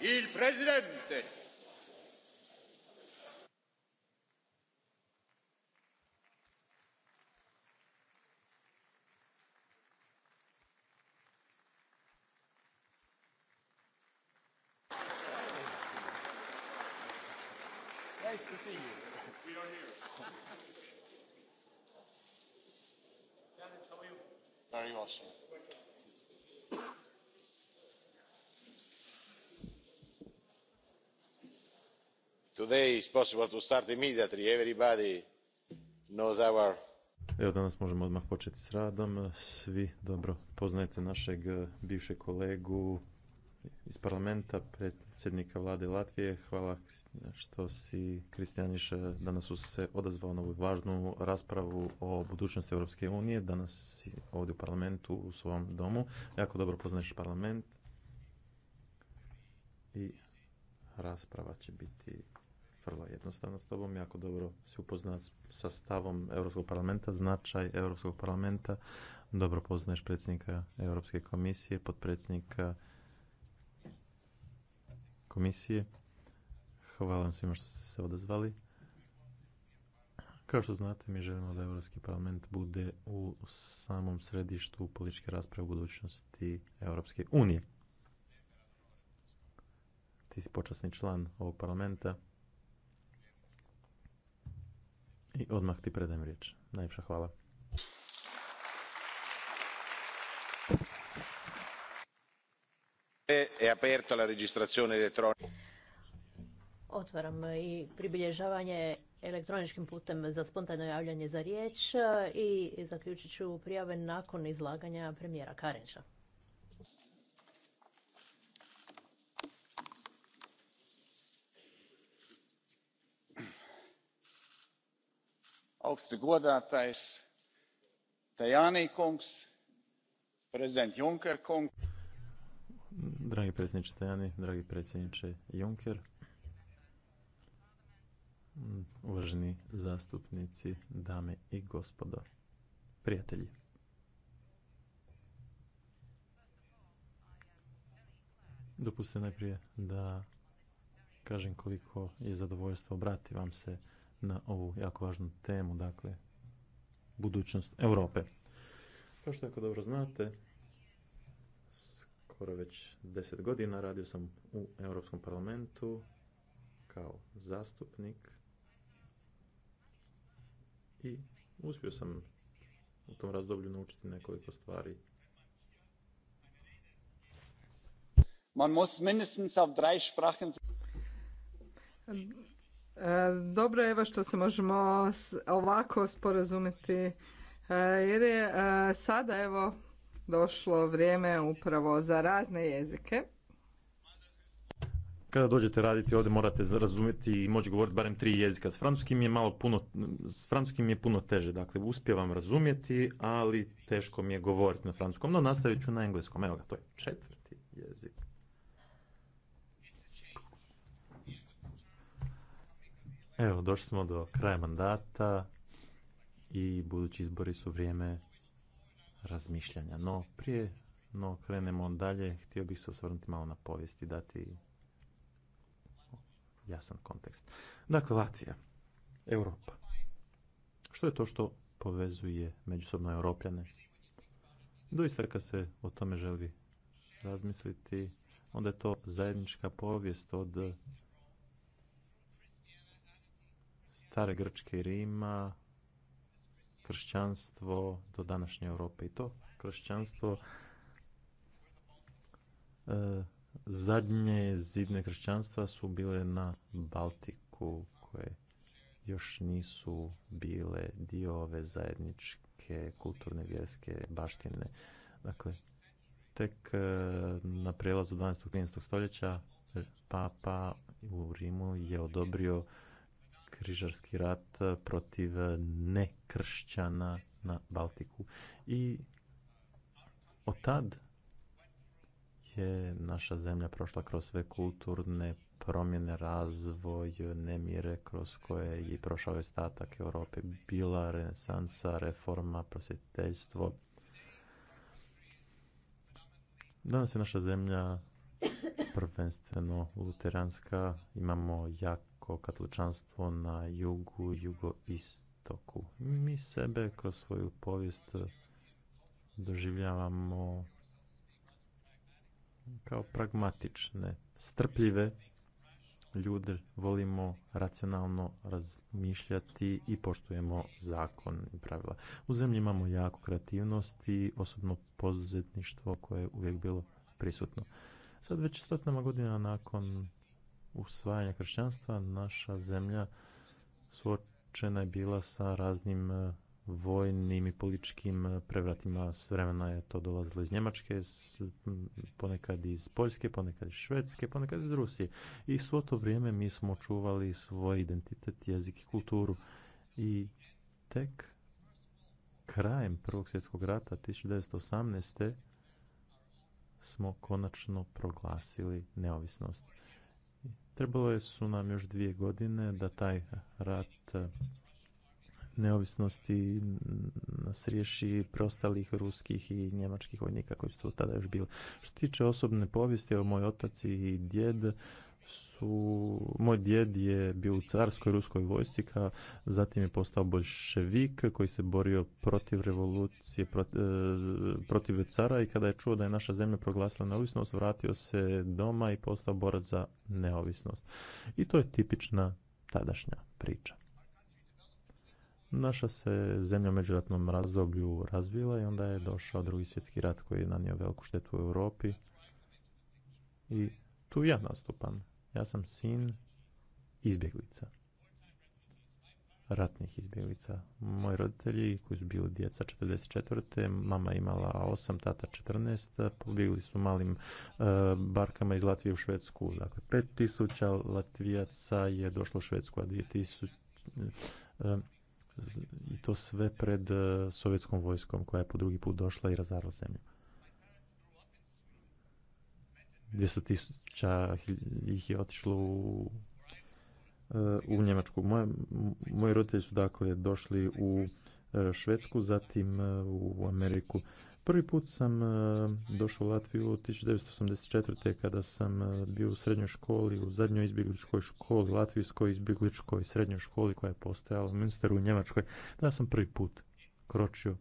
Il Presidente. Today is possible to start immediately. Everybody knows our... Evo danas možemo odmah početi s radom. Svi dobro poznajete našeg eh, bivšeg kolegu iz parlamenta, predsjednika vlade Latvije. Hvala što si, Kristijaniš, danas se odazvao na ovu važnu raspravu o budućnosti Europske unije. Danas si ovdje u parlamentu, u svom domu. Jako dobro poznaješ parlament. I rasprava će biti vrlo jednostavno s tobom, jako dobro si upoznat sa stavom Europskog parlamenta, značaj Europskog parlamenta, dobro poznaješ predsjednika Europske komisije, potpredsjednika komisije. Hvala vam svima što ste se odazvali. Kao što znate, mi želimo da Europski parlament bude u samom središtu političke rasprave u budućnosti Europske unije. Ti si počasni član ovog parlamenta I odmah ti predajem riječ. Najljepša hvala. Otvaram i pribilježavanje elektroničkim putem za spontano javljanje za riječ i zaključit ću prijave nakon izlaganja premijera Karenča. augsti tajani kungs prezident juncker kungs dragi predsjedniče tajani dragi predsjedniče juncker uvaženi zastupnici dame i gospodo prijatelji dopustite najprije da kažem koliko je zadovoljstvo obrati vam se na ovu jako važnu temu, dakle, budućnost Europe. Kao što jako dobro znate, skoro već deset godina radio sam u Europskom parlamentu kao zastupnik i uspio sam u tom razdoblju naučiti nekoliko stvari. Man muss mindestens auf drei Sprachen dobro je što se možemo ovako sporazumiti e, jer je e, sada evo došlo vrijeme upravo za razne jezike. Kada dođete raditi ovdje morate razumjeti i moći govoriti barem tri jezika. S francuskim je malo puno, s francuskim je puno teže, dakle uspijevam razumjeti, ali teško mi je govoriti na francuskom. No nastavit ću na engleskom, evo ga, to je četvrti jezik. Evo, došli smo do kraja mandata i budući izbori su vrijeme razmišljanja. No, prije no krenemo dalje, htio bih se osvrnuti malo na povijest i dati jasan kontekst. Dakle, Latvija, Europa. Što je to što povezuje međusobno Europljane? Doista kad se o tome želi razmisliti, onda je to zajednička povijest od stare Grčke i Rima, kršćanstvo do današnje Europe i to kršćanstvo e, zadnje zidne kršćanstva su bile na Baltiku koje još nisu bile dio ove zajedničke kulturne vjerske baštine. Dakle, tek e, na prelazu 12. 13. stoljeća papa u Rimu je odobrio križarski rat eh, protiv eh, nekršćana na Baltiku. I od tad je naša zemlja prošla kroz sve kulturne promjene, razvoj, nemire kroz koje je prošao je ostatak Europe. Bila renesansa, reforma, prosvjetiteljstvo. Danas je naša zemlja prvenstveno luteranska, imamo jak Katlučanstvo katoličanstvo na jugu, jugoistoku. Mi sebe kroz svoju povijest doživljavamo kao pragmatične, strpljive ljude, volimo racionalno razmišljati i poštujemo zakon i pravila. U zemlji imamo jako kreativnost i osobno poduzetništvo koje je uvijek bilo prisutno. Sad već stotinama godina nakon usvajanja kršćanstva naša zemlja suočena je bila sa raznim e, vojnim i političkim e, prevratima. S vremena je to dolazilo iz Njemačke, ponekad iz Poljske, ponekad iz Švedske, ponekad iz Rusije. I svo to vrijeme mi smo čuvali svoj identitet, jezik i kulturu. I tek krajem Prvog svjetskog rata 1918. smo konačno proglasili neovisnost. Trebalo je su nam još dvije godine da taj rat e, neovisnosti nas riješi preostalih ruskih i njemačkih vojnika koji su tu tada još bili. Što tiče osobne povijesti, evo moj otac i djed su, moj djed je bio u carskoj ruskoj vojsci, ka, zatim je postao bolševik koji se borio protiv revolucije, e, protiv, cara i kada je čuo da je naša zemlja proglasila neovisnost, vratio se doma i postao borac za neovisnost. I to je tipična tadašnja priča. Naša se zemlja u međuratnom razdoblju razvila i onda je došao drugi svjetski rat koji je nanio veliku štetu u Europi i tu ja nastupam. Ja sam sin izbjeglica. Ratnih izbjeglica. Moji roditelji koji su bili djeca 44. Mama imala 8, tata 14. Pobjegli su malim e, barkama iz Latvije u Švedsku. Dakle, 5000 Latvijaca je došlo u Švedsku, a 2000... E, i to sve pred e, sovjetskom vojskom koja je po drugi put došla i razarala zemlju. 200 tisuća ih je otišlo u, e, u Njemačku. Moje, moji roditelji su dakle došli u e, Švedsku, zatim e, u Ameriku. Prvi put sam došao u Latviju 1984. kada sam bio u srednjoj školi, u zadnjoj izbjegličkoj školi, latvijskoj izbjegličkoj srednjoj školi koja je postojala u Münsteru u Njemačkoj. Da sam prvi put kročio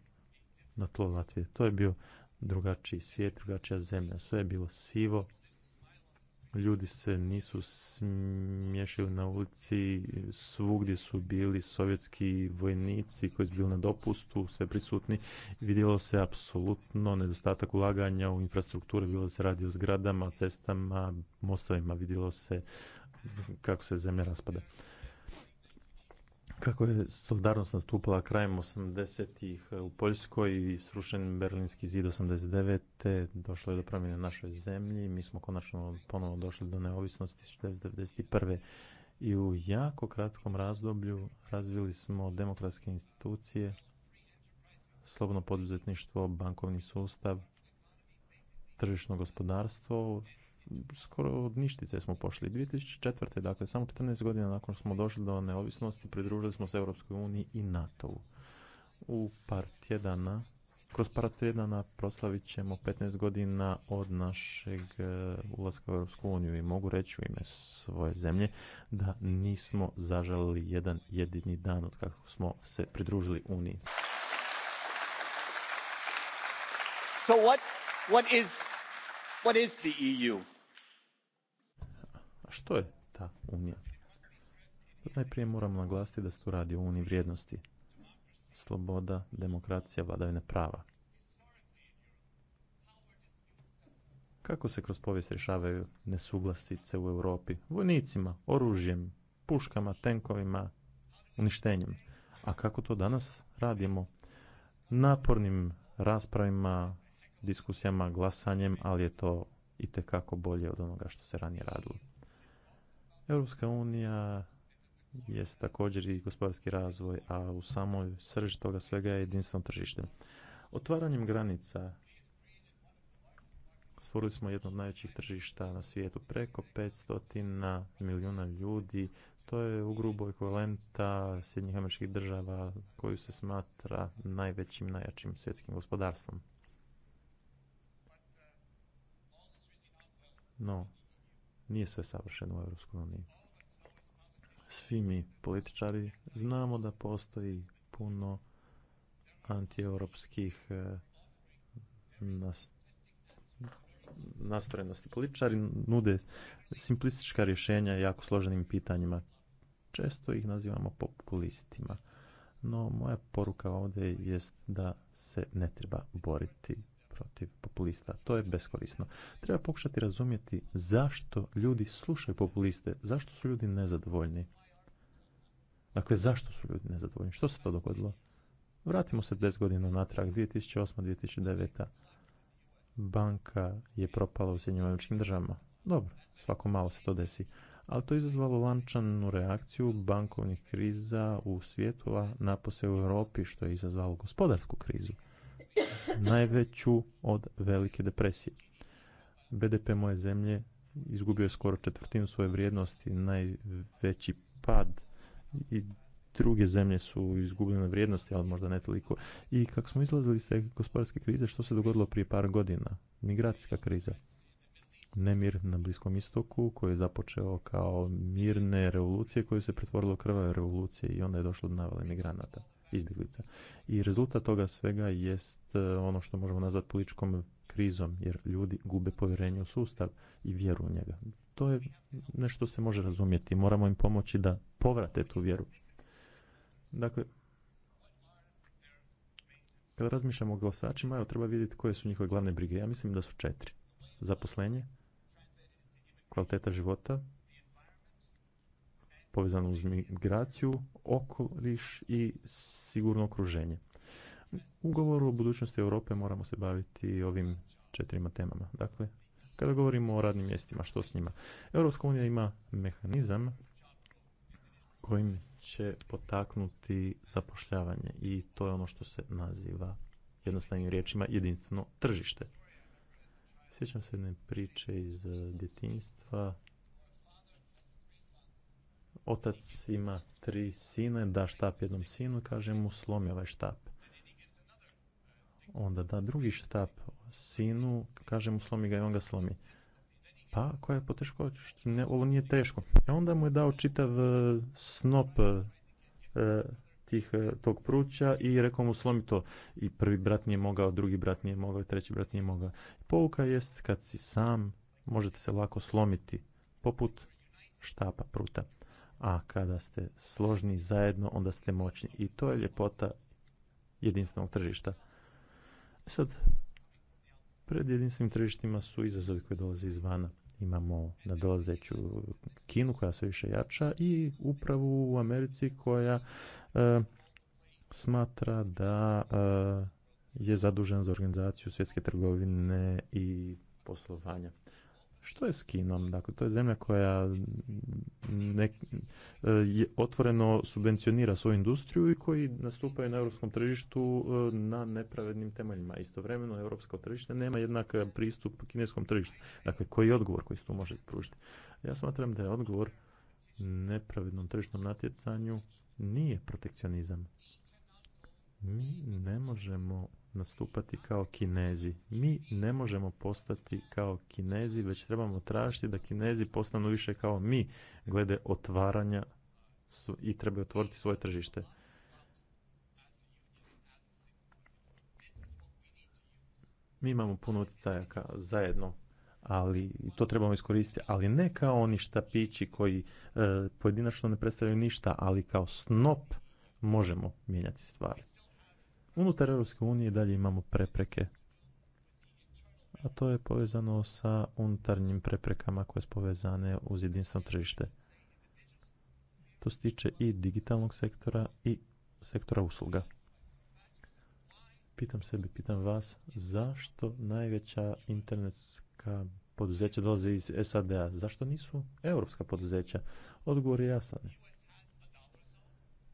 na tlo Latvije. To je bio drugačiji svijet, drugačija zemlja. Sve je bilo sivo, Ljudi se nisu smješili na ulici, svugdje su bili sovjetski vojnici koji su bili na dopustu, sve prisutni. Vidjelo se apsolutno nedostatak ulaganja u infrastrukturu, bilo se radi o zgradama, cestama, mostovima, vidjelo se kako se zemlja raspada kako je solidarnost nastupala krajem 80-ih u Poljskoj i srušen Berlinski zid 89. Došlo je do promjene našoj zemlji. Mi smo konačno ponovo došli do neovisnosti 1991. I u jako kratkom razdoblju razvili smo demokratske institucije, slobodno poduzetništvo, bankovni sustav, tržišno gospodarstvo, skoro od ništice smo pošli. 2004. dakle samo 14 godina nakon što smo došli do neovisnosti pridružili smo se Europskoj uniji i NATO-u. par tjedana kroz par tjedana proslavit ćemo 15 godina od našeg e, ulaska u Europsku uniju i mogu reći u ime svoje zemlje da nismo zažalili jedan jedini dan od kako smo se pridružili Uniji. So what, what is, what is the EU? Što je ta unija? Najprije moramo naglasiti da se tu radi o uniji vrijednosti. Sloboda, demokracija, vladavine prava. Kako se kroz povijest rješavaju nesuglasice u Europi? Vojnicima, oružjem, puškama, tenkovima, uništenjem. A kako to danas radimo? Napornim raspravima, diskusijama, glasanjem, ali je to i bolje od onoga što se ranije radilo. Europska unija je također i gospodarski razvoj, a u samoj srži toga svega je jedinstveno tržište. Otvaranjem granica stvorili smo jedno od najvećih tržišta na svijetu, preko 500 milijuna ljudi. To je u grubo ekvivalenta Sjednjih američkih država koju se smatra najvećim, najjačim svjetskim gospodarstvom. No, nije sve savršeno u EU. Svi mi političari znamo da postoji puno antieuropskih eh, nastrojenosti. Političari nude simplistička rješenja jako složenim pitanjima. Često ih nazivamo populistima. No, moja poruka ovdje jest da se ne treba boriti protiv populista. To je beskorisno. Treba pokušati razumjeti zašto ljudi slušaju populiste, zašto su ljudi nezadovoljni. Dakle, zašto su ljudi nezadovoljni? Što se to dogodilo? Vratimo se 10 godina natrag, 2008-2009. Banka je propala u Sjednjavajućim državama. Dobro, svako malo se to desi. Ali to je izazvalo lančanu reakciju bankovnih kriza u svijetu, a napose u Europi, što je izazvalo gospodarsku krizu najveću od velike depresije. BDP moje zemlje izgubio je skoro četvrtinu svoje vrijednosti, najveći pad i druge zemlje su izgubljene vrijednosti, ali možda ne toliko. I kako smo izlazili iz te gospodarske krize, što se dogodilo prije par godina? Migracijska kriza. Nemir na Bliskom istoku koji je započeo kao mirne revolucije koje se pretvorilo u krvave revolucije i onda je došlo do navale migranata izbjeglica. I rezultat toga svega jest e, ono što možemo nazvati političkom krizom, jer ljudi gube povjerenje u sustav i vjeru u njega. To je nešto se može razumjeti. Moramo im pomoći da povrate tu vjeru. Dakle, kada razmišljamo o glasačima, evo, treba vidjeti koje su njihove glavne brige. Ja mislim da su četiri. Zaposlenje, kvaliteta života, povezano uz migraciju, okoliš i sigurno okruženje. U govoru o budućnosti Europe moramo se baviti ovim četirima temama. Dakle, kada govorimo o radnim mjestima, što s njima? Europska unija ima mehanizam kojim će potaknuti zapošljavanje i to je ono što se naziva jednostavnim riječima jedinstveno tržište. Sjećam se jedne priče iz djetinjstva Otac ima tri sine, da štap jednom sinu, kaže mu slomi ovaj štap. Onda da drugi štap sinu, kaže mu slomi ga i on ga slomi. Pa, koja je poteškoća? Ovo nije teško. I e onda mu je dao čitav e, snop e, tih, tog pruća i rekao mu slomi to. I prvi brat nije mogao, drugi brat nije mogao, treći brat nije mogao. Pouka jest kad si sam, možete se lako slomiti, poput štapa pruta a kada ste složni zajedno, onda ste moćni. I to je ljepota jedinstvenog tržišta. E sad, pred jedinstvenim tržištima su izazovi koji dolaze izvana. Imamo nadolazeću Kinu koja se više jača i upravu u Americi koja e, smatra da e, je zadužena za organizaciju svjetske trgovine i poslovanja. Što je s Kinom? Dakle, to je zemlja koja mm, ne, e, otvoreno subvencionira svoju industriju i koji nastupaju na europskom tržištu e, na nepravednim temeljima. Istovremeno, europsko tržište nema jednak pristup kineskom tržištu. Dakle, koji je odgovor koji se tu može pružiti? Ja smatram da je odgovor nepravednom tržišnom natjecanju nije protekcionizam. Mi ne možemo nastupati kao kinezi. Mi ne možemo postati kao kinezi, već trebamo tražiti da kinezi postanu više kao mi glede otvaranja i trebaju otvoriti svoje tržište. Mi imamo puno utjecaja zajedno, ali to trebamo iskoristiti, ali ne kao oni štapići koji e, pojedinačno ne predstavljaju ništa, ali kao snop možemo mijenjati stvari unutar Europske unije dalje imamo prepreke. A to je povezano sa unutarnjim preprekama koje su povezane uz jedinstveno tržište. To se tiče i digitalnog sektora i sektora usluga. Pitam sebi, pitam vas, zašto najveća internetska poduzeća dolaze iz SAD-a? Zašto nisu europska poduzeća? Odgovor je jasan.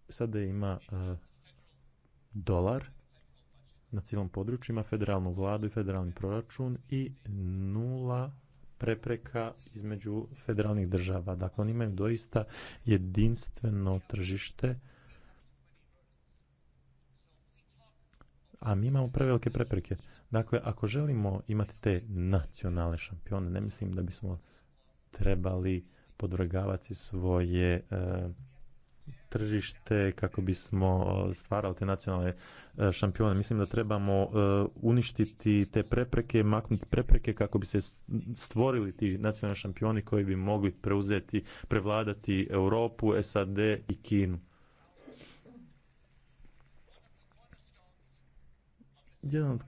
SAD ima eh, dolar na cijelom području ima federalnu vladu i federalni proračun i nula prepreka između federalnih država. Dakle, oni imaju doista jedinstveno tržište, a mi imamo prevelike prepreke. Dakle, ako želimo imati te nacionalne šampione, ne mislim da bismo trebali podvrgavati svoje eh, tržište kako bismo e, stvarali te nacionalne e, šampione. Mislim da trebamo e, uništiti te prepreke, maknuti prepreke kako bi se stvorili ti nacionalni šampioni koji bi mogli preuzeti, prevladati Europu, SAD i Kinu. Jedan od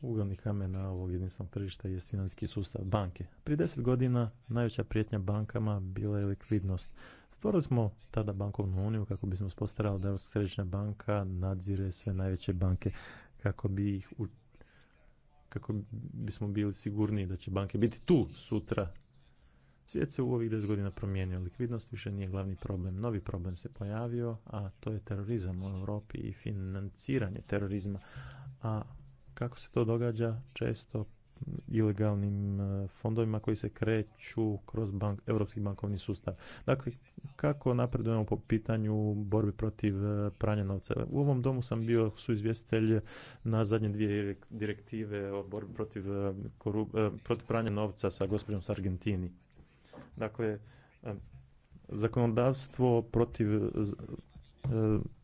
ugalnih kamena ovog jedinstvenog tržišta je financijski sustav banke. Prije deset godina najveća prijetnja bankama bila je likvidnost. Stvorili smo tada bankovnu uniju kako bismo spostarali da Europska središnja banka nadzire sve najveće banke kako bi ih u... kako bismo bili sigurniji da će banke biti tu sutra. Svijet se u ovih 10 godina promijenio, likvidnost više nije glavni problem. Novi problem se pojavio, a to je terorizam u Europi i financiranje terorizma. A kako se to događa? Često ilegalnim e, fondovima koji se kreću kroz bank, europski bankovni sustav. Dakle, kako napredujemo po pitanju borbi protiv e, pranja novca? U ovom domu sam bio suizvjestelj na zadnje dvije direktive o borbi protiv, e, korup, protiv pranja novca sa gospođom Sargentini. Dakle, zakonodavstvo protiv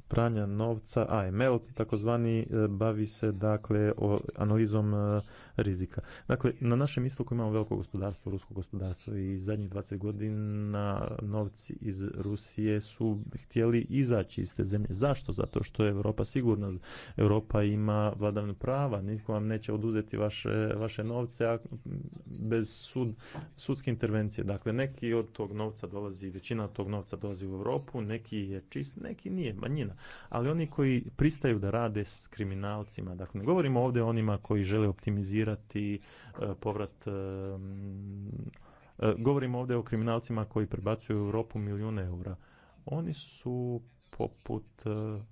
pranja novca, AML takozvani, e, bavi se dakle o analizom e, rizika. Dakle, na našem istoku imamo veliko gospodarstvo, rusko gospodarstvo i zadnjih 20 godina novci iz Rusije su htjeli izaći iz te zemlje. Zašto? Zato što je Europa sigurna. Europa ima vladavnu prava, nitko vam neće oduzeti vaše, vaše novce bez sud, sudske intervencije. Dakle, neki od tog novca dolazi, većina od tog novca dolazi u Europu, neki je čist, neki nije, manjina ali oni koji pristaju da rade s kriminalcima, dakle ne govorimo ovdje o onima koji žele optimizirati e, povrat e, e, govorimo ovdje o kriminalcima koji prebacuju u Europu milijune eura. Oni su poput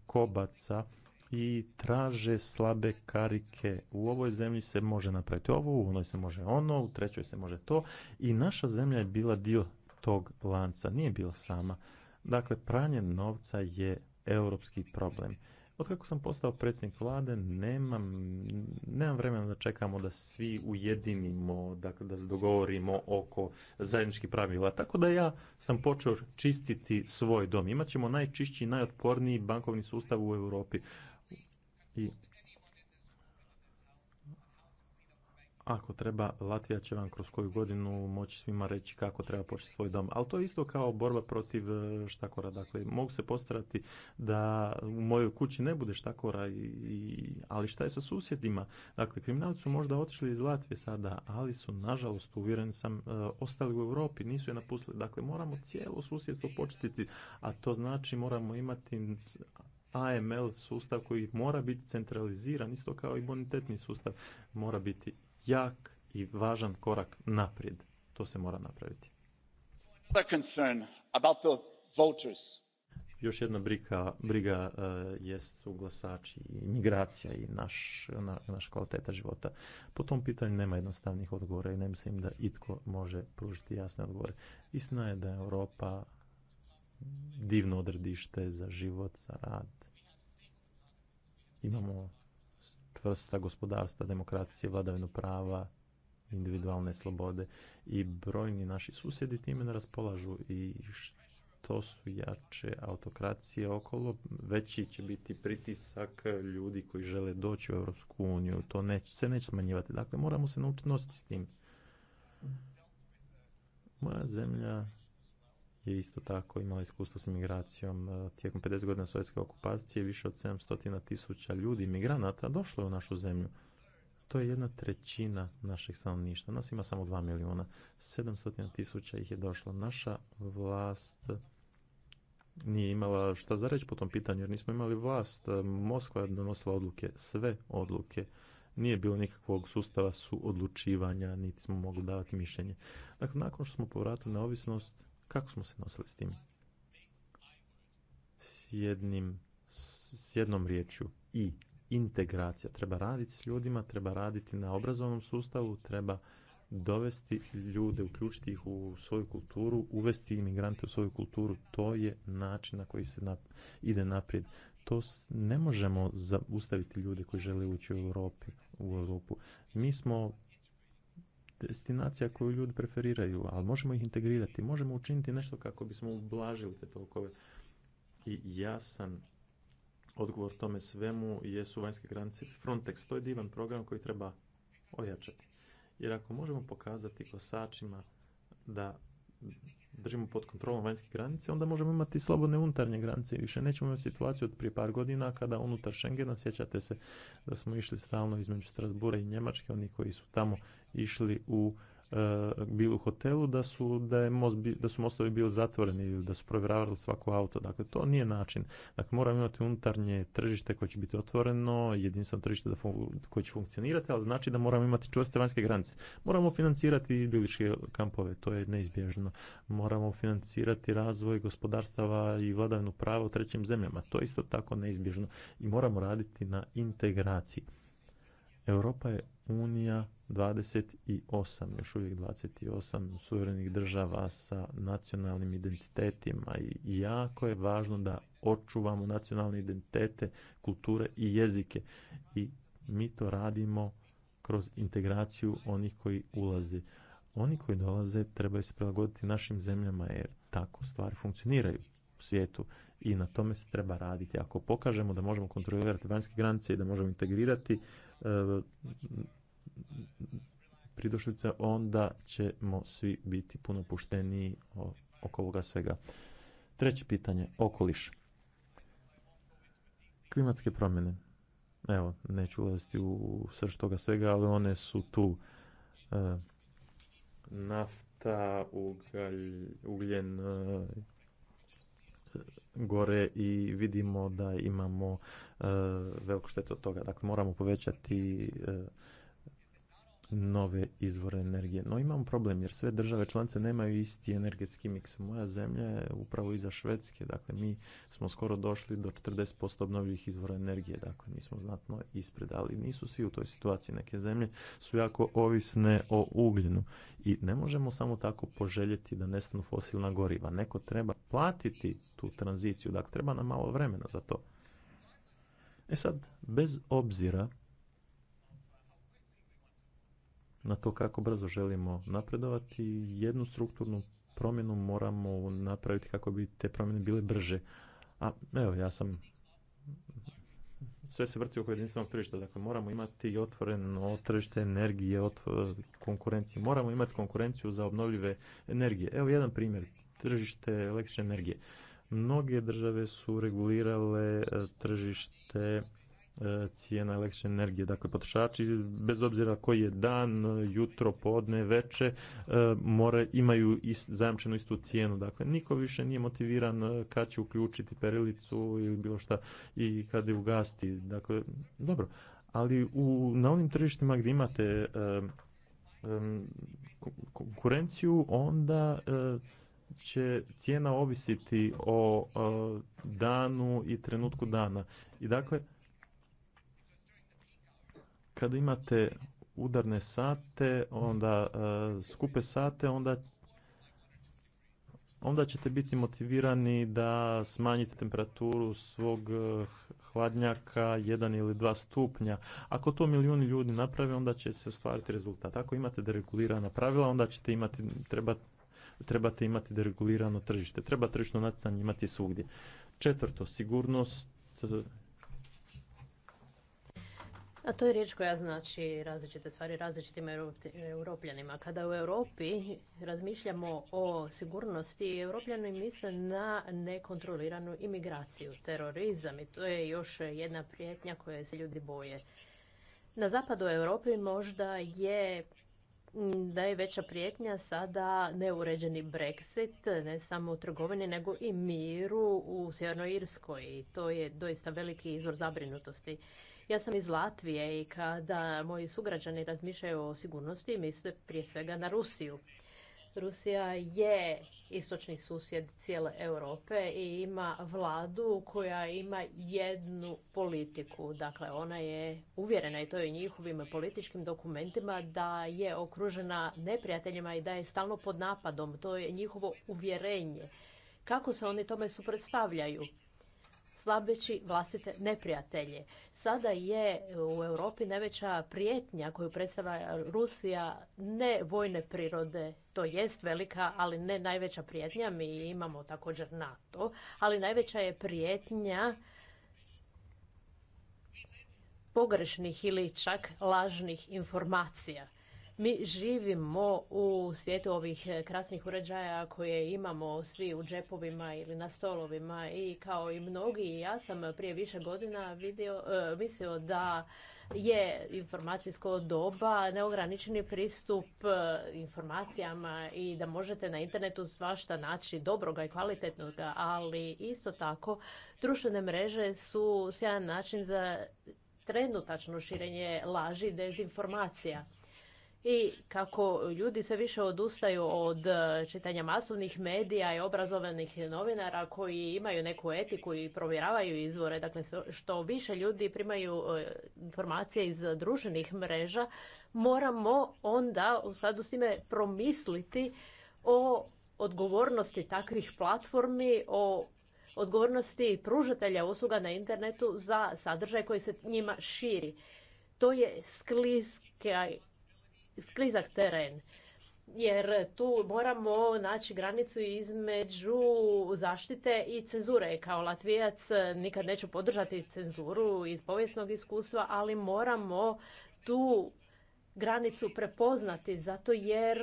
kobaca i traže slabe karike. U ovoj zemlji se može napraviti ovo, u onoj se može ono, u trećoj se može to. I naša zemlja je bila dio tog lanca, nije bila sama. Dakle, pranje novca je europski problem. Od kako sam postao predsjednik vlade, nemam, nemam vremena da čekamo da svi ujedinimo, dakle da se dogovorimo oko zajedničkih pravila. Tako da ja sam počeo čistiti svoj dom. Imaćemo najčišći i najotporniji bankovni sustav u Europi. I ako treba, Latvija će vam kroz koju godinu moći svima reći kako treba početi svoj dom. Ali to je isto kao borba protiv e, štakora. Dakle, mogu se postarati da u mojoj kući ne bude štakora, i, ali šta je sa susjedima? Dakle, kriminalci su možda otišli iz Latvije sada, ali su, nažalost, uvjeren sam, e, ostali u Europi, nisu je napustili. Dakle, moramo cijelo susjedstvo početiti, a to znači moramo imati AML sustav koji mora biti centraliziran, isto kao i bonitetni sustav mora biti jak i važan korak naprijed. To se mora napraviti. Još jedna briga, briga eh, jesu glasači i migracija i naš, na, naša kvaliteta života. Po tom pitanju nema jednostavnih odgovora i ne mislim da itko može pružiti jasne odgovore. Istina je da je Europa divno odredište za život, za rad. Imamo vrsta gospodarstva, demokracije, vladavinu prava, individualne slobode i brojni naši susjedi time ne raspolažu i to su jače autokracije okolo, veći će biti pritisak ljudi koji žele doći u Europsku uniju, to neće, se neće smanjivati. Dakle, moramo se naučiti nositi s tim. Moja zemlja je isto tako imala iskustvo s imigracijom. E, tijekom 50 godina sovjetske okupacije više od 700 tisuća ljudi, imigranata, došlo je u našu zemlju. To je jedna trećina našeg stanovništva. Nas ima samo 2 milijuna. 700 tisuća ih je došlo. Naša vlast nije imala šta za reći po tom pitanju, jer nismo imali vlast. Moskva je donosila odluke, sve odluke. Nije bilo nikakvog sustava suodlučivanja, niti smo mogli davati mišljenje. Dakle, nakon što smo povratili na ovisnost, kako smo se nosili s tim? S, jednim, s jednom riječju i integracija. Treba raditi s ljudima, treba raditi na obrazovnom sustavu, treba dovesti ljude, uključiti ih u svoju kulturu, uvesti imigrante u svoju kulturu. To je način na koji se ide naprijed. To ne možemo zaustaviti ljude koji žele ući u Europi, u Europu. Mi smo destinacija koju ljudi preferiraju, ali možemo ih integrirati, možemo učiniti nešto kako bismo ublažili te tokove. I jasan odgovor tome svemu jesu vanjske granice Frontex. To je divan program koji treba ojačati. Jer ako možemo pokazati glasačima da držimo pod kontrolom vanjske granice, onda možemo imati slobodne unutarnje granice i više nećemo imati situaciju od prije par godina kada unutar Schengena, sjećate se da smo išli stalno između Strasbura i Njemačke, oni koji su tamo išli u E, bili u hotelu da su, da, je most, da su mostovi bili zatvoreni ili da su provjeravali svako auto. Dakle, to nije način. Dakle, moramo imati unutarnje tržište koje će biti otvoreno, jedinstveno tržište da koje će funkcionirati, ali znači da moramo imati čvrste vanjske granice. Moramo financirati izbjegličke kampove, to je neizbježno. Moramo financirati razvoj gospodarstava i vladavnu prava u trećim zemljama, to je isto tako neizbježno. I moramo raditi na integraciji. Europa je unija 28, još uvijek 28 suverenih država sa nacionalnim identitetima i jako je važno da očuvamo nacionalne identitete, kulture i jezike. I mi to radimo kroz integraciju onih koji ulaze. Oni koji dolaze trebaju se prilagoditi našim zemljama jer tako stvari funkcioniraju u svijetu i na tome se treba raditi. Ako pokažemo da možemo kontrolirati vanjske granice i da možemo integrirati E, pridošlice, onda ćemo svi biti puno pušteniji oko ovoga svega. Treće pitanje, okoliš. Klimatske promjene. Evo, neću ulaziti u srž toga svega, ali one su tu. E, nafta, ugalj, ugljen, e, gore i vidimo da imamo e, veliku štetu od toga. Dakle, moramo povećati e, nove izvore energije. No imamo problem jer sve države članice nemaju isti energetski miks. Moja zemlja je upravo iza Švedske, dakle mi smo skoro došli do 40% obnovljivih izvora energije, dakle mi smo znatno ispred, ali nisu svi u toj situaciji. Neke zemlje su jako ovisne o ugljenu i ne možemo samo tako poželjeti da nestanu fosilna goriva. Neko treba platiti tu tranziciju. Dakle, treba nam malo vremena za to. E sad, bez obzira na to kako brzo želimo napredovati, jednu strukturnu promjenu moramo napraviti kako bi te promjene bile brže. A evo, ja sam sve se vrti oko jedinstvenog tržišta. Dakle, moramo imati otvoreno tržište energije, otvor, konkurencije. Moramo imati konkurenciju za obnovljive energije. Evo jedan primjer, tržište električne energije. Mnoge države su regulirale e, tržište e, cijena električne energije. Dakle, potrošači, bez obzira koji je dan, jutro, podne, veče, e, more, imaju zajamčenu istu cijenu. Dakle, niko više nije motiviran kad će uključiti perilicu ili bilo šta i kad je ugasti. Dakle, dobro. Ali u, na onim tržištima gdje imate konkurenciju, onda će cijena ovisiti o danu i trenutku dana. I dakle, kada imate udarne sate, onda e, skupe sate, onda onda ćete biti motivirani da smanjite temperaturu svog e, hladnjaka jedan ili dva stupnja. Ako to milijuni ljudi naprave, onda će se ostvariti rezultat. Ako imate deregulirana pravila, onda ćete imati, treba, trebate imati deregulirano tržište. Treba tržišno natjecanje imati svugdje. Četvrto, sigurnost a to je riječ koja znači različite stvari različitim europljanima. Kada u Europi razmišljamo o sigurnosti, europljani misle na nekontroliranu imigraciju, terorizam i to je još jedna prijetnja koje se ljudi boje. Na zapadu Europi možda je da je veća prijetnja sada neuređeni Brexit, ne samo u trgovini, nego i miru u Sjevernoj Irskoj. to je doista veliki izvor zabrinutosti. Ja sam iz Latvije i kada moji sugrađani razmišljaju o sigurnosti, misle prije svega na Rusiju. Rusija je istočni susjed cijele Europe i ima vladu koja ima jednu politiku. Dakle, ona je uvjerena i to je u njihovim političkim dokumentima da je okružena neprijateljima i da je stalno pod napadom. To je njihovo uvjerenje. Kako se oni tome suprotstavljaju? slabeći vlastite neprijatelje. Sada je u Europi najveća prijetnja koju predstavlja Rusija ne vojne prirode, to jest velika, ali ne najveća prijetnja. Mi imamo također NATO, ali najveća je prijetnja pogrešnih ili čak lažnih informacija. Mi živimo u svijetu ovih eh, krasnih uređaja koje imamo svi u džepovima ili na stolovima i kao i mnogi, ja sam prije više godina vidio, eh, mislio da je informacijsko doba, neograničeni pristup eh, informacijama i da možete na internetu svašta naći dobroga i kvalitetnoga, ali isto tako društvene mreže su sjajan način za trenutačno širenje laži i dezinformacija i kako ljudi sve više odustaju od e, čitanja masovnih medija i obrazovanih novinara koji imaju neku etiku i provjeravaju izvore. Dakle, što više ljudi primaju e, informacije iz druženih mreža, moramo onda u skladu s time promisliti o odgovornosti takvih platformi, o odgovornosti pružatelja usluga na internetu za sadržaj koji se njima širi. To je skliski sklizak teren jer tu moramo naći granicu između zaštite i cenzure. Kao latvijac nikad neću podržati cenzuru iz povijesnog iskustva, ali moramo tu granicu prepoznati zato jer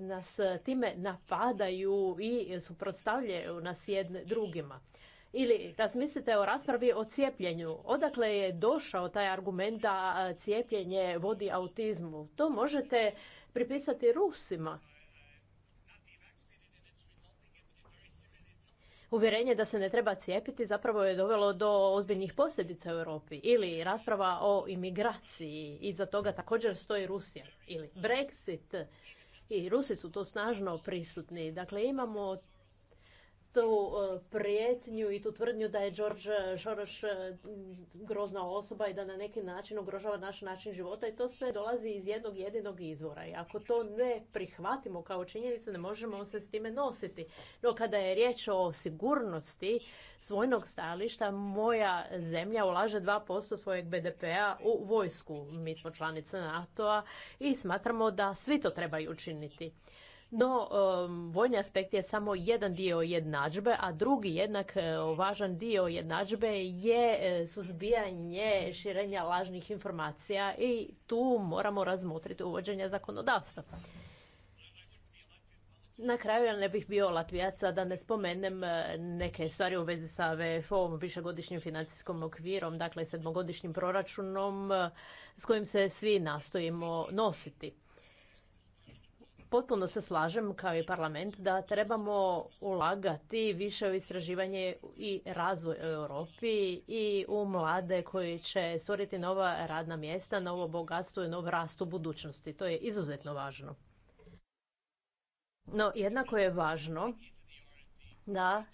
nas time napadaju i suprotstavljaju nas jedne drugima. Ili razmislite o raspravi o cijepljenju. Odakle je došao taj argument da cijepljenje vodi autizmu? To možete pripisati Rusima. Uvjerenje da se ne treba cijepiti zapravo je dovelo do ozbiljnih posljedica u Europi. Ili rasprava o imigraciji, iza toga također stoji Rusija. Ili Brexit, i Rusi su to snažno prisutni. Dakle, imamo tu e, prijetnju i tu tvrdnju da je George Soros e, grozna osoba i da na neki način ugrožava naš način života i to sve dolazi iz jednog jedinog izvora. I ako to ne prihvatimo kao činjenicu, ne možemo se s time nositi. No kada je riječ o sigurnosti svojnog stajališta, moja zemlja ulaže 2% svojeg BDP-a u vojsku. Mi smo članice NATO-a i smatramo da svi to trebaju učiniti. No, vojni aspekt je samo jedan dio jednadžbe, a drugi jednak e, važan dio jednadžbe je e, suzbijanje širenja lažnih informacija i tu moramo razmotriti uvođenje zakonodavstva. Na kraju ja ne bih bio latvijaca da ne spomenem e, neke stvari u vezi sa VFO-om, višegodišnjim financijskom okvirom, dakle sedmogodišnjim proračunom s kojim se svi nastojimo nositi potpuno se slažem kao i parlament da trebamo ulagati više u istraživanje i razvoj u Europi i u mlade koji će stvoriti nova radna mjesta, novo bogatstvo i nov rast u budućnosti. To je izuzetno važno. No, jednako je važno da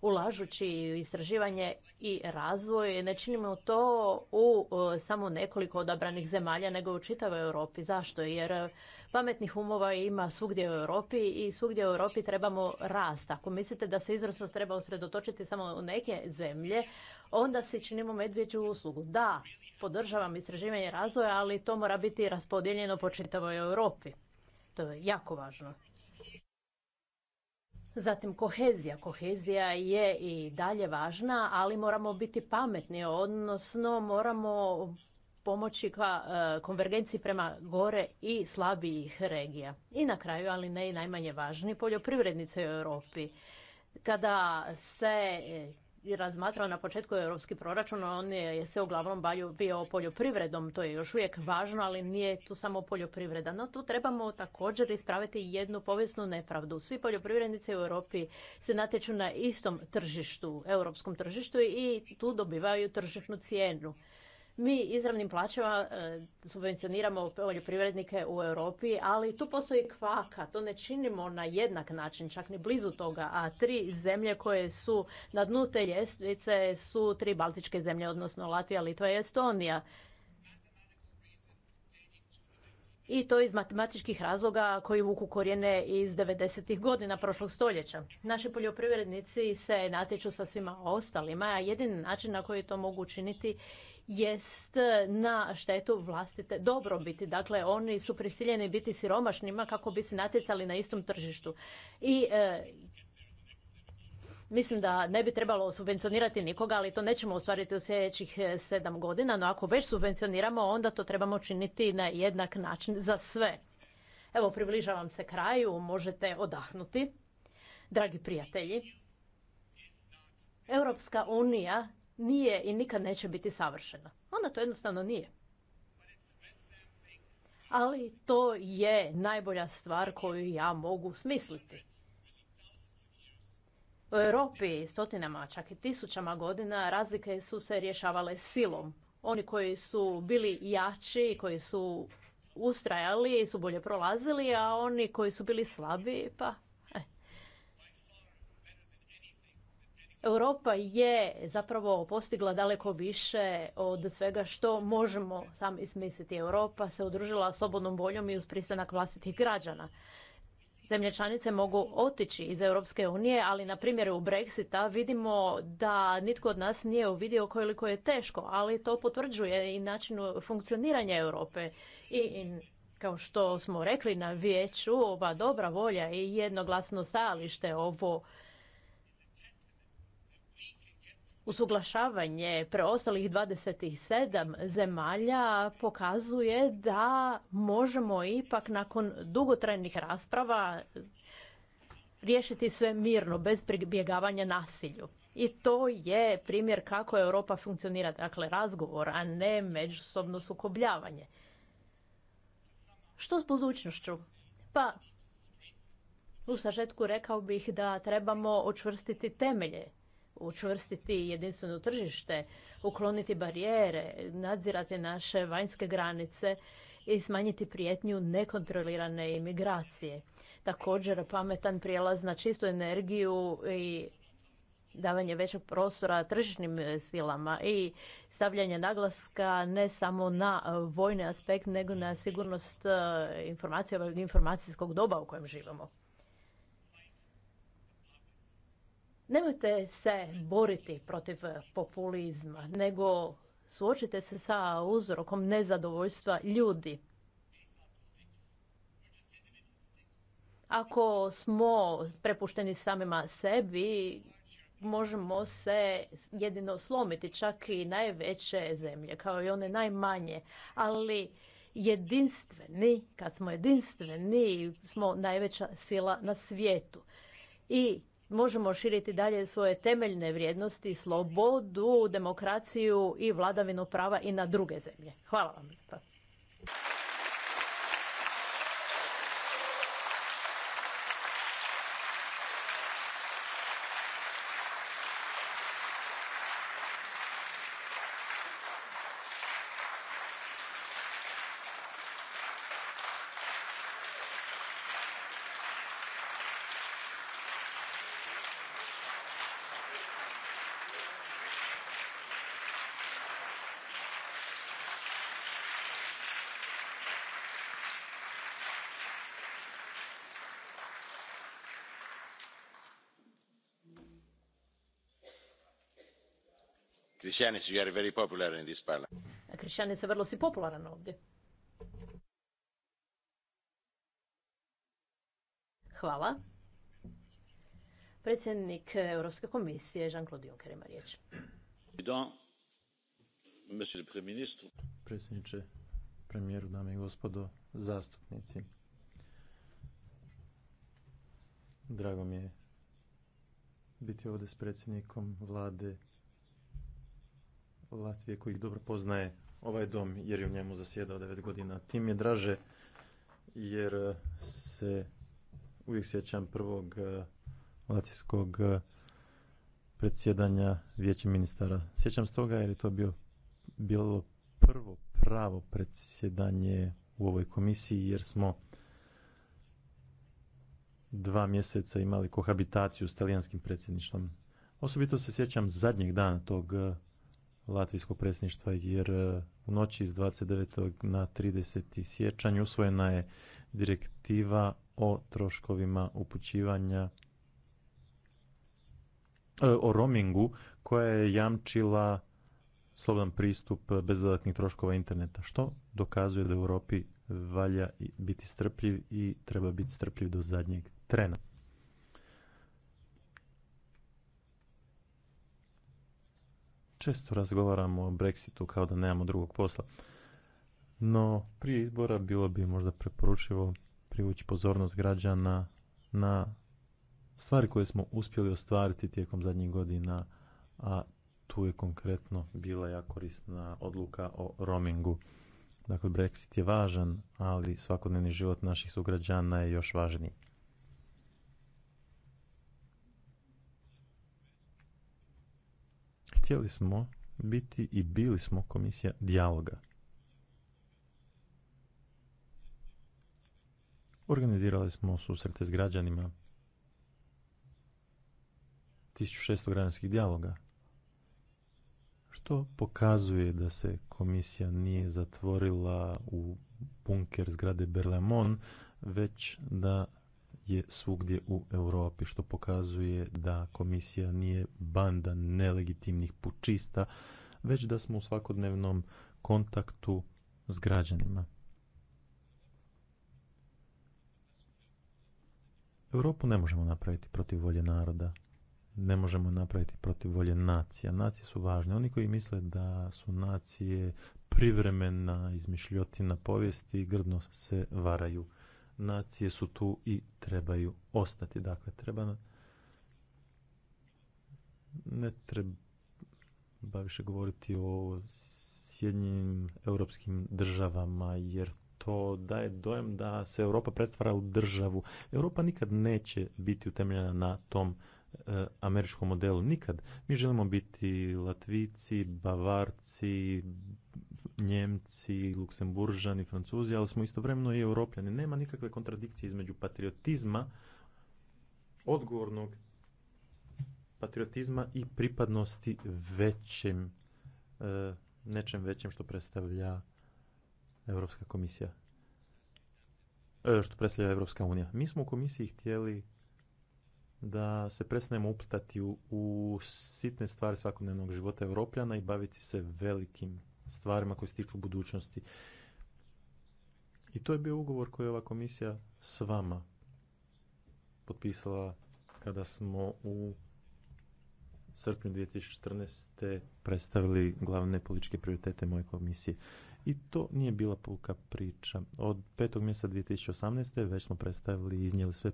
ulažući u istraživanje i razvoj, ne činimo to u e, samo nekoliko odabranih zemalja, nego u čitavoj Europi. Zašto? Jer pametnih umova ima svugdje u Europi i svugdje u Europi trebamo rast. Ako mislite da se izvrsnost treba usredotočiti samo u neke zemlje, onda se činimo medvjeđu uslugu. Da, podržavam istraživanje razvoja, ali to mora biti raspodijeljeno po čitavoj Europi. To je jako važno. Zatim kohezija. Kohezija je i dalje važna, ali moramo biti pametni, odnosno moramo pomoći ka e, konvergenciji prema gore i slabijih regija. I na kraju, ali ne i najmanje važni, poljoprivrednice u Europi. Kada se razmatrao na početku europski proračun, on je se uglavnom bio poljoprivredom, to je još uvijek važno, ali nije tu samo poljoprivreda. No tu trebamo također ispraviti jednu povijesnu nepravdu. Svi poljoprivrednici u Europi se natječu na istom tržištu, europskom tržištu i tu dobivaju tržišnu cijenu. Mi izravnim plaćama e, subvencioniramo poljoprivrednike u Europi, ali tu postoji kvaka. To ne činimo na jednak način, čak ni blizu toga. A tri zemlje koje su na dnu te ljestvice su tri baltičke zemlje, odnosno Latvija, Litva i Estonija. I to iz matematičkih razloga koji vuku korijene iz 90. godina prošlog stoljeća. Naši poljoprivrednici se natječu sa svima ostalima, a jedini način na koji to mogu učiniti jest na štetu vlastite dobrobiti. Dakle, oni su prisiljeni biti siromašnima kako bi se natjecali na istom tržištu. I e, Mislim da ne bi trebalo subvencionirati nikoga, ali to nećemo ostvariti u sljedećih e, sedam godina, no ako već subvencioniramo, onda to trebamo činiti na jednak način za sve. Evo, približavam se kraju, možete odahnuti. Dragi prijatelji, Europska unija nije i nikad neće biti savršena. Ona to jednostavno nije. Ali to je najbolja stvar koju ja mogu smisliti. U Europi stotinama, čak i tisućama godina razlike su se rješavale silom. Oni koji su bili jači, koji su ustrajali i su bolje prolazili, a oni koji su bili slabi, pa Europa je zapravo postigla daleko više od svega što možemo sami smisliti. Europa se udružila slobodnom voljom i uz pristanak vlastitih građana. Zemlje članice mogu otići iz Europske unije, ali na primjeru u Brexita vidimo da nitko od nas nije uvidio koliko je teško, ali to potvrđuje i način funkcioniranja Europe. I, i kao što smo rekli na vijeću, ova dobra volja i jednoglasno stajalište ovo usuglašavanje preostalih 27 zemalja pokazuje da možemo ipak nakon dugotrajnih rasprava riješiti sve mirno, bez pribjegavanja nasilju. I to je primjer kako Europa funkcionira, dakle razgovor, a ne međusobno sukobljavanje. Što s budućnošću? Pa, u sažetku rekao bih da trebamo očvrstiti temelje učvrstiti jedinstveno tržište, ukloniti barijere, nadzirati naše vanjske granice i smanjiti prijetnju nekontrolirane imigracije. Također pametan prijelaz na čistu energiju i davanje većeg prostora tržišnim silama i stavljanje naglaska ne samo na vojni aspekt nego na sigurnost eh, informacija informacijskog doba u kojem živimo. Nemojte se boriti protiv populizma, nego suočite se sa uzrokom nezadovoljstva ljudi. Ako smo prepušteni samima sebi, možemo se jedino slomiti čak i najveće zemlje, kao i one najmanje. Ali jedinstveni, kad smo jedinstveni, smo najveća sila na svijetu. I možemo širiti dalje svoje temeljne vrijednosti, slobodu, demokraciju i vladavinu prava i na druge zemlje. Hvala vam Christianis, you are very popular in this parliament. vrlo si popularan ovdje. Hvala. Predsjednik Europske komisije Jean-Claude Juncker ima riječ. Predsjedniče, premijeru, dame i gospodo, zastupnici. Drago mi je biti ovdje s predsjednikom vlade Latvije koji dobro poznaje ovaj dom jer je u njemu zasjedao devet godina. Tim je draže jer eh, se uvijek sjećam prvog eh, latvijskog eh, predsjedanja vijećem ministara. Sjećam s toga jer je to bio, bilo prvo pravo predsjedanje u ovoj komisiji jer smo dva mjeseca imali kohabitaciju s talijanskim predsjedništvom. Osobito se sjećam zadnjeg dana tog latvijskog predsjedništva jer e, u noći iz 29. na 30. siječanj usvojena je direktiva o troškovima upućivanja e, o roamingu koja je jamčila slobodan pristup bez dodatnih troškova interneta, što dokazuje da u Europi valja biti strpljiv i treba biti strpljiv do zadnjeg trena. često razgovaramo o Brexitu kao da nemamo drugog posla. No, prije izbora bilo bi možda preporučivo privući pozornost građana na stvari koje smo uspjeli ostvariti tijekom zadnjih godina, a tu je konkretno bila ja korisna odluka o roamingu. Dakle, Brexit je važan, ali svakodnevni život naših sugrađana je još važniji. htjeli smo biti i bili smo komisija dijaloga. Organizirali smo susrete s građanima, 1600 građanskih dijaloga, što pokazuje da se komisija nije zatvorila u bunker zgrade Berlemon, već da je svugdje u Europi, što pokazuje da komisija nije banda nelegitimnih pučista, već da smo u svakodnevnom kontaktu s građanima. Europu ne možemo napraviti protiv volje naroda, ne možemo napraviti protiv volje nacija. Nacije su važne. Oni koji misle da su nacije privremena izmišljotina povijesti, grdno se varaju nacije su tu i trebaju ostati. Dakle, treba ne treba više govoriti o sjedinjenim europskim državama, jer to daje dojem da se Europa pretvara u državu. Europa nikad neće biti utemeljena na tom e, američkom modelu. Nikad. Mi želimo biti Latvici, Bavarci, Njemci, Luksemburžani, Francuzi, ali smo istovremeno i Europljani. Nema nikakve kontradikcije između patriotizma, odgovornog patriotizma i pripadnosti većem, e, nečem većem što predstavlja Europska komisija. E, što predstavlja Europska unija. Mi smo u komisiji htjeli da se prestanemo uplitati u, u sitne stvari svakodnevnog života Europljana i baviti se velikim stvarima koje se tiču budućnosti. I to je bio ugovor koji je ova komisija s vama potpisala kada smo u srpnju 2014. predstavili glavne političke prioritete moje komisije. I to nije bila puka priča. Od petog mjesta 2018. već smo predstavili i iznijeli sve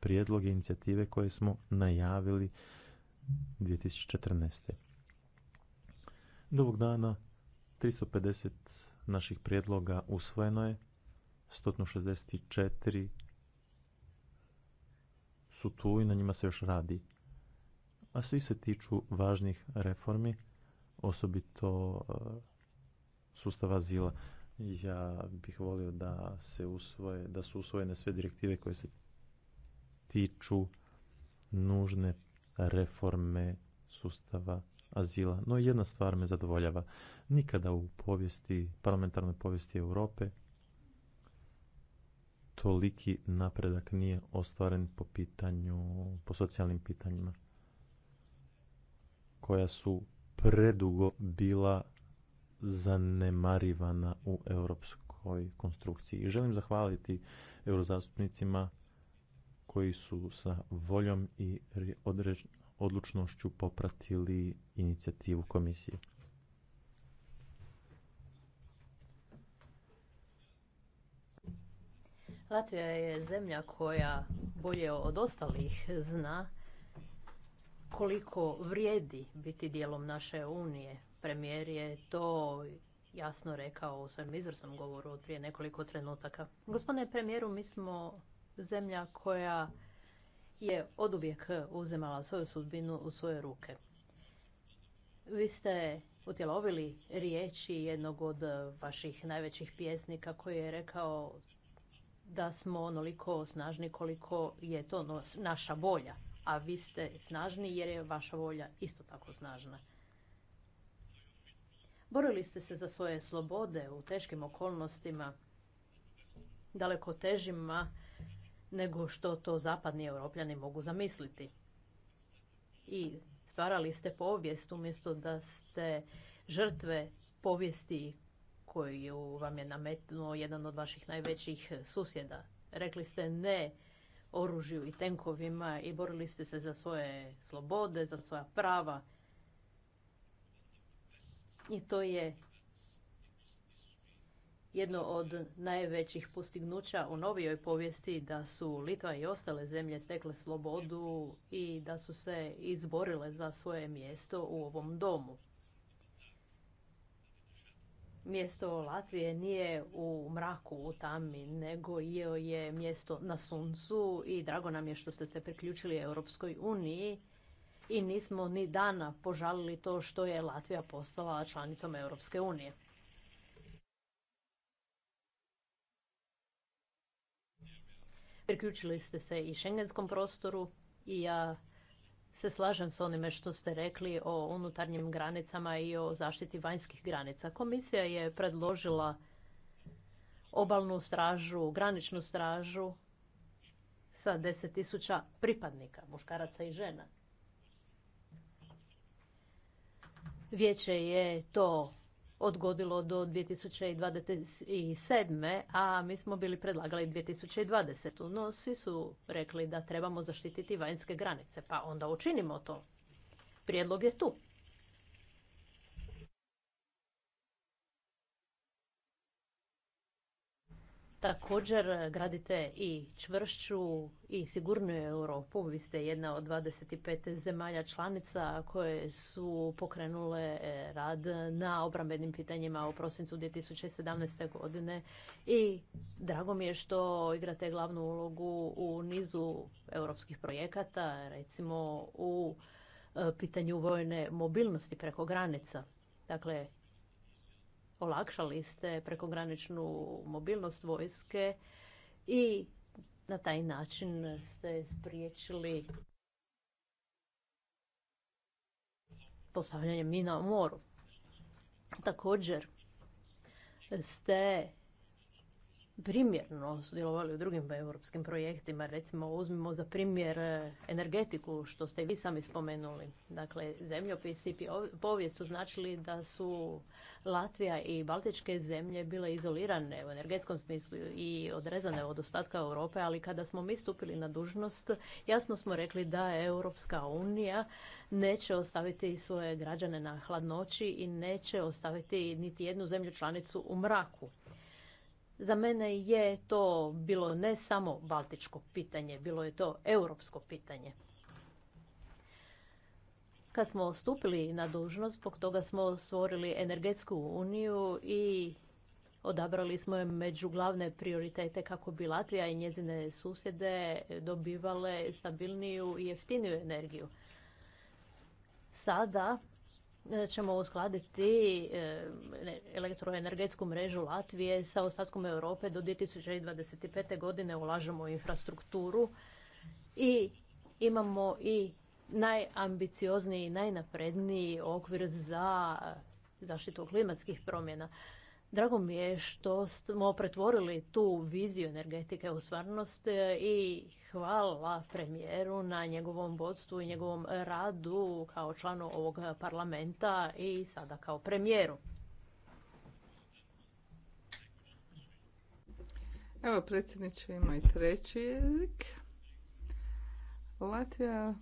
prijedloge i inicijative koje smo najavili 2014. Do ovog dana 350 naših prijedloga usvojeno je, 164 su tu i na njima se još radi. A svi se tiču važnih reformi, osobito e, sustava azila. Ja bih volio da, se usvoje, da su usvojene sve direktive koje se tiču nužne reforme sustava azila. No jedna stvar me zadovoljava. Nikada u povijesti, parlamentarnoj povijesti Europe toliki napredak nije ostvaren po pitanju, po socijalnim pitanjima koja su predugo bila zanemarivana u europskoj konstrukciji. I želim zahvaliti eurozastupnicima koji su sa voljom i odlučnošću popratili inicijativu komisije. Latvija je zemlja koja bolje od ostalih zna koliko vrijedi biti dijelom naše unije. Premijer je to jasno rekao u svojem izvrsnom govoru od prije nekoliko trenutaka. Gospodine premijeru, mi smo zemlja koja je oduvijek eh, uzimala svoju sudbinu u svoje ruke. Vi ste utjelovili riječi jednog od eh, vaših najvećih pjesnika koji je rekao da smo onoliko snažni koliko je to naša volja, a vi ste snažni jer je vaša volja isto tako snažna. Borili ste se za svoje slobode u teškim okolnostima, daleko težima nego što to zapadni europljani mogu zamisliti. I stvarali ste povijest umjesto da ste žrtve povijesti koju vam je nametnuo jedan od vaših najvećih susjeda. Rekli ste ne oružju i tenkovima i borili ste se za svoje slobode, za svoja prava. I to je jedno od najvećih postignuća u novijoj povijesti da su Litva i ostale zemlje stekle slobodu i da su se izborile za svoje mjesto u ovom domu. Mjesto Latvije nije u mraku, u tami, nego je mjesto na suncu i drago nam je što ste se priključili Europskoj uniji i nismo ni dana požalili to što je Latvija postala članicom Europske unije. Priključili ste se i šengenskom prostoru i ja se slažem s onime što ste rekli o unutarnjim granicama i o zaštiti vanjskih granica. Komisija je predložila obalnu stražu, graničnu stražu sa 10.000 pripadnika, muškaraca i žena. Vijeće je to odgodilo do 2027. a mi smo bili predlagali 2020. No, svi su rekli da trebamo zaštititi vanjske granice, pa onda učinimo to. Prijedlog je tu. Također e, gradite i čvršću i sigurniju Europu. Vi ste jedna od 25 zemalja članica koje su pokrenule e, rad na obrambenim pitanjima u prosincu 2017. godine i drago mi je što igrate glavnu ulogu u nizu europskih projekata, recimo u e, pitanju vojne mobilnosti preko granica. Dakle, olakšali ste prekograničnu mobilnost vojske i na taj način ste spriječili postavljanje mina u moru. Također ste primjerno sudjelovali u drugim europskim projektima. Recimo, uzmimo za primjer e, energetiku, što ste i vi sami spomenuli. Dakle, zemljopis i povijest su značili da su Latvija i Baltičke zemlje bile izolirane u energetskom smislu i odrezane od ostatka Europe, ali kada smo mi stupili na dužnost, jasno smo rekli da Europska unija neće ostaviti svoje građane na hladnoći i neće ostaviti niti jednu zemlju članicu u mraku. Za mene je to bilo ne samo baltičko pitanje, bilo je to europsko pitanje. Kad smo stupili na dužnost, zbog toga smo stvorili energetsku uniju i odabrali smo je među glavne prioritete kako bi Latvija i njezine susjede dobivale stabilniju i jeftiniju energiju. Sada E, ćemo uskladiti e, elektroenergetsku mrežu Latvije sa ostatkom Europe do 2025. godine ulažemo u infrastrukturu i imamo i najambiciozniji i najnapredniji okvir za zaštitu klimatskih promjena. Drago mi je što smo pretvorili tu viziju energetike u stvarnost e, i hvala premijeru na njegovom vodstvu i njegovom radu kao članu ovog parlamenta i sada kao premijeru. Evo predsjedniče ima i treći jezik. Latvija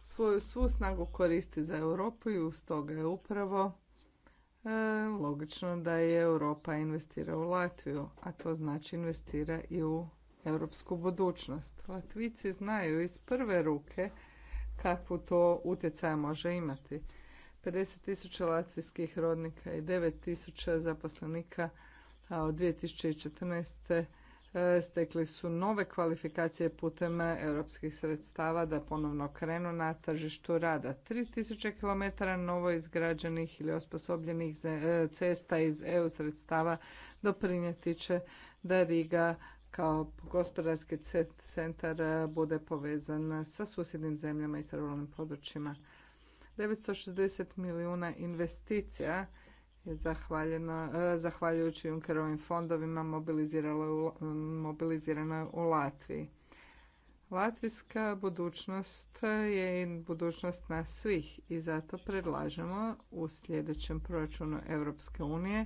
svoju svu snagu koristi za Europu i uz toga je upravo E, logično da je Europa investira u Latviju, a to znači investira i u europsku budućnost. Latvici znaju iz prve ruke kakvu to utjecaja može imati. 50.000 latvijskih rodnika i 9.000 zaposlenika od 2014 stekli su nove kvalifikacije putem europskih sredstava da ponovno krenu na tržištu rada. 3000 km novo izgrađenih ili osposobljenih e, cesta iz EU sredstava doprinijeti će da Riga kao gospodarski centar e, bude povezan sa susjednim zemljama i sa ruralnim područjima. 960 milijuna investicija E, zahvaljujući Junkerovim fondovima mobilizirana u Latviji. Latvijska budućnost je budućnost nas svih i zato predlažemo u sljedećem proračunu Europske unije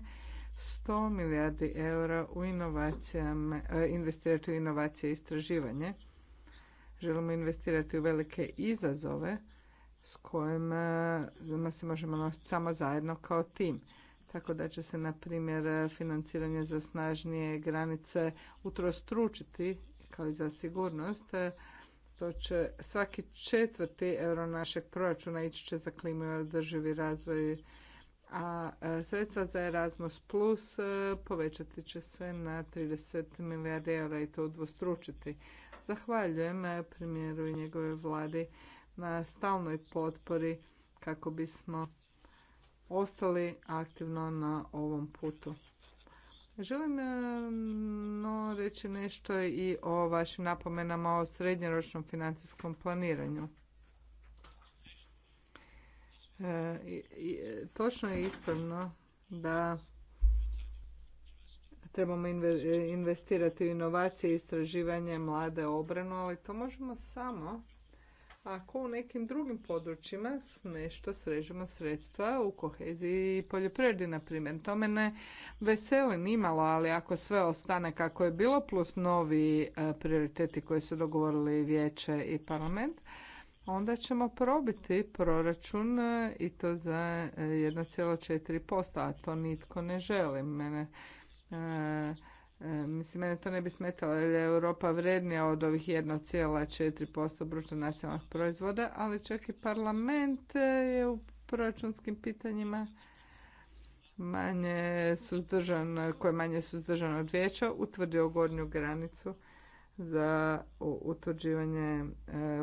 100 milijardi eura u inovacijama, e, investirati u inovacije i istraživanje. Želimo investirati u velike izazove s kojima se možemo nositi samo zajedno kao tim tako da će se, na primjer, financiranje za snažnije granice utrostručiti, kao i za sigurnost. To će svaki četvrti euro našeg proračuna ići će za klimu i održivi razvoj a e, sredstva za Erasmus Plus e, povećati će se na 30 milijardi eura i to udvostručiti. Zahvaljujem e, premijeru i njegove vladi na stalnoj potpori kako bismo ostali aktivno na ovom putu. Želim e, no, reći nešto i o vašim napomenama o srednjoročnom financijskom planiranju. E, i, točno je ispravno da trebamo investirati u inovacije, istraživanje, mlade obranu, ali to možemo samo ako u nekim drugim područjima nešto srežemo sredstva u koheziji i poljoprivredi, na primjer. To me veseli nimalo, ali ako sve ostane kako je bilo, plus novi e, prioriteti koji su dogovorili vijeće i parlament, onda ćemo probiti proračun e, i to za 1,4%, e, a to nitko ne želi. Mene E, mislim, mene to ne bi smetalo jer je Europa vrednija od ovih 1,4% bruto nacionalnog proizvoda, ali čak i parlament e, je u proračunskim pitanjima manje suzdržan, koje manje suzdržan od vijeća, utvrdio gornju granicu za utvrđivanje e,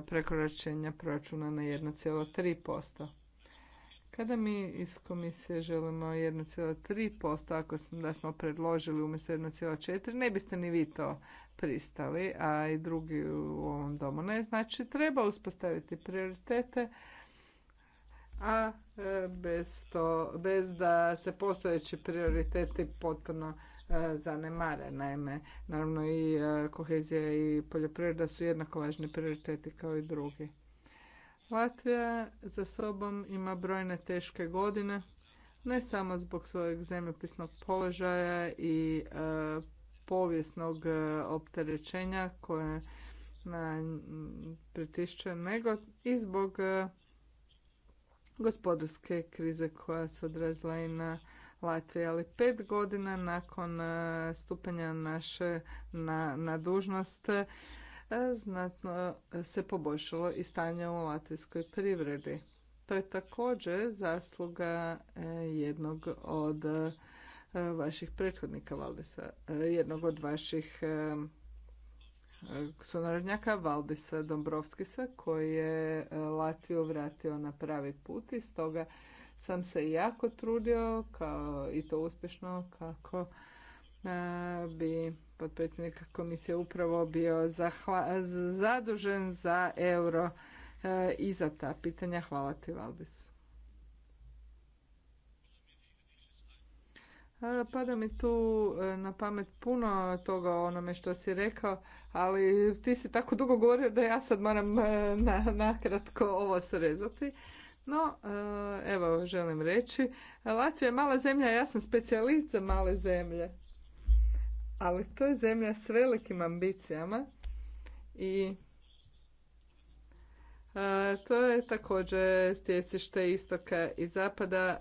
prekoračenja proračuna na 1,3%. Kada mi iz komisije želimo 1,3%, ako da smo predložili umjesto 1,4, ne biste ni vi to pristali, a i drugi u ovom domu ne. Znači, treba uspostaviti prioritete, a e, bez, to, bez da se postojeći prioriteti potpuno e, zanemare. Naime, naravno i e, kohezija i poljoprivreda su jednako važni prioriteti kao i drugi. Latvija za sobom ima brojne teške godine, ne samo zbog svojeg zemljopisnog položaja i e, povijesnog e, opterećenja koje na, pritišće, nego i zbog e, gospodarske krize koja se odrezla i na Latviji. Ali pet godina nakon stupanja naše na, na dužnost E, znatno e, se poboljšalo i stanje u latvijskoj privredi. To je također zasluga e, jednog od vaših prethodnika, Valdisa, jednog od vaših sunarodnjaka Valdisa Dombrovskisa koji je Latviju vratio na pravi put i stoga sam se jako trudio kao, i to uspješno kako bi potpredsjednik komisije upravo bio zadužen za euro e, i za ta pitanja. Hvala ti, Valdis. E, pada mi tu e, na pamet puno toga o onome što si rekao, ali ti si tako dugo govorio da ja sad moram e, nakratko ovo srezati. No, evo želim reći, Latvija je mala zemlja, ja sam specijalist za male zemlje ali to je zemlja s velikim ambicijama i e, to je također stjecište istoka i zapada, e,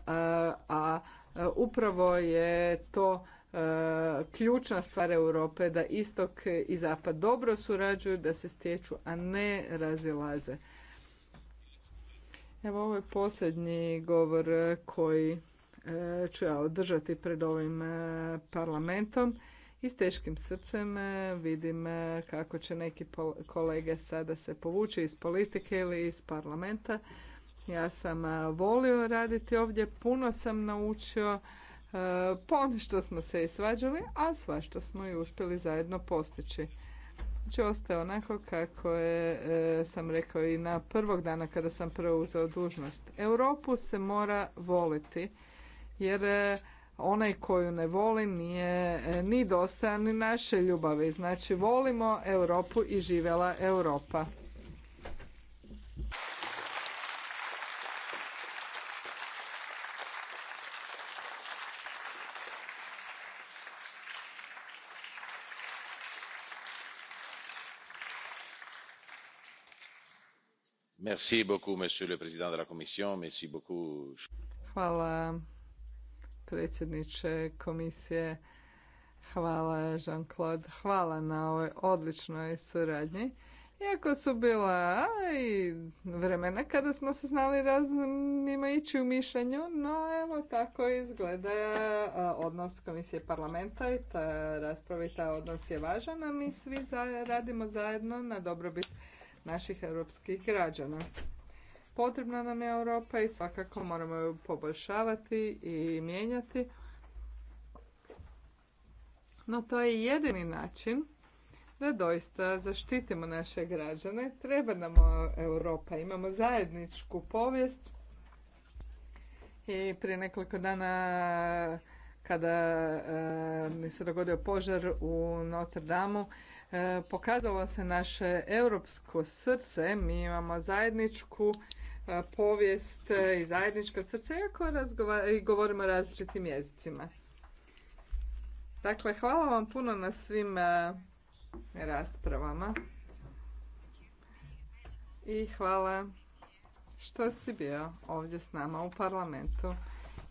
a, e, upravo je to ključna stvar Europe da istok i zapad dobro surađuju, da se stječu, a ne razilaze. Evo ovo je posljednji govor koji ću ja održati pred ovim parlamentom i s teškim srcem e, vidim e, kako će neki kolege sada se povući iz politike ili iz parlamenta. Ja sam e, volio raditi ovdje, puno sam naučio, ponešto smo se i svađali, a svašta smo i uspjeli zajedno postići. Znači, ostaje onako kako je, sam rekao i na prvog dana kada sam preuzeo dužnost. Europu se mora voliti, jer onaj koju ne voli nije e, ni dostajan ni naše ljubavi. Znači volimo Europu i živela Europa. Merci beaucoup, monsieur le président de la commission. Merci beaucoup. Hvala predsjedniče komisije. Hvala Jean-Claude, hvala na ovoj odličnoj suradnji. Iako su bila i vremena kada smo se znali raznima ići u mišljenju, no evo tako izgleda odnos komisije parlamenta i ta rasprava i ta odnos je važan, a mi svi radimo zajedno na dobrobit naših europskih građana. Potrebna nam je Europa i svakako moramo ju poboljšavati i mijenjati. No to je jedini način da doista zaštitimo naše građane. Treba nam Europa, imamo zajedničku povijest. I prije nekoliko dana kada eh, mi se dogodio požar u Notre Dame, eh, pokazalo se naše europsko srce. Mi imamo zajedničku povijest i zajedničko srce, iako i govorimo različitim jezicima. Dakle, hvala vam puno na svim raspravama. I hvala što si bio ovdje s nama u parlamentu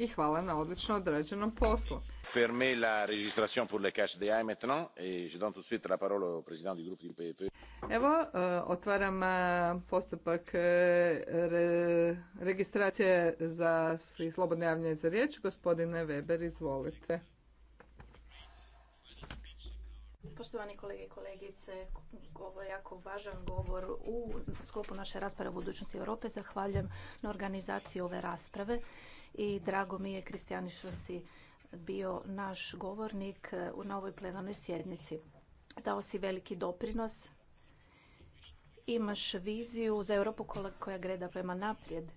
i hvala na odlično odrađenom poslu. Fermé la registration pour le cash DI maintenant et je donne tout de suite la parole au président du groupe du PPE. Evo, e, otvaram e, postupak e, re, registracije za slobodno javljanje za riječ. Gospodine Weber, izvolite. Poštovani kolege i kolegice, ovo je jako važan govor u sklopu naše rasprave o budućnosti Europe. Zahvaljujem na organizaciji ove rasprave i drago mi je, Kristijani, što si bio naš govornik eh, na ovoj plenarnoj sjednici. Dao si veliki doprinos, imaš viziju za Europu koja greda prema naprijed.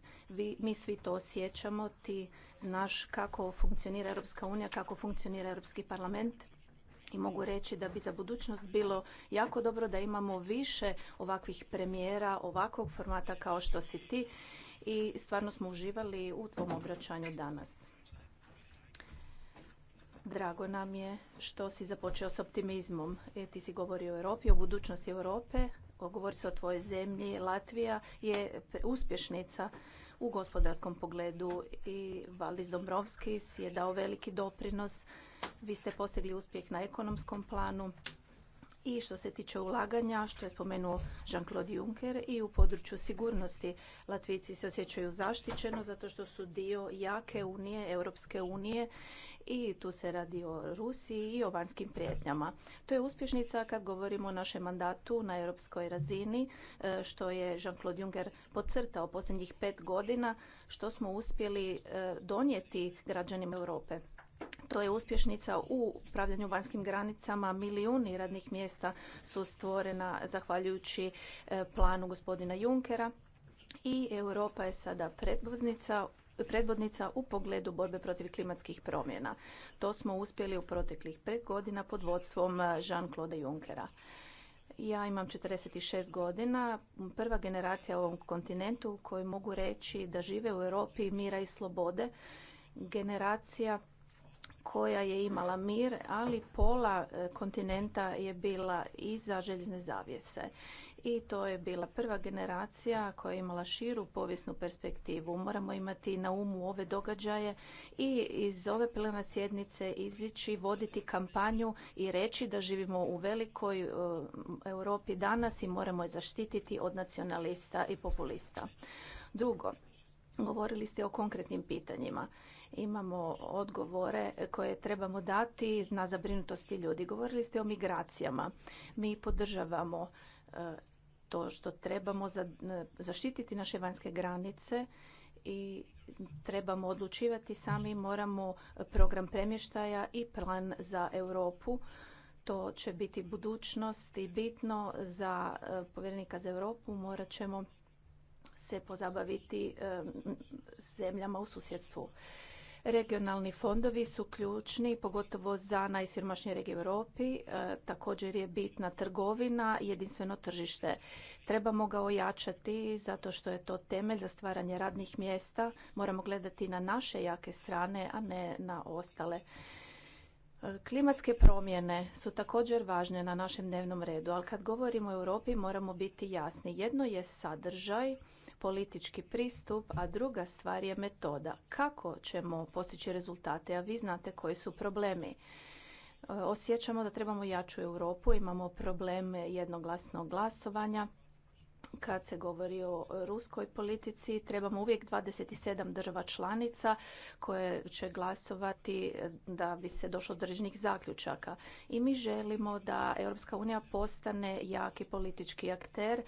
mi svi to osjećamo, ti znaš kako funkcionira Europska unija, kako funkcionira Europski parlament i mogu reći da bi za budućnost bilo jako dobro da imamo više ovakvih premijera, ovakvog formata kao što si ti i stvarno smo uživali u tvom obraćanju danas. Drago nam je što si započeo s optimizmom. E, ti si govorio o Europi, o budućnosti Europe, govori se o tvojoj zemlji. Latvija je uspješnica u gospodarskom pogledu i Valdis Dombrovskis je dao veliki doprinos. Vi ste postigli uspjeh na ekonomskom planu i što se tiče ulaganja, što je spomenuo Jean-Claude Juncker, i u području sigurnosti. Latvici se osjećaju zaštićeno zato što su dio jake unije, Europske unije i tu se radi o Rusiji i o vanjskim prijetnjama. To je uspješnica kad govorimo o našem mandatu na europskoj razini, e, što je Jean-Claude Juncker podcrtao posljednjih pet godina, što smo uspjeli e, donijeti građanima Europe. To je uspješnica u upravljanju vanjskim granicama. Milijuni radnih mjesta su stvorena zahvaljujući e, planu gospodina Junkera i Europa je sada predvodnica u pogledu borbe protiv klimatskih promjena. To smo uspjeli u proteklih pet godina pod vodstvom e, Jean-Claude Junckera. Ja imam 46 godina, prva generacija u ovom kontinentu u kojoj mogu reći da žive u Europi mira i slobode. Generacija koja je imala mir, ali pola e, kontinenta je bila iza željezne zavjese. I to je bila prva generacija koja je imala širu povijesnu perspektivu. Moramo imati na umu ove događaje i iz ove plena sjednice izići, voditi kampanju i reći da živimo u velikoj e, Europi danas i moramo je zaštititi od nacionalista i populista. Drugo, govorili ste o konkretnim pitanjima imamo odgovore koje trebamo dati na zabrinutosti ljudi. Govorili ste o migracijama. Mi podržavamo e, to što trebamo e, zaštititi naše vanjske granice i trebamo odlučivati sami, moramo program premještaja i plan za Europu. To će biti budućnost i bitno za e, povjerenika za Europu. Morat ćemo se pozabaviti zemljama u susjedstvu. Regionalni fondovi su ključni, pogotovo za najsiromašnije regije u Europi. E, također je bitna trgovina i jedinstveno tržište. Trebamo ga ojačati zato što je to temelj za stvaranje radnih mjesta. Moramo gledati na naše jake strane, a ne na ostale. E, klimatske promjene su također važne na našem dnevnom redu, ali kad govorimo o Europi moramo biti jasni. Jedno je sadržaj, politički pristup, a druga stvar je metoda. Kako ćemo postići rezultate, a vi znate koji su problemi. E, osjećamo da trebamo jaču Europu, imamo probleme jednoglasnog glasovanja, kad se govori o ruskoj politici trebamo uvijek 27 država članica koje će glasovati da bi se došlo do zaključaka. I mi želimo da Europska unija postane jaki politički akter.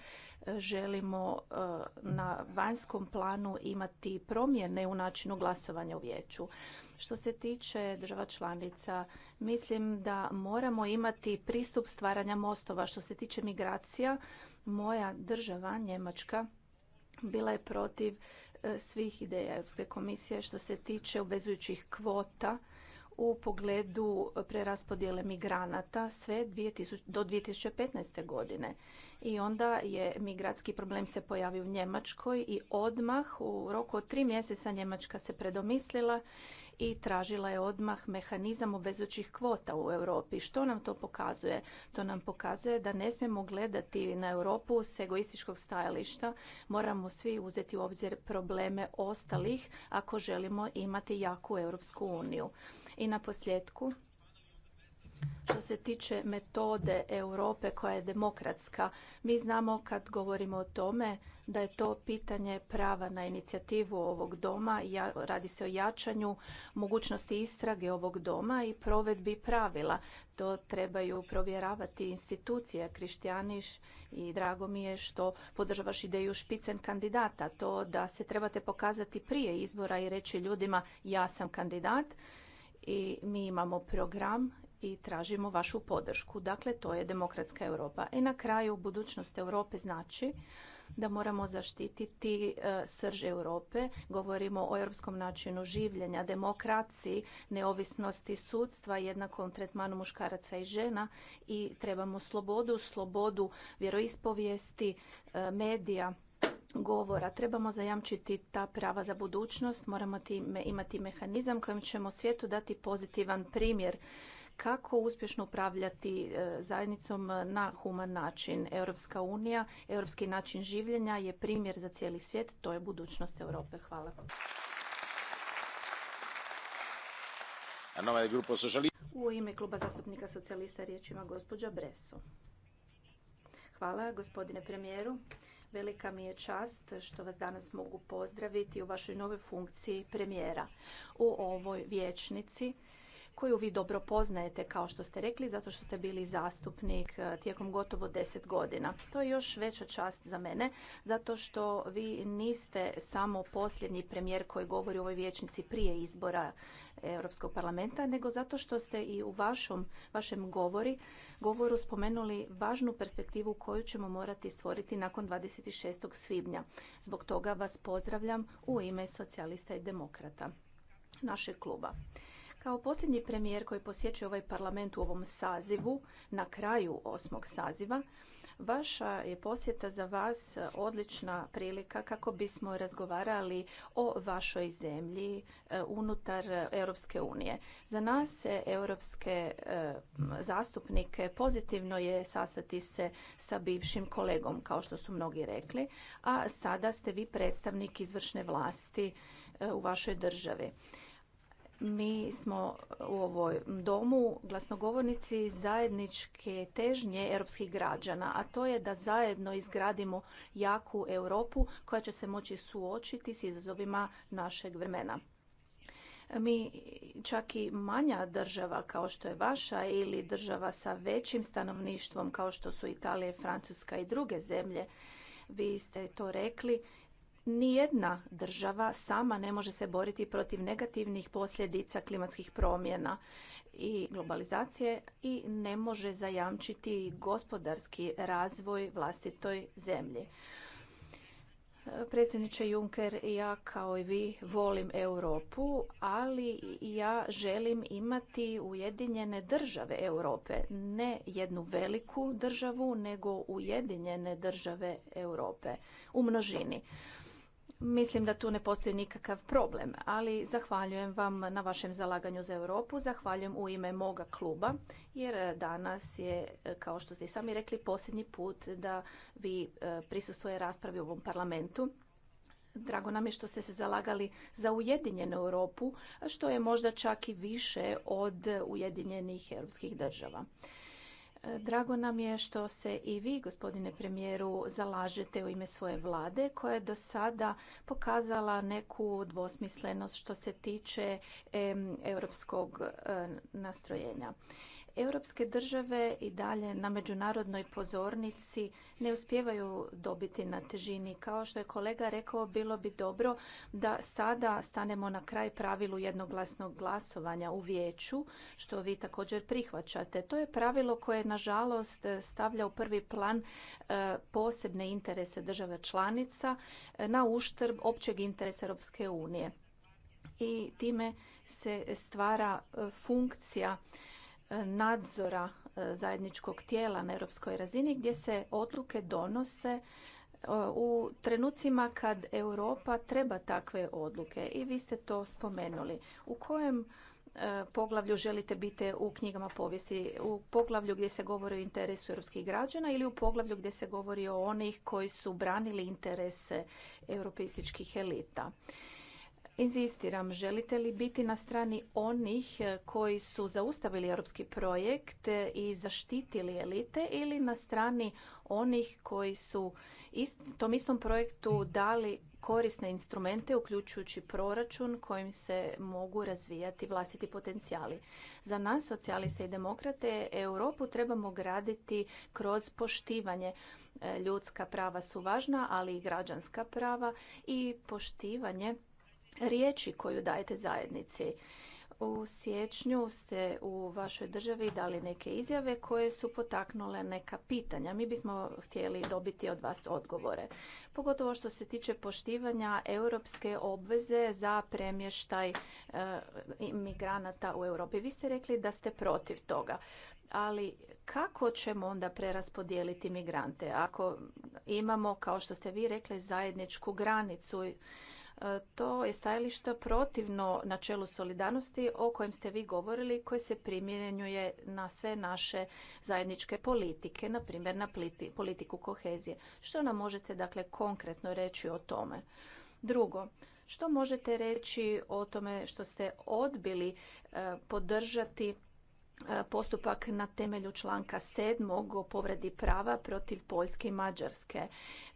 Želimo e, na vanjskom planu imati promjene u načinu glasovanja u vijeću. Što se tiče država članica, mislim da moramo imati pristup stvaranja mostova. Što se tiče migracija, moja država, Njemačka, bila je protiv e, svih ideja Europske komisije što se tiče obvezujućih kvota u pogledu preraspodjele migranata sve do 2015. godine. I onda je migratski problem se pojavio u Njemačkoj i odmah u roku od tri mjeseca Njemačka se predomislila i tražila je odmah mehanizam obvezujućih kvota u Europi. Što nam to pokazuje? To nam pokazuje da ne smijemo gledati na Europu s egoističkog stajališta. Moramo svi uzeti u obzir probleme ostalih ako želimo imati jaku Europsku uniju. I na posljedku, što se tiče metode Europe koja je demokratska, mi znamo kad govorimo o tome da je to pitanje prava na inicijativu ovog doma, radi se o jačanju mogućnosti istrage ovog doma i provedbi pravila. To trebaju provjeravati institucije. Krištijaniš i drago mi je što podržavaš ideju špicen kandidata. To da se trebate pokazati prije izbora i reći ljudima ja sam kandidat i mi imamo program i tražimo vašu podršku. Dakle, to je demokratska Europa. I na kraju, budućnost Europe znači da moramo zaštititi e, srž Europe. Govorimo o europskom načinu življenja, demokraciji, neovisnosti sudstva, jednakom tretmanu muškaraca i žena i trebamo slobodu, slobodu vjeroispovijesti, e, medija, govora. Trebamo zajamčiti ta prava za budućnost, moramo time imati mehanizam kojim ćemo svijetu dati pozitivan primjer kako uspješno upravljati e, zajednicom na human način. Europska unija, europski način življenja je primjer za cijeli svijet, to je budućnost Europe. Hvala. U ime kluba zastupnika socijalista riječ ima gospođa Breso. Hvala gospodine premijeru. Velika mi je čast što vas danas mogu pozdraviti u vašoj nove funkciji premijera. U ovoj vječnici koju vi dobro poznajete, kao što ste rekli, zato što ste bili zastupnik e, tijekom gotovo deset godina. To je još veća čast za mene, zato što vi niste samo posljednji premijer koji govori u ovoj vječnici prije izbora Europskog parlamenta, nego zato što ste i u vašom, vašem govori, govoru spomenuli važnu perspektivu koju ćemo morati stvoriti nakon 26. svibnja. Zbog toga vas pozdravljam u ime socijalista i demokrata našeg kluba. Kao posljednji premijer koji posjećuje ovaj parlament u ovom sazivu, na kraju osmog saziva, Vaša je posjeta za vas odlična prilika kako bismo razgovarali o vašoj zemlji e, unutar Europske unije. Za nas e, europske e, zastupnike pozitivno je sastati se sa bivšim kolegom, kao što su mnogi rekli, a sada ste vi predstavnik izvršne vlasti u vašoj državi mi smo u ovoj domu glasnogovornici zajedničke težnje europskih građana, a to je da zajedno izgradimo jaku Europu koja će se moći suočiti s izazovima našeg vremena. Mi čak i manja država kao što je vaša ili država sa većim stanovništvom kao što su Italija, Francuska i druge zemlje, vi ste to rekli, Nijedna država sama ne može se boriti protiv negativnih posljedica klimatskih promjena i globalizacije i ne može zajamčiti gospodarski razvoj vlastitoj zemlji. Predsjedniče Juncker, ja kao i vi volim Europu, ali ja želim imati ujedinjene države Europe. Ne jednu veliku državu, nego ujedinjene države Europe u množini. Mislim da tu ne postoji nikakav problem, ali zahvaljujem vam na vašem zalaganju za Europu, zahvaljujem u ime moga kluba, jer e, danas je, e, kao što ste i sami rekli, posljednji put da vi e, prisustuje raspravi u ovom parlamentu. Drago nam je što ste se zalagali za ujedinjenu Europu, što je možda čak i više od ujedinjenih europskih država. Drago nam je što se i vi, gospodine premijeru, zalažete u ime svoje vlade koja je do sada pokazala neku dvosmislenost što se tiče europskog e, nastrojenja. Europske države i dalje na međunarodnoj pozornici ne uspijevaju dobiti na težini. Kao što je kolega rekao, bilo bi dobro da sada stanemo na kraj pravilu jednoglasnog glasovanja u vijeću, što vi također prihvaćate. To je pravilo koje, nažalost, stavlja u prvi plan e, posebne interese države članica e, na uštrb općeg interesa Europske unije i time se stvara e, funkcija nadzora e, zajedničkog tijela na europskoj razini gdje se odluke donose e, u trenucima kad Europa treba takve odluke i vi ste to spomenuli. U kojem e, poglavlju želite biti u knjigama povijesti? U poglavlju gdje se govori o interesu europskih građana ili u poglavlju gdje se govori o onih koji su branili interese europeističkih elita? Inzistiram, želite li biti na strani onih e, koji su zaustavili europski projekt e, i zaštitili elite ili na strani onih koji su tom istom projektu dali korisne instrumente, uključujući proračun kojim se mogu razvijati vlastiti potencijali. Za nas, socijaliste i demokrate, Europu trebamo graditi kroz poštivanje. E, ljudska prava su važna, ali i građanska prava i poštivanje riječi koju dajete zajednici. U siječnju ste u vašoj državi dali neke izjave koje su potaknule neka pitanja. Mi bismo htjeli dobiti od vas odgovore. Pogotovo što se tiče poštivanja europske obveze za premještaj eh, migranata u Europi. Vi ste rekli da ste protiv toga. Ali kako ćemo onda preraspodijeliti migrante ako imamo, kao što ste vi rekli, zajedničku granicu to je stajalište protivno načelu solidarnosti o kojem ste vi govorili koje se primjenjuje na sve naše zajedničke politike, na primjer na politiku kohezije. Što nam možete dakle konkretno reći o tome? Drugo, što možete reći o tome što ste odbili e, podržati e, postupak na temelju članka 7. o povredi prava protiv Poljske i Mađarske.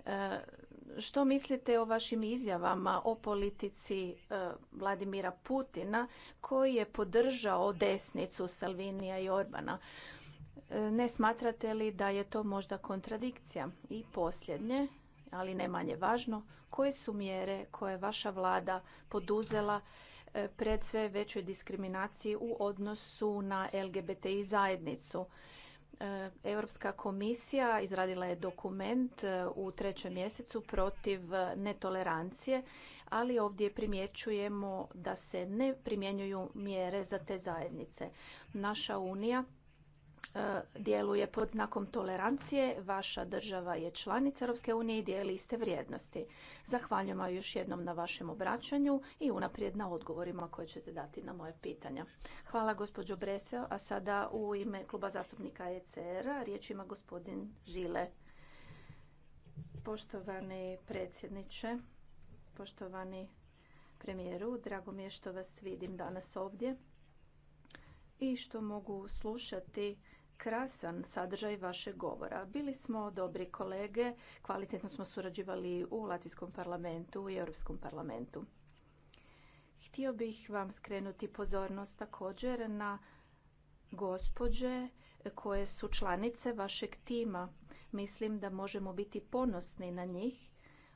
E, što mislite o vašim izjavama o politici e, Vladimira Putina koji je podržao desnicu Salvinija i Orbana? E, ne smatrate li da je to možda kontradikcija? I posljednje, ali ne manje važno, koje su mjere koje je vaša vlada poduzela e, pred sve većoj diskriminaciji u odnosu na LGBTI zajednicu? E, Europska komisija izradila je dokument e, u trećem mjesecu protiv e, netolerancije, ali ovdje primjećujemo da se ne primjenjuju mjere za te zajednice. Naša unija E, djeluje pod znakom tolerancije. Vaša država je članica Europske unije i dijeli iste vrijednosti. Zahvaljujem vam još jednom na vašem obraćanju i unaprijed na odgovorima koje ćete dati na moje pitanja. Hvala gospođo Breseo, a sada u ime kluba zastupnika ECR-a riječ ima gospodin Žile. Poštovani predsjedniče, poštovani premijeru, drago mi je što vas vidim danas ovdje i što mogu slušati krasan sadržaj vašeg govora. Bili smo dobri kolege, kvalitetno smo surađivali u Latvijskom parlamentu i Europskom parlamentu. Htio bih vam skrenuti pozornost također na gospođe koje su članice vašeg tima. Mislim da možemo biti ponosni na njih.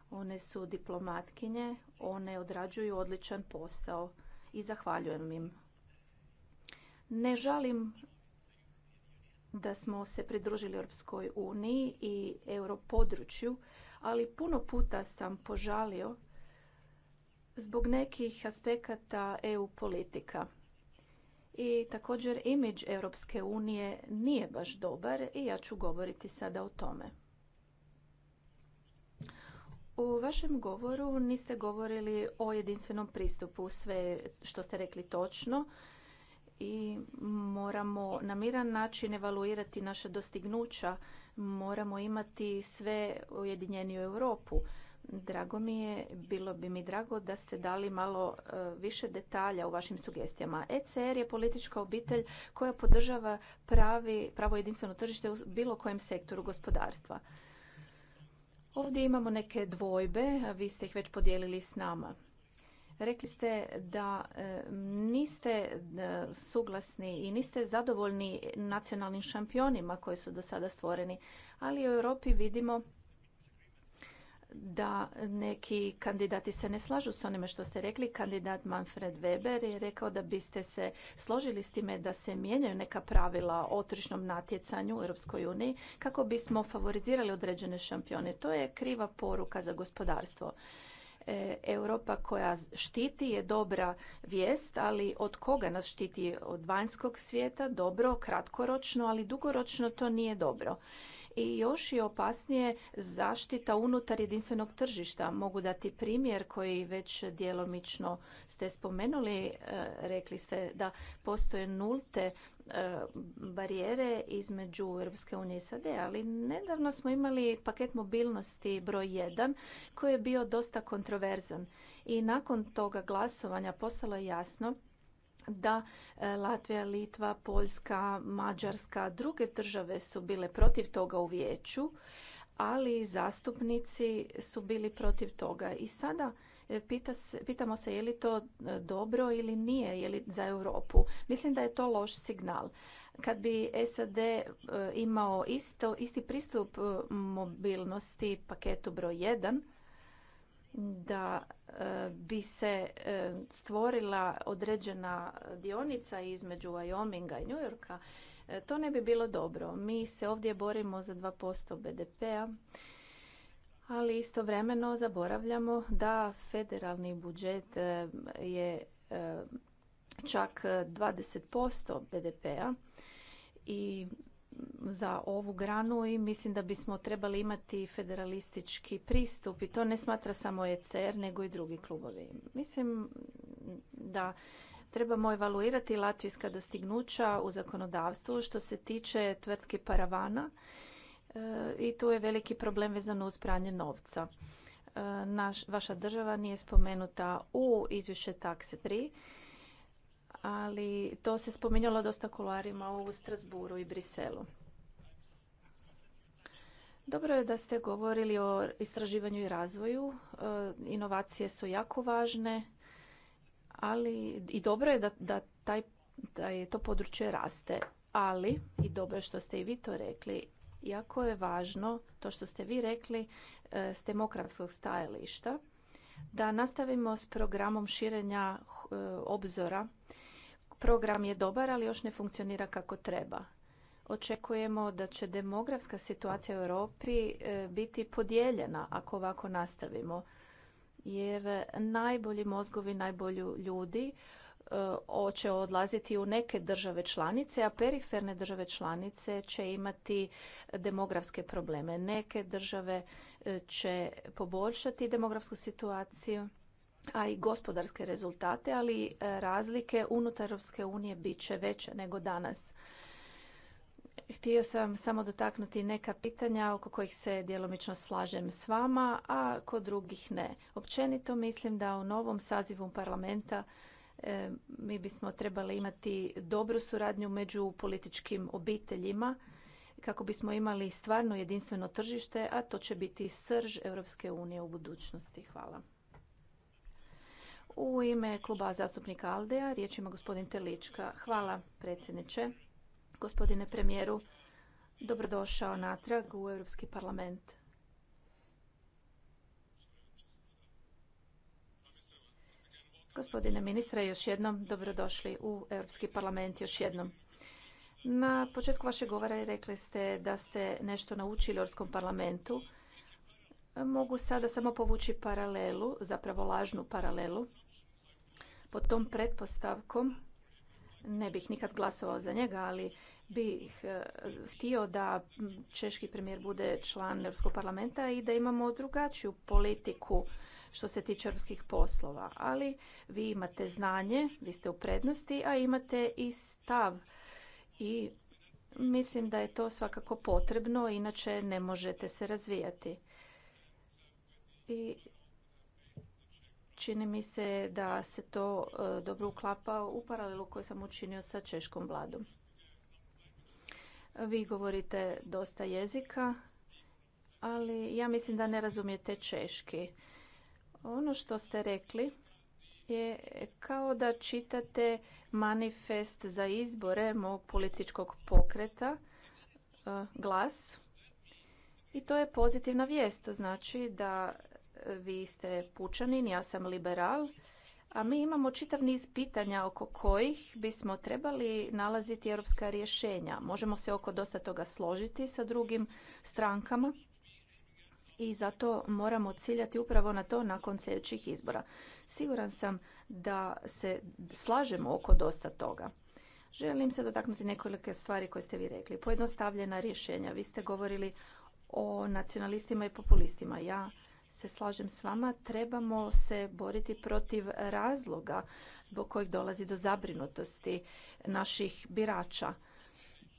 One su diplomatkinje, one odrađuju odličan posao i zahvaljujem im. Ne žalim da smo se pridružili Europskoj uniji i europodručju, ali puno puta sam požalio zbog nekih aspekata EU politika. I također imidž Europske unije nije baš dobar i ja ću govoriti sada o tome. U vašem govoru niste govorili o jedinstvenom pristupu, sve što ste rekli točno, i moramo na miran način evaluirati naša dostignuća, moramo imati sve ujedinjeniju Europu. Drago mi je, bilo bi mi drago da ste dali malo e, više detalja u vašim sugestijama. ECR je politička obitelj koja podržava pravi, pravo jedinstveno tržište u bilo kojem sektoru gospodarstva. Ovdje imamo neke dvojbe, vi ste ih već podijelili s nama. Rekli ste da niste suglasni i niste zadovoljni nacionalnim šampionima koji su do sada stvoreni, ali u Europi vidimo da neki kandidati se ne slažu s onime što ste rekli. Kandidat Manfred Weber je rekao da biste se složili s time da se mijenjaju neka pravila o tržišnom natjecanju u Europskoj uniji kako bismo favorizirali određene šampione. To je kriva poruka za gospodarstvo. E, Europa koja štiti je dobra vijest, ali od koga nas štiti? Od vanjskog svijeta, dobro, kratkoročno, ali dugoročno to nije dobro i još je opasnije zaštita unutar jedinstvenog tržišta. Mogu dati primjer koji već djelomično ste spomenuli. E, rekli ste da postoje nulte e, barijere između EU unije i SAD, ali nedavno smo imali paket mobilnosti broj 1 koji je bio dosta kontroverzan i nakon toga glasovanja postalo je jasno da e, Latvija, Litva, Poljska, Mađarska, druge države su bile protiv toga u vijeću, ali zastupnici su bili protiv toga. I sada e, pita se, pitamo se je li to e, dobro ili nije, je li za Europu. Mislim da je to loš signal. Kad bi SAD imao isto, isti pristup mobilnosti paketu broj 1, da e, bi se e, stvorila određena dionica između Wyominga i New Yorka, e, to ne bi bilo dobro. Mi se ovdje borimo za 2% BDP-a, ali istovremeno zaboravljamo da federalni budžet je čak 20% BDP-a i za ovu granu i mislim da bismo trebali imati federalistički pristup i to ne smatra samo ECR nego i drugi klubovi. Mislim da trebamo evaluirati latvijska dostignuća u zakonodavstvu što se tiče tvrtke paravana e, i tu je veliki problem vezano uz pranje novca. E, naš, vaša država nije spomenuta u izvješće takse 3 ali to se spominjalo dosta kuloarima u Strasburu i Briselu. Dobro je da ste govorili o istraživanju i razvoju. E, inovacije su jako važne, ali i dobro je da, da, taj, da je to područje raste. Ali, i dobro je što ste i vi to rekli, jako je važno to što ste vi rekli e, s demografskog stajališta, da nastavimo s programom širenja e, obzora program je dobar, ali još ne funkcionira kako treba. Očekujemo da će demografska situacija u Europi e, biti podijeljena ako ovako nastavimo. Jer najbolji mozgovi, najbolji ljudi e, će odlaziti u neke države članice, a periferne države članice će imati demografske probleme. Neke države e, će poboljšati demografsku situaciju, a i gospodarske rezultate, ali e, razlike unutar Europske unije bit će veće nego danas. Htio sam samo dotaknuti neka pitanja oko kojih se djelomično slažem s vama, a kod drugih ne. Općenito mislim da u novom sazivu parlamenta e, mi bismo trebali imati dobru suradnju među političkim obiteljima kako bismo imali stvarno jedinstveno tržište, a to će biti srž Europske unije u budućnosti. Hvala. U ime kluba zastupnika Aldeja riječ ima gospodin Telička. Hvala predsjedniče. Gospodine premijeru, dobrodošao natrag u Europski parlament. Gospodine ministre, još jednom dobrodošli u Europski parlament još jednom. Na početku vašeg govora rekli ste da ste nešto naučili u Europskom parlamentu. Mogu sada samo povući paralelu, zapravo lažnu paralelu. Pod tom pretpostavkom ne bih nikad glasovao za njega, ali bih eh, htio da češki premijer bude član Europskog parlamenta i da imamo drugačiju politiku što se tiče europskih poslova. Ali vi imate znanje, vi ste u prednosti, a imate i stav. I mislim da je to svakako potrebno, inače ne možete se razvijati. I Čini mi se da se to e, dobro uklapa u paralelu koju sam učinio sa češkom vladom. Vi govorite dosta jezika, ali ja mislim da ne razumijete češki. Ono što ste rekli je kao da čitate manifest za izbore mog političkog pokreta, e, glas. I to je pozitivna vijest, to znači da vi ste pučanin, ja sam liberal, a mi imamo čitav niz pitanja oko kojih bismo trebali nalaziti europska rješenja. Možemo se oko dosta toga složiti sa drugim strankama i zato moramo ciljati upravo na to nakon sljedećih izbora. Siguran sam da se slažemo oko dosta toga. Želim se dotaknuti nekoliko stvari koje ste vi rekli. Pojednostavljena rješenja. Vi ste govorili o nacionalistima i populistima. Ja se slažem s vama, trebamo se boriti protiv razloga zbog kojih dolazi do zabrinutosti naših birača.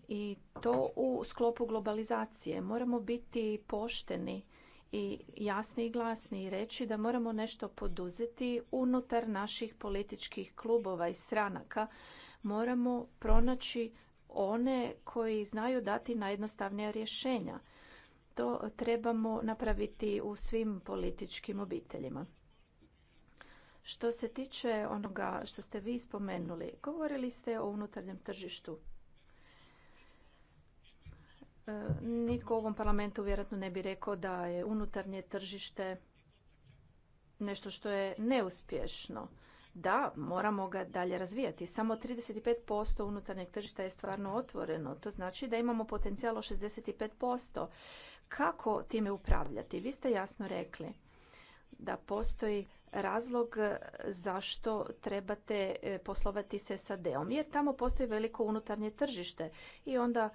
I to u sklopu globalizacije. Moramo biti pošteni i jasni i glasni i reći da moramo nešto poduzeti unutar naših političkih klubova i stranaka. Moramo pronaći one koji znaju dati najjednostavnija rješenja to trebamo napraviti u svim političkim obiteljima. Što se tiče onoga što ste vi spomenuli, govorili ste o unutarnjem tržištu. E, nitko u ovom parlamentu vjerojatno ne bi rekao da je unutarnje tržište nešto što je neuspješno. Da, moramo ga dalje razvijati. Samo 35% unutarnjeg tržišta je stvarno otvoreno. To znači da imamo potencijal 65% kako time upravljati. Vi ste jasno rekli da postoji razlog e, zašto trebate e, poslovati se sa deom Jer tamo postoji veliko unutarnje tržište i onda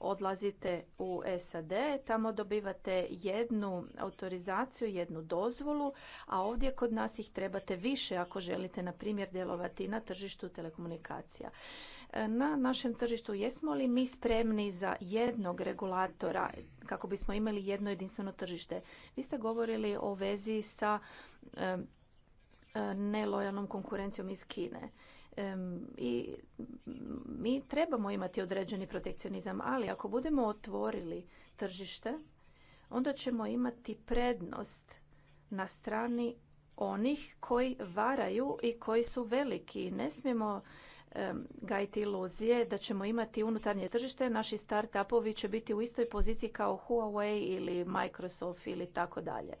odlazite u SAD, tamo dobivate jednu autorizaciju, jednu dozvolu, a ovdje kod nas ih trebate više ako želite, na primjer, djelovati na tržištu telekomunikacija na našem tržištu. Jesmo li mi spremni za jednog regulatora kako bismo imali jedno jedinstveno tržište? Vi ste govorili o vezi sa nelojalnom konkurencijom iz Kine. I mi trebamo imati određeni protekcionizam, ali ako budemo otvorili tržište, onda ćemo imati prednost na strani onih koji varaju i koji su veliki. Ne smijemo gajiti iluzije da ćemo imati unutarnje tržište, naši start-upovi će biti u istoj poziciji kao Huawei ili Microsoft ili tako dalje.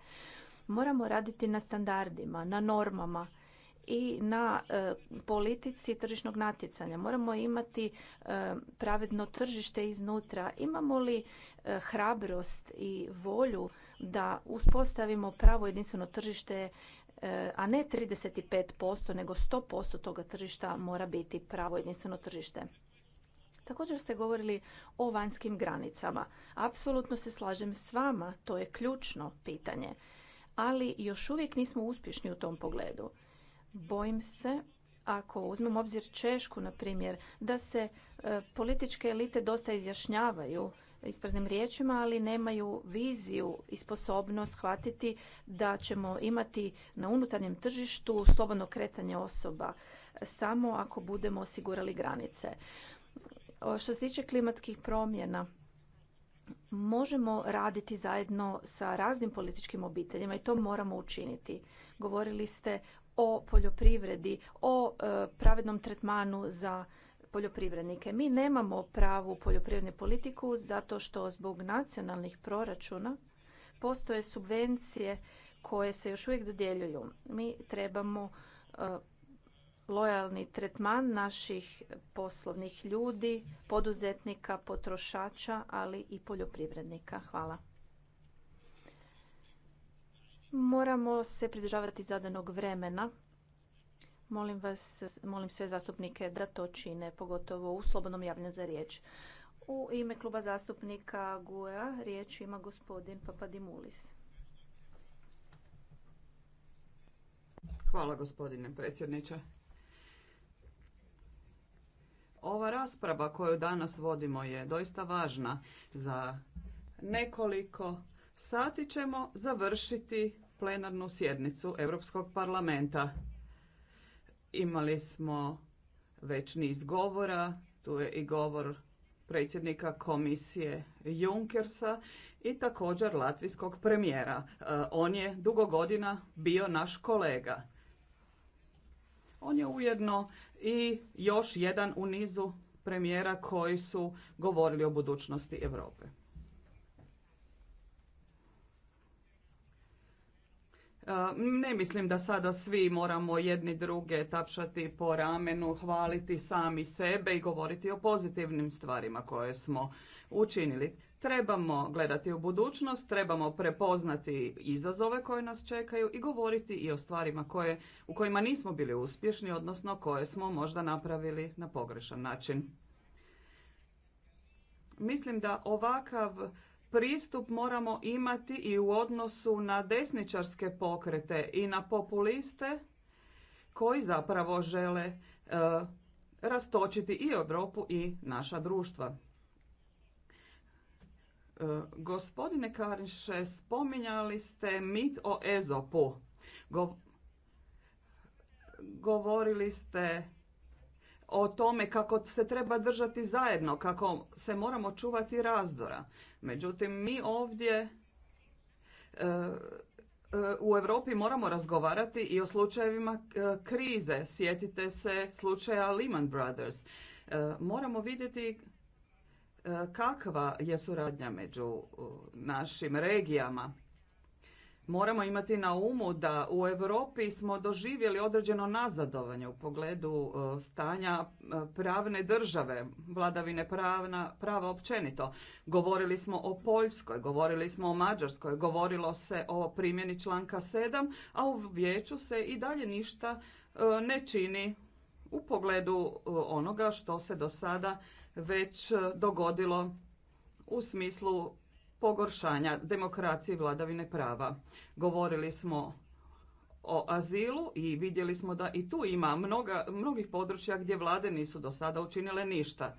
Moramo raditi na standardima, na normama i na e, politici tržišnog natjecanja. Moramo imati e, pravedno tržište iznutra. Imamo li e, hrabrost i volju da uspostavimo pravo jedinstveno tržište E, a ne 35%, nego 100% toga tržišta mora biti pravo jedinstveno tržište. Također ste govorili o vanjskim granicama. Apsolutno se slažem s vama, to je ključno pitanje. Ali još uvijek nismo uspješni u tom pogledu. Bojim se, ako uzmem obzir Češku, na primjer, da se e, političke elite dosta izjašnjavaju ispraznim riječima, ali nemaju viziju i sposobnost shvatiti da ćemo imati na unutarnjem tržištu slobodno kretanje osoba samo ako budemo osigurali granice. Što se tiče klimatskih promjena, možemo raditi zajedno sa raznim političkim obiteljima i to moramo učiniti. Govorili ste o poljoprivredi, o e, pravednom tretmanu za poljoprivrednike. Mi nemamo pravu poljoprivrednu politiku zato što zbog nacionalnih proračuna postoje subvencije koje se još uvijek dodjeljuju. Mi trebamo e, lojalni tretman naših poslovnih ljudi, poduzetnika, potrošača, ali i poljoprivrednika. Hvala. Moramo se pridržavati zadanog vremena Molim, vas, molim sve zastupnike da to čine, pogotovo u slobodnom javljanju za riječ. U ime kluba zastupnika GUR-a riječ ima gospodin Papadimulis. Hvala gospodine predsjedniče. Ova rasprava koju danas vodimo je doista važna. Za nekoliko sati ćemo završiti plenarnu sjednicu Europskog parlamenta. Imali smo već niz govora, tu je i govor predsjednika komisije Junkersa i također latvijskog premijera. E, on je dugo godina bio naš kolega. On je ujedno i još jedan u nizu premijera koji su govorili o budućnosti Europe. E, ne mislim da sada svi moramo jedni druge tapšati po ramenu, hvaliti sami sebe i govoriti o pozitivnim stvarima koje smo učinili. Trebamo gledati u budućnost, trebamo prepoznati izazove koje nas čekaju i govoriti i o stvarima koje, u kojima nismo bili uspješni, odnosno koje smo možda napravili na pogrešan način. Mislim da ovakav pristup moramo imati i u odnosu na desničarske pokrete i na populiste koji zapravo žele e, rastočiti i Europu i naša društva. E, gospodine Kariše, spominjali ste mit o Ezopu. govorili ste o tome kako se treba držati zajedno, kako se moramo čuvati razdora. Međutim, mi ovdje e, e, u Europi moramo razgovarati i o slučajevima e, krize. Sjetite se slučaja Lehman Brothers. Moramo vidjeti kakva je suradnja među našim regijama. Moramo imati na umu da u Europi smo doživjeli određeno nazadovanje u pogledu e, stanja e, pravne države, vladavine pravna, prava općenito. Govorili smo o Poljskoj, govorili smo o Mađarskoj, govorilo se o primjeni članka 7, a u vijeću se i dalje ništa e, ne čini u pogledu onoga što se do sada već dogodilo u smislu pogoršanja demokracije i vladavine prava. Govorili smo o azilu i vidjeli smo da i tu ima mnoga, mnogih područja gdje vlade nisu do sada učinile ništa.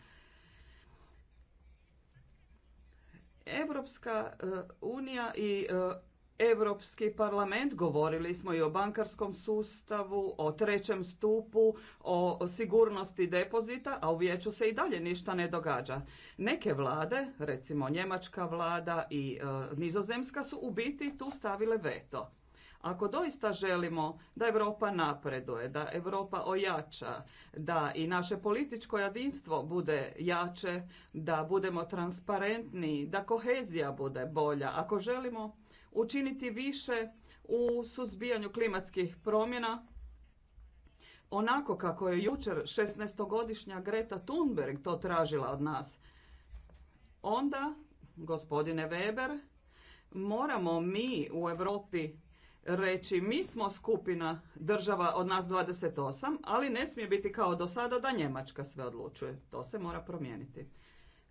Europska e, unija i e, Europski parlament, govorili smo i o bankarskom sustavu, o trećem stupu, o sigurnosti depozita, a u vijeću se i dalje ništa ne događa. Neke vlade, recimo njemačka vlada i e, nizozemska su u biti tu stavile veto. Ako doista želimo da Europa napreduje, da Europa ojača, da i naše političko jedinstvo bude jače, da budemo transparentni, da kohezija bude bolja, ako želimo učiniti više u suzbijanju klimatskih promjena. Onako kako je jučer 16-godišnja Greta Thunberg to tražila od nas, onda, gospodine Weber, moramo mi u Europi reći mi smo skupina država od nas 28, ali ne smije biti kao do sada da Njemačka sve odlučuje. To se mora promijeniti.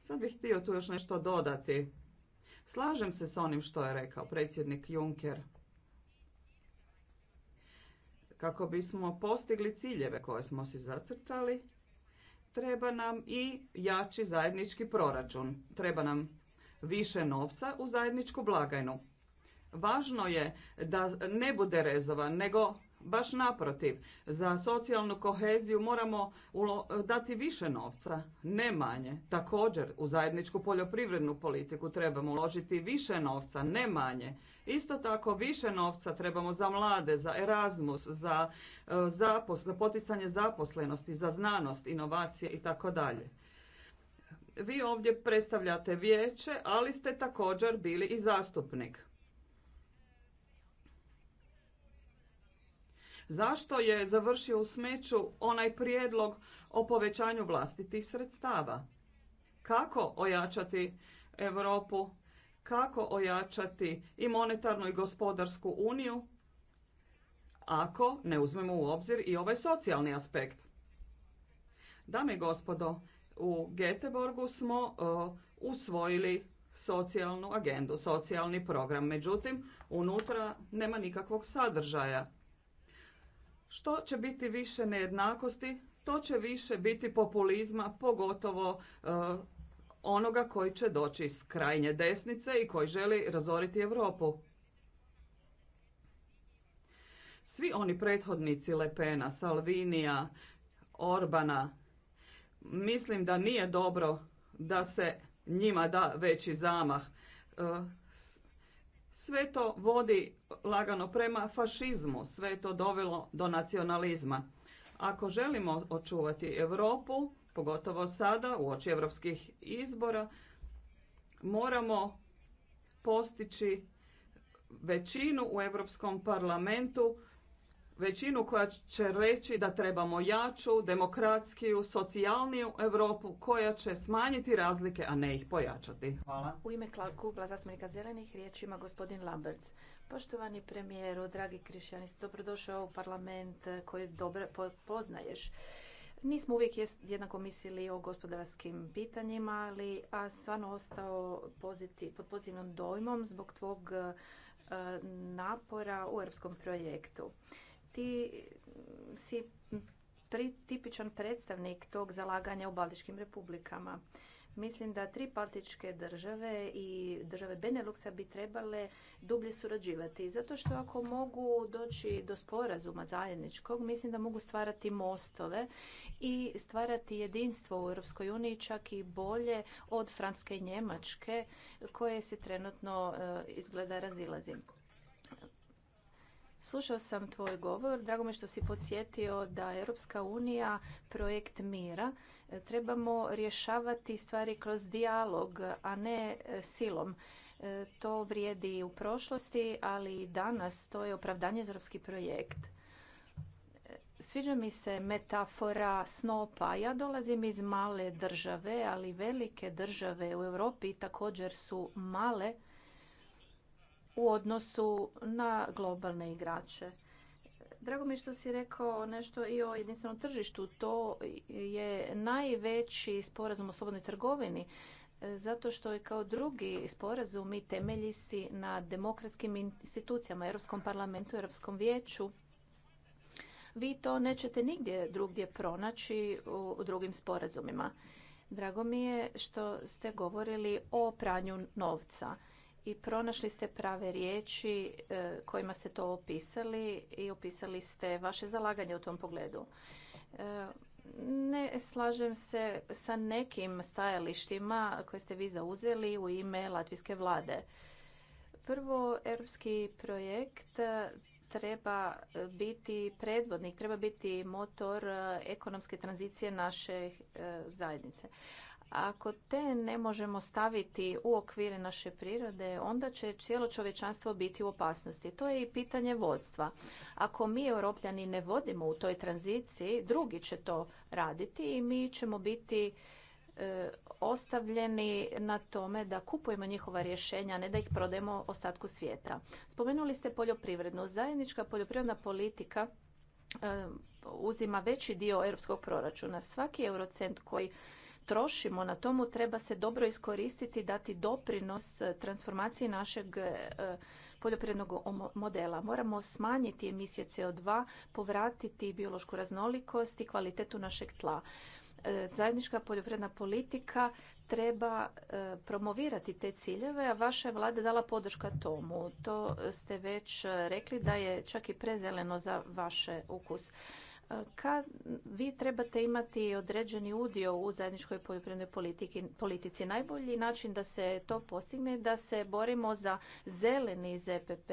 Sad bih htio tu još nešto dodati. Slažem se s onim što je rekao predsjednik Juncker. Kako bismo postigli ciljeve koje smo si zacrtali, treba nam i jači zajednički proračun. Treba nam više novca u zajedničku blagajnu. Važno je da ne bude rezova, nego Baš naprotiv, za socijalnu koheziju moramo dati više novca, ne manje. Također, u zajedničku poljoprivrednu politiku trebamo uložiti više novca, ne manje. Isto tako, više novca trebamo za mlade, za Erasmus, za, e, poticanje zaposlenosti, za znanost, inovacije i tako dalje. Vi ovdje predstavljate vijeće, ali ste također bili i zastupnik. Zašto je završio u smeću onaj prijedlog o povećanju vlastitih sredstava? Kako ojačati Europu? Kako ojačati i monetarnu i gospodarsku uniju? Ako ne uzmemo u obzir i ovaj socijalni aspekt. Dame i gospodo, u Geteborgu smo e, usvojili socijalnu agendu, socijalni program. Međutim, unutra nema nikakvog sadržaja. Što će biti više nejednakosti, to će više biti populizma, pogotovo e, onoga koji će doći s krajnje desnice i koji želi razoriti Europu. Svi oni prethodnici Lepena, Salvinija, Orbana, mislim da nije dobro da se njima da veći zamah. E, sve to vodi lagano prema fašizmu, sve to dovelo do nacionalizma. Ako želimo očuvati Europu, pogotovo sada u oči europskih izbora, moramo postići većinu u Europskom parlamentu većinu koja će reći da trebamo jaču, demokratskiju, socijalniju Europu koja će smanjiti razlike, a ne ih pojačati. Hvala. U ime kluba zastupnika zelenih riječ ima gospodin Lamberts. Poštovani premijeru, dragi krišćani, dobrodošao u parlament koji dobro poznaješ. Nismo uvijek jednako mislili o gospodarskim pitanjima, ali a stvarno ostao pod pozitivnom dojmom zbog tvog eh, napora u europskom projektu ti si pri, tipičan predstavnik tog zalaganja u Baltičkim republikama. Mislim da tri baltičke države i države Beneluxa bi trebale dublje surađivati. Zato što ako mogu doći do sporazuma zajedničkog, mislim da mogu stvarati mostove i stvarati jedinstvo u Europskoj uniji čak i bolje od Francuske i Njemačke koje se trenutno e, izgleda razilazi. Slušao sam tvoj govor. Drago mi što si podsjetio da Europska unija projekt mira. E, trebamo rješavati stvari kroz dijalog, a ne e, silom. E, to vrijedi u prošlosti, ali i danas. To je opravdanje za europski projekt. Sviđa mi se metafora snopa. Ja dolazim iz male države, ali velike države u Europi također su male u odnosu na globalne igrače. Drago mi što si rekao nešto i o jedinstvenom tržištu. To je najveći sporazum o slobodnoj trgovini zato što je kao drugi sporazum i temelji si na demokratskim institucijama, Europskom parlamentu, Europskom vijeću. Vi to nećete nigdje drugdje pronaći u drugim sporazumima. Drago mi je što ste govorili o pranju novca i pronašli ste prave riječi e, kojima ste to opisali i opisali ste vaše zalaganje u tom pogledu. E, ne slažem se sa nekim stajalištima koje ste vi zauzeli u ime latvijske vlade. Prvo, europski projekt treba biti predvodnik, treba biti motor e, ekonomske tranzicije naše zajednice. Ako te ne možemo staviti u okvire naše prirode, onda će cijelo čovječanstvo biti u opasnosti. To je i pitanje vodstva. Ako mi europljani ne vodimo u toj tranziciji, drugi će to raditi i mi ćemo biti e, ostavljeni na tome da kupujemo njihova rješenja, a ne da ih prodajemo ostatku svijeta. Spomenuli ste poljoprivrednu. Zajednička poljoprivredna politika e, uzima veći dio europskog proračuna. Svaki eurocent koji trošimo na tomu treba se dobro iskoristiti, dati doprinos e, transformaciji našeg e, poljoprivrednog modela. Moramo smanjiti emisije CO2, povratiti biološku raznolikost i kvalitetu našeg tla. E, zajednička poljoprivredna politika treba promovirati te ciljeve, a vaša je vlada dala podrška tomu. To ste već rekli da je čak i prezeleno za vaše ukus kad vi trebate imati određeni udio u zajedničkoj poljoprivrednoj politici. Najbolji način da se to postigne je da se borimo za zeleni ZPP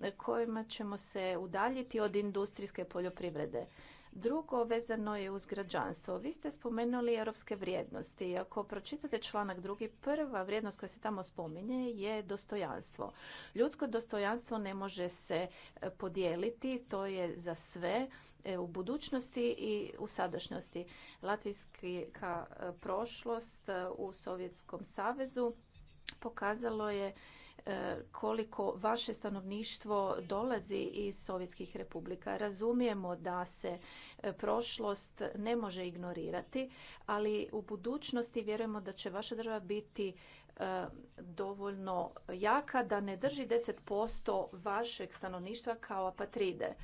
e kojima ćemo se udaljiti od industrijske poljoprivrede. Drugo, vezano je uz građanstvo. Vi ste spomenuli europske vrijednosti. Ako pročitate članak drugi, prva vrijednost koja se tamo spominje je dostojanstvo. Ljudsko dostojanstvo ne može se e, podijeliti, to je za sve e, u budućnosti i u sadašnjosti. Latvijska e, prošlost u Sovjetskom savezu pokazalo je E, koliko vaše stanovništvo dolazi iz sovjetskih republika. Razumijemo da se e, prošlost ne može ignorirati, ali u budućnosti vjerujemo da će vaša država biti e, dovoljno jaka da ne drži 10% vašeg stanovništva kao apatride.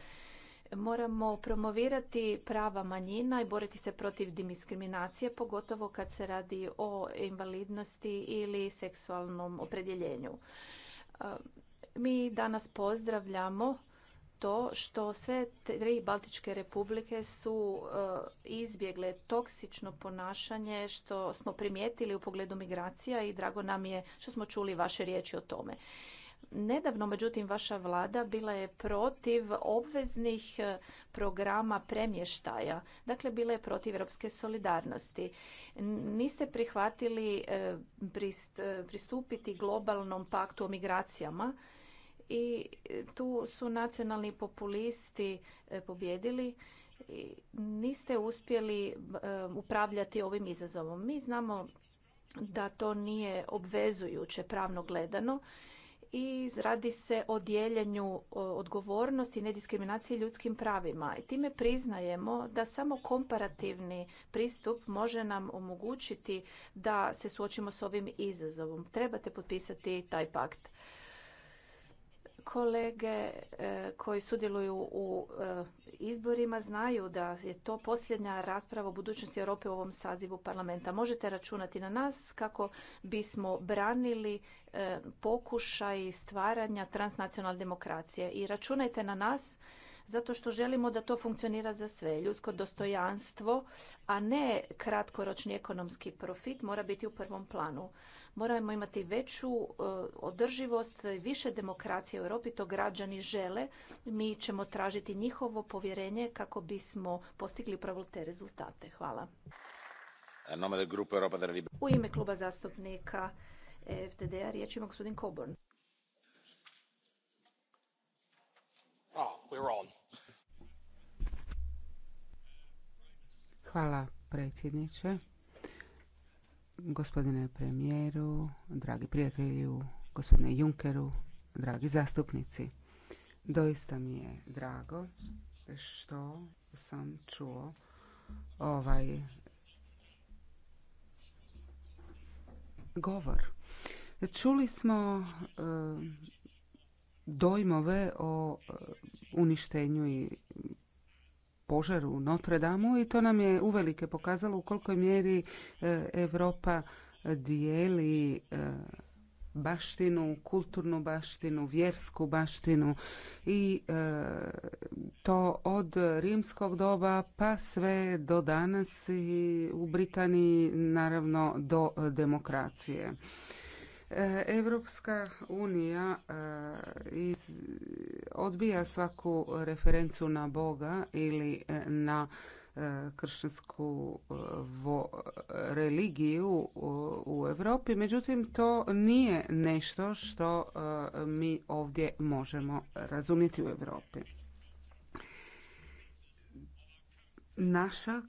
Moramo promovirati prava manjina i boriti se protiv diskriminacije, pogotovo kad se radi o invalidnosti ili seksualnom opredjeljenju. Mi danas pozdravljamo to što sve tri Baltičke republike su e, izbjegle toksično ponašanje što smo primijetili u pogledu migracija i drago nam je što smo čuli vaše riječi o tome. Nedavno, međutim, vaša vlada bila je protiv obveznih e, programa premještaja. Dakle, bila je protiv europske solidarnosti. Niste prihvatili e, e, pristupiti globalnom paktu o migracijama i tu su nacionalni populisti pobjedili niste uspjeli upravljati ovim izazovom. Mi znamo da to nije obvezujuće pravno gledano i radi se o dijeljenju odgovornosti i nediskriminaciji ljudskim pravima. I time priznajemo da samo komparativni pristup može nam omogućiti da se suočimo s ovim izazovom. Trebate potpisati taj pakt kolege e, koji sudjeluju u e, izborima znaju da je to posljednja rasprava o budućnosti Europe u ovom sazivu parlamenta. Možete računati na nas kako bismo branili e, pokušaj stvaranja transnacionalne demokracije i računajte na nas zato što želimo da to funkcionira za sve. Ljudsko dostojanstvo, a ne kratkoročni ekonomski profit mora biti u prvom planu. Moramo imati veću e, održivost, više demokracije u Europi, to građani žele. Mi ćemo tražiti njihovo povjerenje kako bismo postigli upravo te rezultate. Hvala. U ime kluba zastupnika FTD-a riječ ima gospodin Coburn. Oh, Hvala predsjedniče gospodine premijeru, dragi prijatelju, gospodine Junkeru, dragi zastupnici. Doista mi je drago što sam čuo ovaj govor. Čuli smo eh, dojmove o eh, uništenju i požaru u Notre Dame i to nam je uvelike pokazalo u kolikoj mjeri e, Europa dijeli e, baštinu, kulturnu baštinu, vjersku baštinu i e, to od rimskog doba pa sve do danas i u Britaniji naravno do demokracije. Europska unija eh, odbija svaku referencu na Boga ili eh, na eh, kršćansku religiju u Europi, međutim to nije nešto što mi ovdje možemo razumjeti u Europi. Naša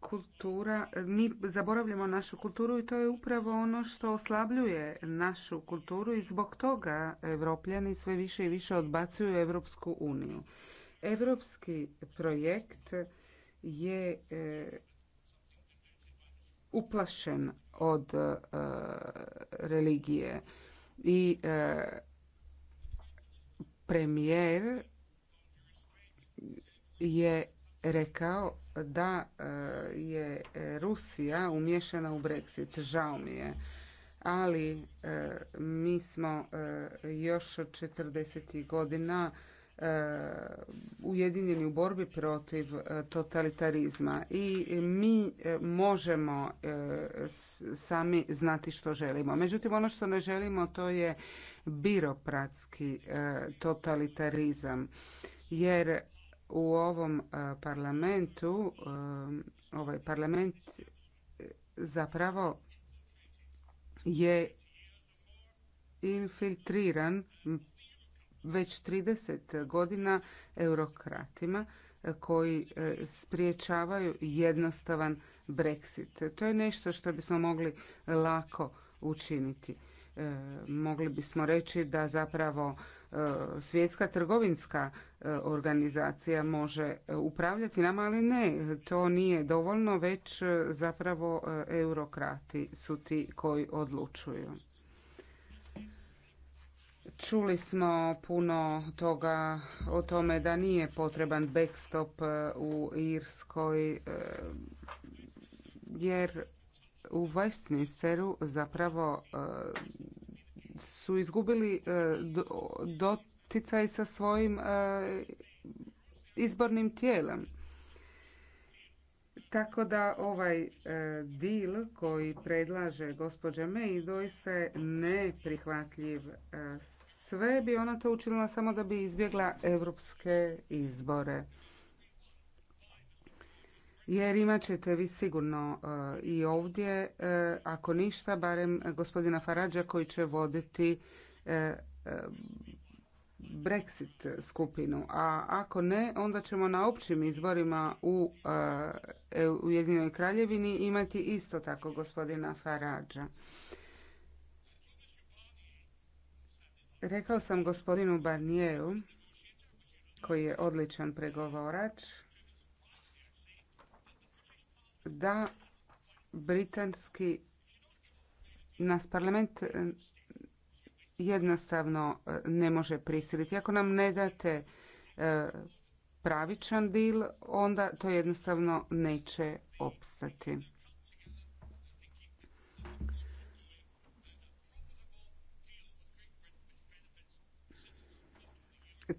kultura, mi zaboravljamo našu kulturu i to je upravo ono što oslabljuje našu kulturu i zbog toga evropljani sve više i više odbacuju Evropsku uniju. Evropski projekt je e, uplašen od e, religije i e, premijer je rekao da e, je Rusija umješana u Brexit. Žao mi je. Ali e, mi smo e, još od 40. godina ujedinjeni u borbi protiv totalitarizma i mi možemo sami znati što želimo. Međutim, ono što ne želimo to je biropratski totalitarizam jer u ovom e, parlamentu, e, ovaj parlament e, zapravo je infiltriran već 30 godina eurokratima koji spriječavaju jednostavan Brexit. To je nešto što bismo mogli lako učiniti. Mogli bismo reći da zapravo E, svjetska trgovinska e, organizacija može e, upravljati nama, ali ne, to nije dovoljno, već zapravo eurokrati su ti koji odlučuju. Čuli smo puno toga o tome da nije potreban backstop u Irskoj, jer u Westminsteru zapravo su izgubili e, doticaj sa svojim e, izbornim tijelom. Tako da ovaj e, dil koji predlaže gospođa May doista je neprihvatljiv. Sve bi ona to učinila samo da bi izbjegla europske izbore jer imat ćete vi sigurno e, i ovdje, e, ako ništa, barem gospodina Farađa koji će voditi e, Brexit skupinu, a ako ne, onda ćemo na općim izborima u Ujedinjenoj kraljevini imati isto tako gospodina Farađa. Rekao sam gospodinu Barnijeu koji je odličan pregovorač, da britanski nas parlament e, jednostavno e, ne može prisiliti. Ako nam ne date e, pravičan dil, onda to jednostavno neće opstati.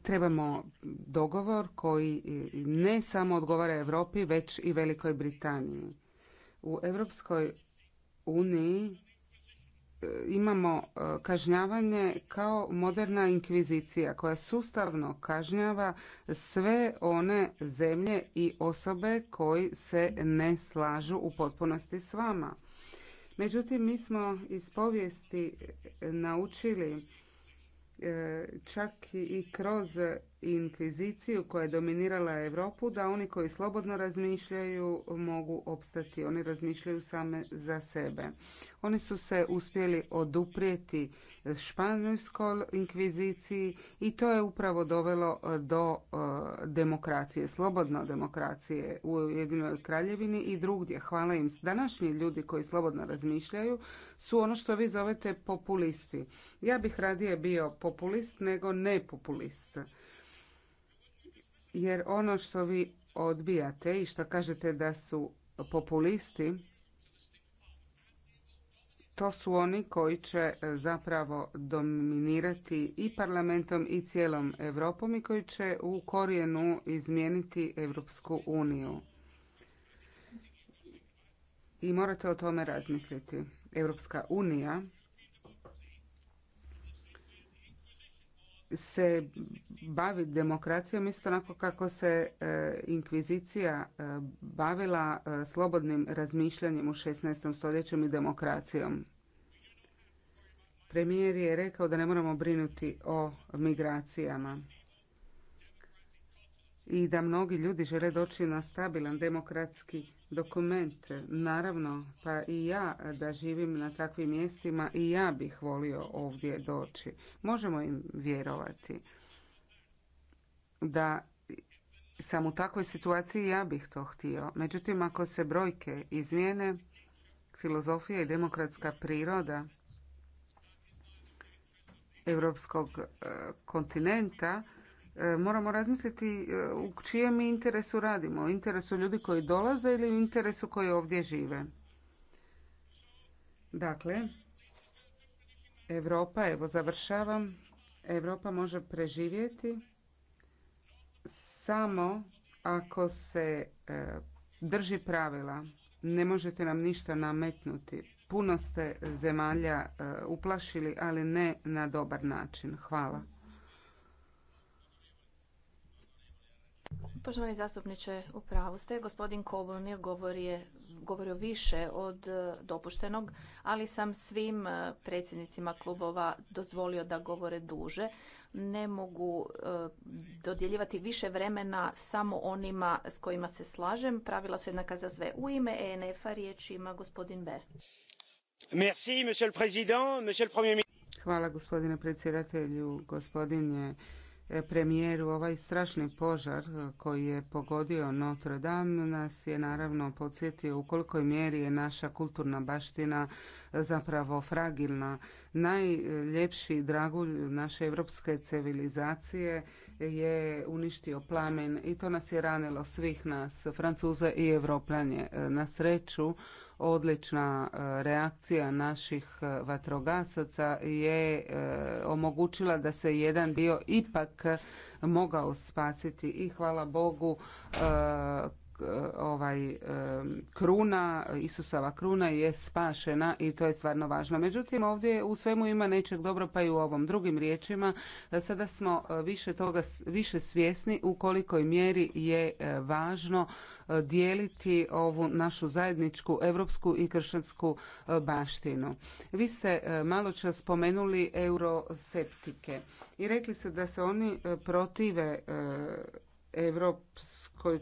trebamo dogovor koji ne samo odgovara Europi već i Velikoj Britaniji. U Europskoj uniji e, imamo e, kažnjavanje kao moderna inkvizicija koja sustavno kažnjava sve one zemlje i osobe koji se ne slažu u potpunosti s vama. Međutim mi smo iz povijesti naučili E, čak i kroz inkviziciju koja je dominirala Europu da oni koji slobodno razmišljaju mogu opstati. Oni razmišljaju same za sebe. Oni su se uspjeli oduprijeti španjolskoj inkviziciji i to je upravo dovelo e, do e, demokracije, slobodno demokracije u Jedinoj Kraljevini i drugdje. Hvala im. Današnji ljudi koji slobodno razmišljaju su ono što vi zovete populisti. Ja bih radije bio populist nego ne populist. Jer ono što vi odbijate i što kažete da su populisti to su oni koji će e, zapravo dominirati i parlamentom i cijelom Europom i koji će u korijenu izmijeniti Europsku uniju. I morate o tome razmisliti. Europska unija se bavi demokracijom isto onako kako se e, inkvizicija e, bavila e, slobodnim razmišljanjem u 16. stoljeću i demokracijom. Premijer je rekao da ne moramo brinuti o migracijama i da mnogi ljudi žele doći na stabilan demokratski dokument. Naravno, pa i ja da živim na takvim mjestima i ja bih volio ovdje doći. Možemo im vjerovati da sam u takvoj situaciji ja bih to htio. Međutim, ako se brojke izmijene, filozofija i demokratska priroda europskog e, kontinenta E, moramo razmisliti e, u čijem interesu radimo, u interesu ljudi koji dolaze ili u interesu koji ovdje žive. Dakle, Europa, evo završavam, Europa može preživjeti samo ako se e, drži pravila. Ne možete nam ništa nametnuti. Puno ste zemalja uplašili, ali ne na dobar način. Hvala. Poštovani zastupniče, u pravu ste. Gospodin Coburn je govorio više od e, dopuštenog, ali sam svim e, predsjednicima klubova dozvolio da govore duže. Ne mogu e, dodjeljivati više vremena samo onima s kojima se slažem. Pravila su jednaka za sve. U ime ENF-a riječ ima gospodin B. Hvala gospodine predsjedatelju. Gospodin je premijeru, ovaj strašni požar koji je pogodio Notre Dame nas je naravno podsjetio u kolikoj mjeri je naša kulturna baština zapravo fragilna. Najljepši dragulj naše evropske civilizacije je uništio plamen i to nas je ranilo svih nas, Francuze i Evropljanje. Na sreću odlična e, reakcija naših e, vatrogasaca je e, omogućila da se jedan dio ipak mogao spasiti i hvala Bogu ovaj kruna, Isusova kruna je spašena i to je stvarno važno. Međutim, ovdje u svemu ima nečeg dobro pa i u ovom. Drugim riječima, sada smo više toga, više svjesni u kolikoj mjeri je važno dijeliti ovu našu zajedničku europsku i kršćansku e, baštinu. Vi ste e, malo čas spomenuli euroseptike i rekli ste da se oni e, protive europsku koj, e,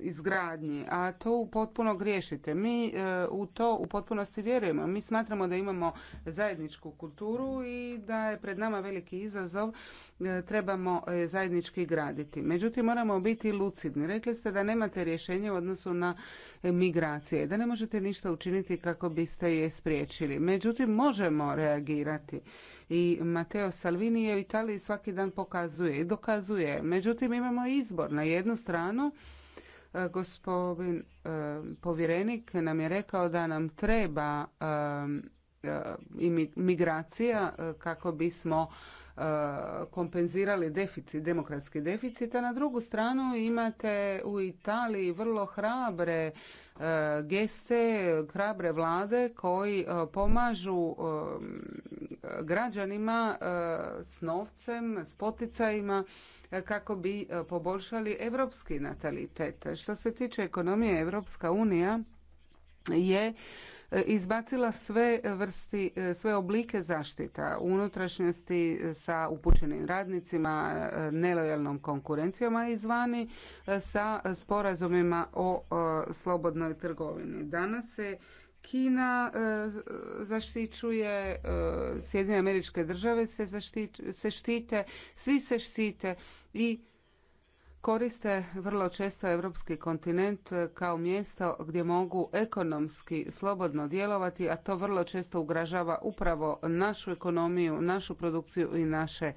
izgradnji, a to u potpuno griješite. Mi e, u to u potpunosti vjerujemo. Mi smatramo da imamo zajedničku kulturu i da je pred nama veliki izazov e, trebamo zajednički graditi. Međutim, moramo biti lucidni. Rekli ste da nemate rješenje u odnosu na migracije, da ne možete ništa učiniti kako biste je spriječili. Međutim, možemo reagirati i Mateo Salvini je u Italiji svaki dan pokazuje i dokazuje. Međutim, imamo izbor. Na jednu stranu, e, gospodin e, povjerenik nam je rekao da nam treba e, migracija kako bismo Eh, kompenzirali deficit, demokratski deficit, a na drugu stranu imate u Italiji vrlo hrabre eh, geste, hrabre vlade koji eh, pomažu građanima s novcem, s poticajima kako bi poboljšali evropski natalitet. Što se tiče ekonomije, Evropska unija je E, izbacila sve vrsti, e, sve oblike zaštita unutrašnjosti sa upućenim radnicima, e, nelojalnom konkurencijama izvani sa sporazumima o slobodnoj trgovini. Danas se Kina zaštićuje, Sjedinje američke države se, se štite, svi se štite i koriste vrlo često europski kontinent kao mjesto gdje mogu ekonomski slobodno djelovati, a to vrlo često ugražava upravo našu ekonomiju, našu produkciju i naše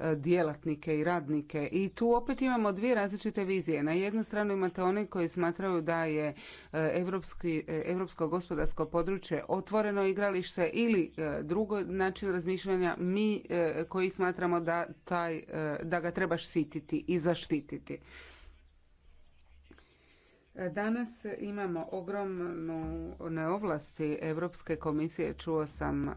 E, djelatnike i radnike. I tu opet imamo dvije različite vizije. Na jednu stranu imate one koji smatraju da je e, evropski, e, evropsko gospodarsko područje otvoreno igralište ili drugo način razmišljanja mi koji smatramo da, taj, da ga treba štititi i zaštititi. Danas imamo ogromnu neovlasti Europske komisije. Čuo sam e,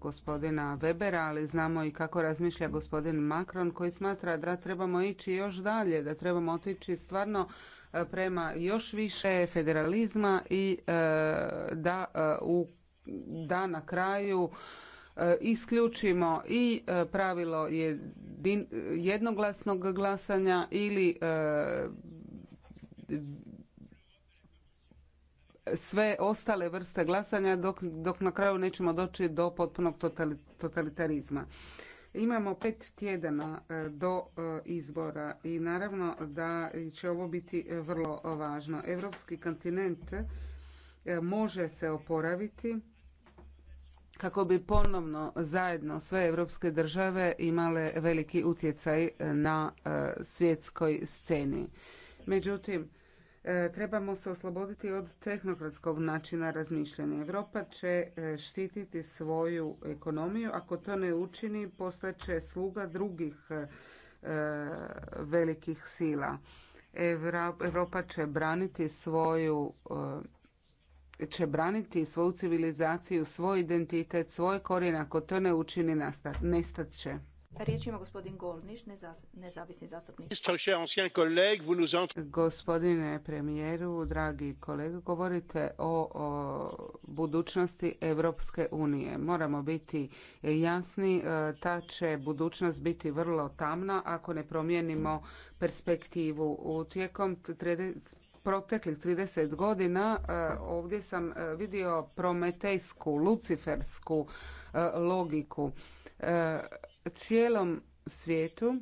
gospodina Webera, ali znamo i kako razmišlja gospodin Macron koji smatra da trebamo ići još dalje, da trebamo otići stvarno e, prema još više federalizma i e, da, u, da na kraju isključimo i pravilo jedin, jednoglasnog glasanja ili sve ostale vrste glasanja dok, dok na kraju nećemo doći do potpunog totalitarizma. Imamo pet tjedana e, do e, izbora i naravno da će ovo biti e, vrlo važno. Europski kontinent može se oporaviti kako bi ponovno zajedno sve europske države imale veliki utjecaj na svjetskoj sceni. Međutim, E, trebamo se osloboditi od tehnokratskog načina razmišljanja. Europa će e, štititi svoju ekonomiju. Ako to ne učini, postaće sluga drugih e, velikih sila. Europa će braniti svoju će braniti svoju civilizaciju, svoj identitet, svoje korijen. Ako to ne učini, nestat će. Riječ ima gospodin Golniš, nezavisni zastupnik. Gospodine premijeru, dragi kolega, govorite o, budućnosti Europske unije. Moramo biti jasni, e, ta će budućnost biti vrlo tamna ako ne promijenimo perspektivu. U tijekom proteklih 30 godina e, ovdje sam e, vidio prometejsku, lucifersku logiku cijelom svijetu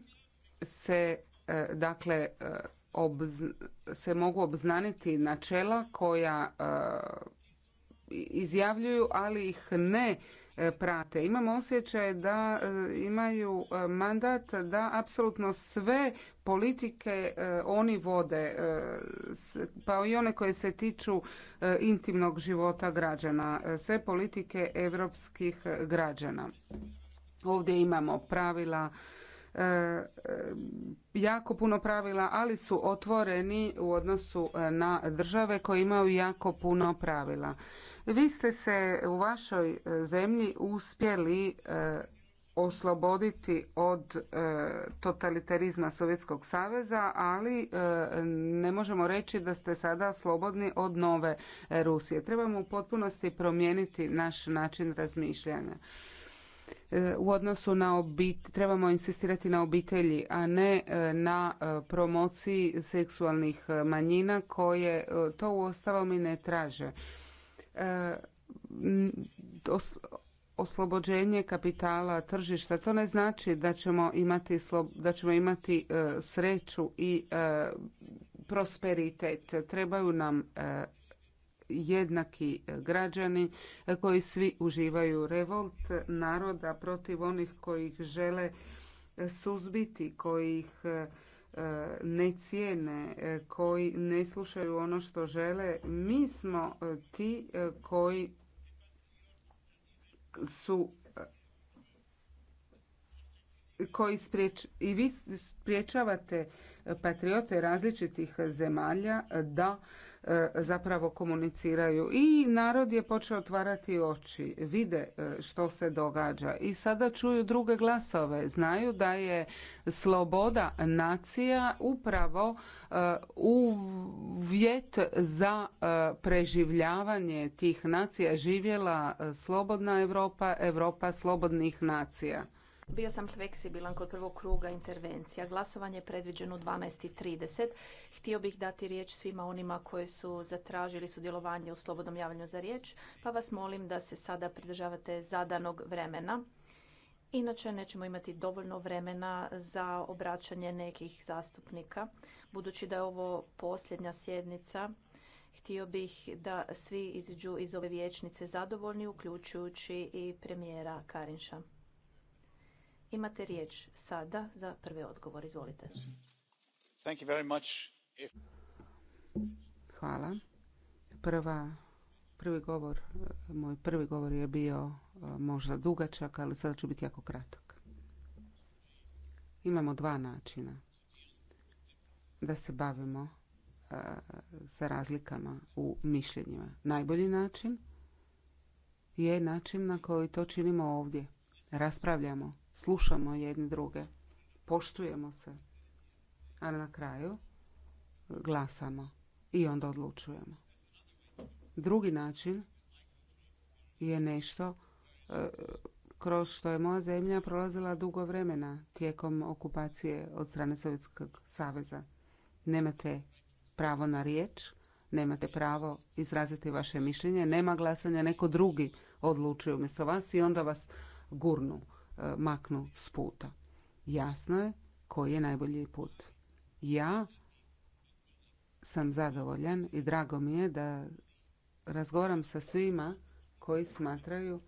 se e, dakle e, se mogu obznaniti načela koja e, izjavljuju, ali ih ne prate. Imamo osjećaj da imaju mandat da apsolutno sve politike oni vode, pa i one koje se tiču intimnog života građana, sve politike europskih građana. Ovdje imamo pravila e, e, jako puno pravila, ali su otvoreni u odnosu e, na države koje imaju jako puno pravila. Vi ste se u vašoj zemlji uspjeli osloboditi od totalitarizma Sovjetskog saveza, ali ne možemo reći da ste sada slobodni od nove Rusije. Trebamo u potpunosti promijeniti naš način razmišljanja. E, u odnosu na trebamo insistirati na obitelji, a ne e, na e, promociji seksualnih manjina koje to uostalom i ne traže. Oslobođenje kapitala tržišta, to ne znači da ćemo imati, da ćemo imati sreću i prosperitet. Trebaju nam jednaki e, građani e, koji svi uživaju revolt naroda protiv onih koji ih žele e, suzbiti, koji ih ne cijene, koji ne slušaju ono što žele. Mi smo ti koji su koji spriječ, i vi spriječavate patriote različitih zemalja da E, zapravo komuniciraju i narod je počeo otvarati oči, vide e, što se događa i sada čuju druge glasove, znaju da je sloboda nacija upravo e, uvjet za preživljavanje tih nacija. Živjela slobodna Europa, Europa slobodnih nacija. Bio sam fleksibilan kod prvog kruga intervencija. Glasovanje je predviđeno u 12.30. Htio bih dati riječ svima onima koji su zatražili sudjelovanje u slobodnom javljanju za riječ, pa vas molim da se sada pridržavate zadanog vremena. Inače nećemo imati dovoljno vremena za obraćanje nekih zastupnika. Budući da je ovo posljednja sjednica, htio bih da svi iziđu iz ove vijećnice zadovoljni, uključujući i premijera Karinša. Imate riječ sada za prvi odgovor. Izvolite. Hvala. Prva, prvi govor, moj prvi govor je bio e, možda dugačak, ali sada ću biti jako kratak. Imamo dva načina da se bavimo e, sa razlikama u mišljenjima. Najbolji način je način na koji to činimo ovdje. Raspravljamo slušamo jedni druge, poštujemo se, a na kraju glasamo i onda odlučujemo. Drugi način je nešto e, kroz što je moja zemlja prolazila dugo vremena tijekom okupacije od strane Sovjetskog saveza. Nemate pravo na riječ, nemate pravo izraziti vaše mišljenje, nema glasanja, neko drugi odlučuje umjesto vas i onda vas gurnu maknu s puta. Jasno je koji je najbolji put. Ja sam zadovoljan i drago mi je da razgovaram sa svima koji smatraju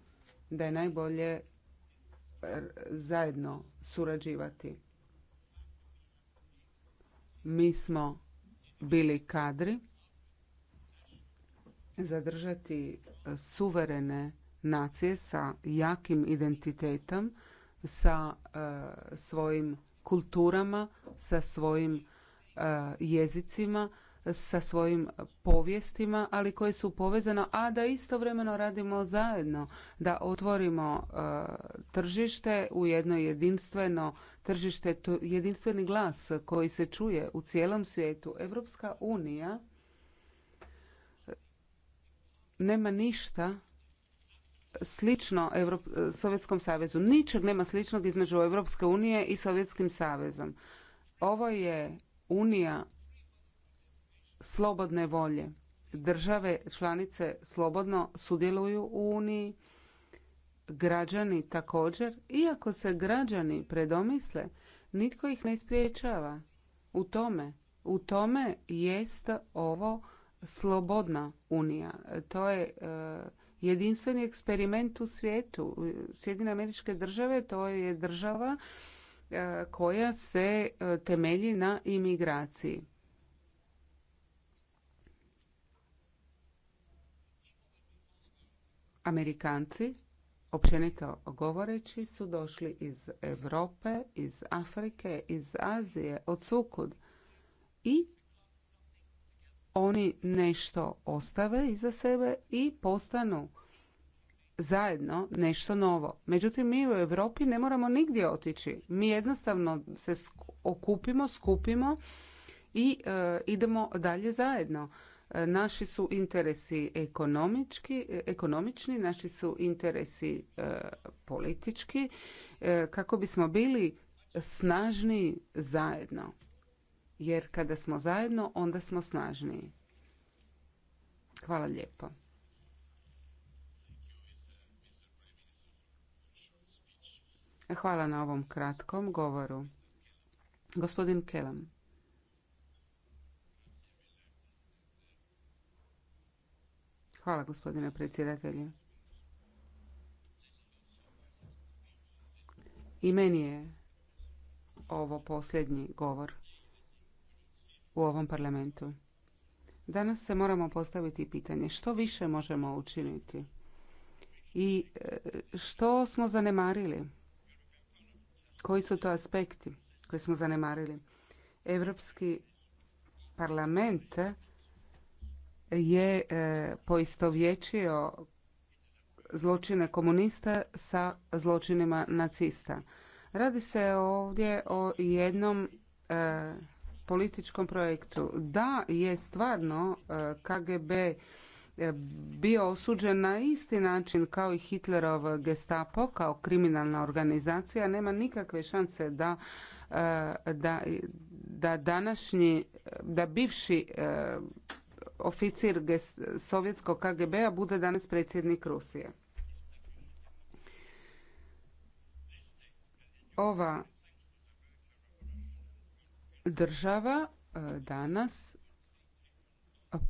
da je najbolje zajedno surađivati. Mi smo bili kadri zadržati suverene nacije sa jakim identitetom, sa e, svojim kulturama, sa svojim e, jezicima, sa svojim povijestima, ali koje su povezane, a da istovremeno radimo zajedno, da otvorimo e, tržište u jedno jedinstveno tržište, to jedinstveni glas koji se čuje u cijelom svijetu. Europska unija nema ništa slično Sovjetskom savezu. Ničeg nema sličnog između Europske unije i Sovjetskim savezom. Ovo je unija slobodne volje. Države članice slobodno sudjeluju u uniji, građani također, iako se građani predomisle, nitko ih ne ispriječava. u tome. U tome jest ovo slobodna unija. To je e, jedinstveni eksperiment u svijetu. Sjedine američke države to je država e, koja se e, temelji na imigraciji. Amerikanci, općenito govoreći, su došli iz Europe, iz Afrike, iz Azije, od sukud i oni nešto ostave iza sebe i postanu zajedno nešto novo. Međutim, mi u Europi ne moramo nigdje otići. Mi jednostavno se okupimo, skupimo i e, idemo dalje zajedno. E, naši su interesi ekonomički, e, ekonomični, naši su interesi politički kako bismo bili snažni zajedno jer kada smo zajedno onda smo snažniji. Hvala lijepo. Hvala na ovom kratkom govoru. Gospodin Kelam. Hvala gospodine predsjedatelju. I meni je ovo posljednji govor u ovom parlamentu. Danas se moramo postaviti pitanje što više možemo učiniti i e, što smo zanemarili. Koji su to aspekti koje smo zanemarili? Europski parlament je e, poistovječio zločine komunista sa zločinima nacista. Radi se ovdje o jednom e, političkom projektu. Da je stvarno e, KGB e, bio osuđen na isti način kao i Hitlerov gestapo, kao kriminalna organizacija, nema nikakve šanse da, e, da, da današnji, da bivši oficir sovjetskog KGB-a bude danas predsjednik Rusije. Ova država e, danas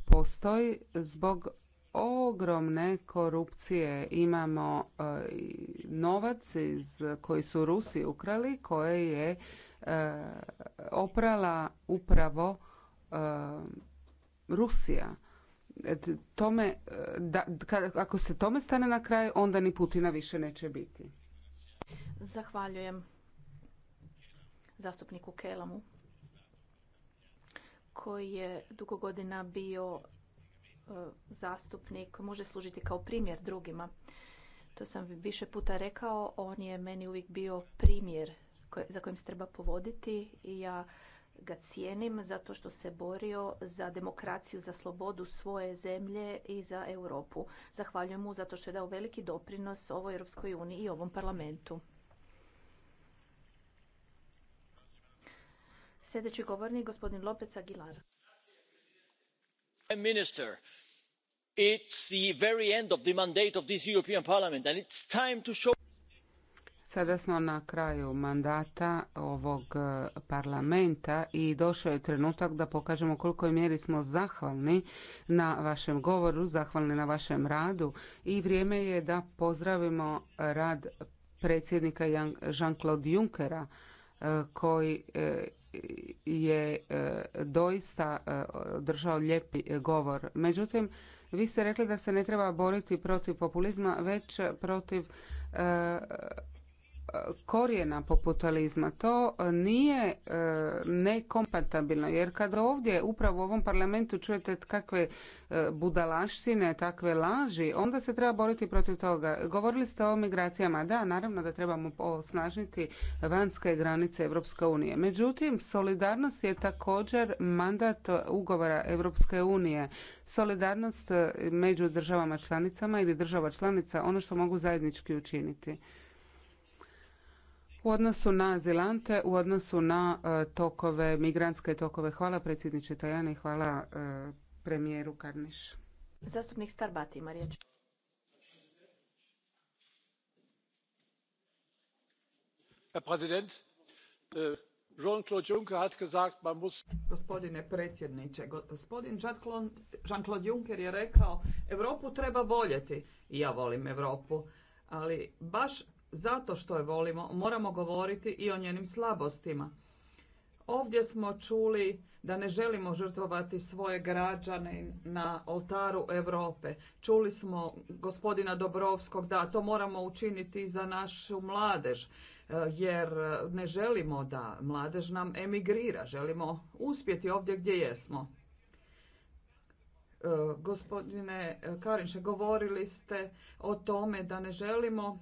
postoji zbog ogromne korupcije. Imamo e, novac iz koji su Rusi ukrali koje je e, oprala upravo Rusija. ako se tome stane na kraj, onda ni Putina više neće biti. Zahvaljujem zastupniku Kelamu koji je dugo godina bio e, zastupnik može služiti kao primjer drugima. To sam više puta rekao, on je meni uvijek bio primjer za kojim se treba povoditi i ja ga cijenim zato što se borio za demokraciju, za slobodu svoje zemlje i za Europu. Zahvaljujem mu zato što je dao veliki doprinos ovoj Europskoj uniji i ovom parlamentu. Sljedeći govornik gospodin Aguilar. Minister, it's the very end of the mandate of this European Parliament and it's time to show Sada smo na kraju mandata ovog e, parlamenta i došao je trenutak da pokažemo koliko mjeri smo zahvalni na vašem govoru, zahvalni na vašem radu i vrijeme je da pozdravimo rad predsjednika Jean-Claude Junckera e, koji e, je e, doista e, držao lijepi govor. Međutim, vi ste rekli da se ne treba boriti protiv populizma, već protiv e, korijena populizma. To e, nije e, nekompatibilno jer kada ovdje upravo u ovom parlamentu čujete kakve e, budalaštine, takve laži, onda se treba boriti protiv toga. Govorili ste o migracijama. Da, naravno da trebamo osnažiti vanjske granice Europske unije. Međutim, solidarnost je također mandat ugovora Europske unije. Solidarnost među državama članicama ili država članica, ono što mogu zajednički učiniti u odnosu na azilante, u odnosu na e, tokove, migrantske tokove. Hvala predsjedniče Tajani, hvala e, premijeru Karniš. Zastupnik Starbati ima riječ. Herr Präsident, äh, Jean-Claude Juncker hat gesagt, man muss... Gospodine predsjedniče, gospodin Jean-Claude Juncker je rekao, Evropu treba voljeti. I ja volim Evropu, ali baš zato što je volimo, moramo govoriti i o njenim slabostima. Ovdje smo čuli da ne želimo žrtvovati svoje građane na oltaru Europe. Čuli smo gospodina Dobrovskog da to moramo učiniti za našu mladež e, jer ne želimo da mladež nam emigrira, želimo uspjeti ovdje gdje jesmo. E, gospodine Karinše, govorili ste o tome da ne želimo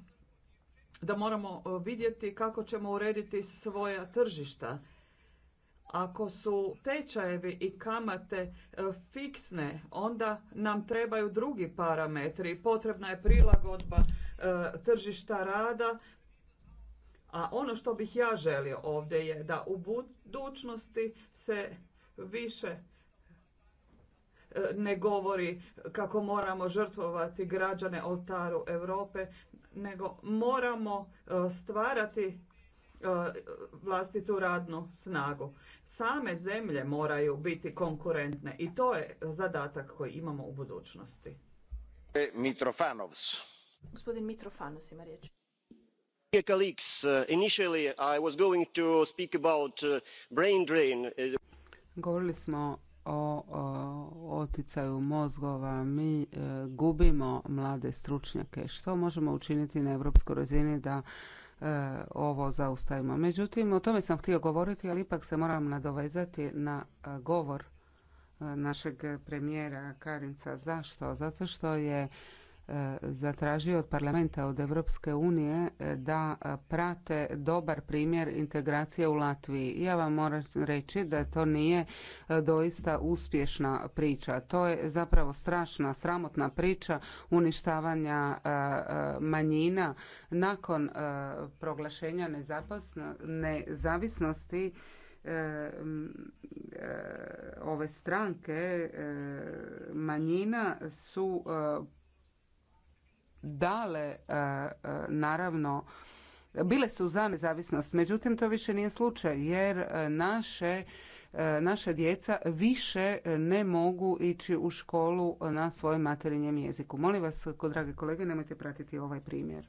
da moramo e, vidjeti kako ćemo urediti svoja tržišta. Ako su tečajevi i kamate e, fiksne, onda nam trebaju drugi parametri. Potrebna je prilagodba e, tržišta rada, a ono što bih ja želio ovdje je da u budućnosti se više ne govori kako moramo žrtvovati građane oltaru Europe, nego moramo e, stvarati e, vlastitu radnu snagu. Same zemlje moraju biti konkurentne i to je zadatak koji imamo u budućnosti. E, Mitrofanovs. Gospodin Mitrofanovs ima riječ. Colleagues, uh, initially I was going to speak about uh, brain drain. Govorili smo o, oticaju mozgova mi e, gubimo mlade stručnjake što možemo učiniti na europskoj razini da e, ovo zaustavimo međutim o tome sam htio govoriti ali ipak se moram nadovezati na e, govor našeg premijera karinca zašto zato što je E, zatražio od parlamenta od Europske unije e, da e, prate dobar primjer integracije u Latviji. Ja vam moram reći da to nije doista uspješna priča. To je zapravo strašna, sramotna priča uništavanja manjina nakon proglašenja nezavisnosti ove stranke manjina su dale e, e, naravno bile su za nezavisnost, međutim to više nije slučaj jer e, naše naša djeca više ne mogu ići u školu na svojem materinjem jeziku. Molim vas, drage kolege, nemojte pratiti ovaj primjer.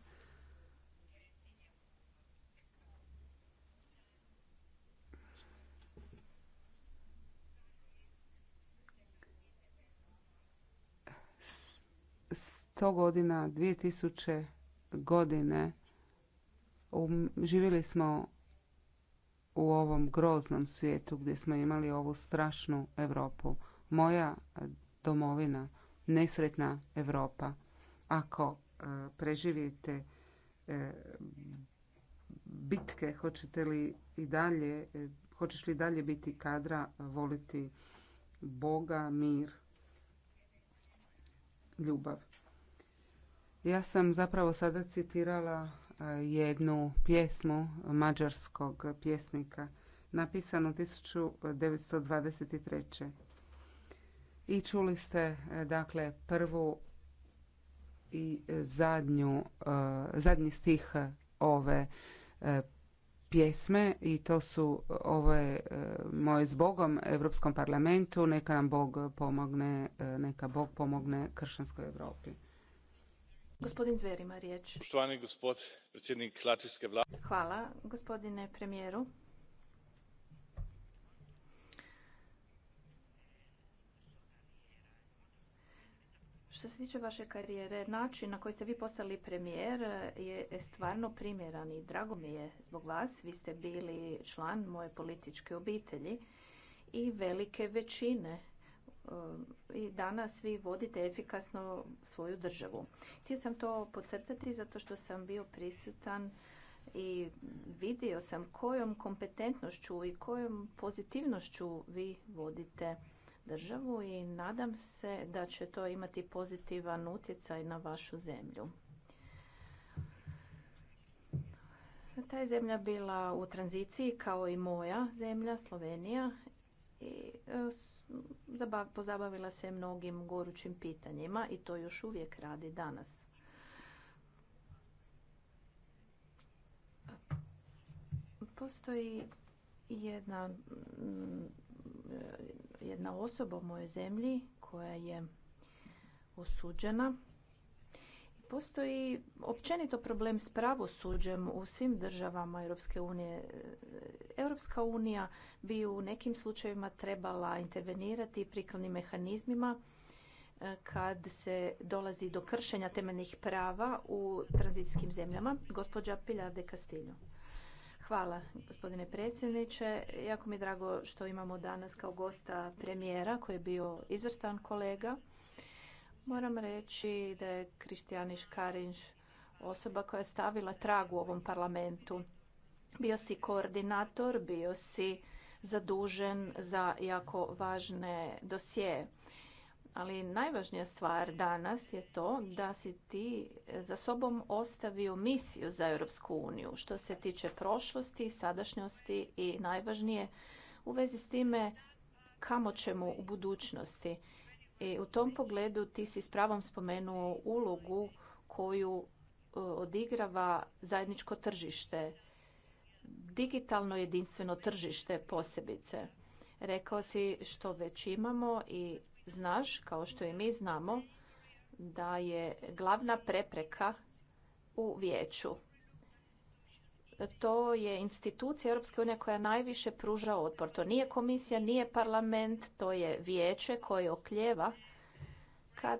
godina, 2000 godine živjeli smo u ovom groznom svijetu gdje smo imali ovu strašnu Europu. Moja e, domovina, nesretna Europa. Ako e, preživite e, bitke, hoćete li i dalje, hoćeš li dalje biti kadra voliti Boga, mir, ljubav. Ja sam zapravo sada citirala e, jednu pjesmu mađarskog pjesnika napisanu 1923. I čuli ste e, dakle prvu i zadnju, e, zadnji stih ove pjesme i to su ovo je moje s Bogom Europskom parlamentu, neka nam Bog pomogne, neka Bog pomogne kršćanskoj Europi. Gospodin Zverima, riječ. Hvala, gospodine premijeru. Što se tiče vaše karijere, način na koji ste vi postali premijer je stvarno primjeran i drago mi je zbog vas. Vi ste bili član moje političke obitelji i velike većine i danas vi vodite efikasno svoju državu. Htio sam to podcrtati zato što sam bio prisutan i vidio sam kojom kompetentnošću i kojom pozitivnošću vi vodite državu i nadam se da će to imati pozitivan utjecaj na vašu zemlju. Ta je zemlja bila u tranziciji kao i moja zemlja, Slovenija, i e, pozabavila se mnogim gorućim pitanjima i to još uvijek radi danas. Postoji jedna, mm, e, jedna osoba u mojoj zemlji koja je osuđena Postoji općenito problem s pravosuđem u svim državama Europske unije. Europska unija bi u nekim slučajevima trebala intervenirati prikladnim mehanizmima e, kad se dolazi do kršenja temeljnih prava u tranzicijskim zemljama. Gospođa Pilar de Castillo. Hvala, gospodine predsjedniče. Jako mi je drago što imamo danas kao gosta premijera koji je bio izvrstan kolega Moram reći da je kristijani Karinš osoba koja je stavila trag u ovom parlamentu. Bio si koordinator, bio si zadužen za jako važne dosije. Ali najvažnija stvar danas je to da si ti za sobom ostavio misiju za Europsku uniju što se tiče prošlosti, sadašnjosti i najvažnije u vezi s time kamo ćemo u budućnosti. I e, u tom pogledu ti si s pravom spomenuo ulogu koju e, odigrava zajedničko tržište, digitalno jedinstveno tržište posebice. Rekao si što već imamo i znaš, kao što i mi znamo, da je glavna prepreka u vijeću to je institucija Europske unije koja najviše pruža otpor. To nije komisija, nije parlament, to je vijeće koje okljeva kad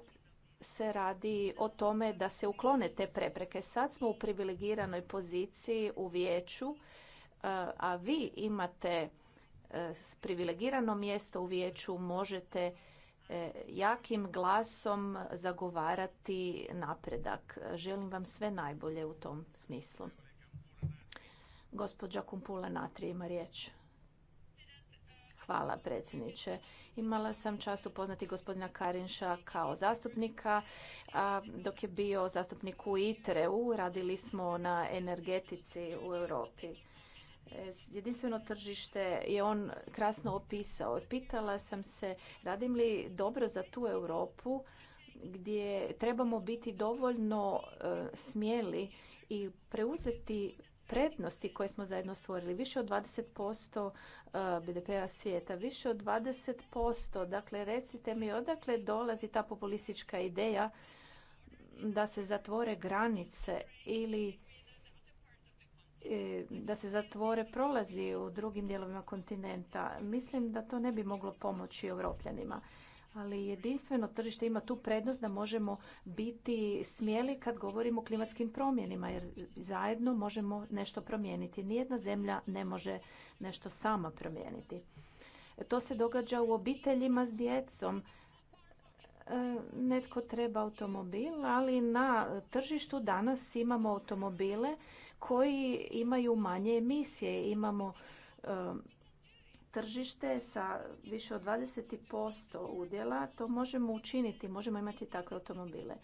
se radi o tome da se uklone te prepreke. Sad smo u privilegiranoj poziciji u vijeću, e, a vi imate e, privilegirano mjesto u vijeću, možete e, jakim glasom zagovarati napredak. Želim vam sve najbolje u tom smislu. Gospođa Kumpula Natri ima riječ. Hvala predsjedniče. Imala sam čast upoznati gospodina Karinša kao zastupnika. dok je bio zastupnik u ITRE-u, radili smo na energetici u Europi. E, jedinstveno tržište je on krasno opisao. Pitala sam se radim li dobro za tu Europu gdje trebamo biti dovoljno e, smjeli i preuzeti prednosti koje smo zajedno stvorili. Više od 20% e, BDP-a svijeta, više od 20%. Dakle, recite mi odakle dolazi ta populistička ideja da se zatvore granice ili e, da se zatvore prolazi u drugim dijelovima kontinenta. Mislim da to ne bi moglo pomoći europljanima ali jedinstveno tržište ima tu prednost da možemo biti smjeli kad govorimo o klimatskim promjenima jer zajedno možemo nešto promijeniti. Nijedna zemlja ne može nešto sama promijeniti. To se događa u obiteljima s djecom. E, netko treba automobil, ali na tržištu danas imamo automobile koji imaju manje emisije. Imamo e, tržište sa više od 20% udjela, to možemo učiniti, možemo imati takve automobile.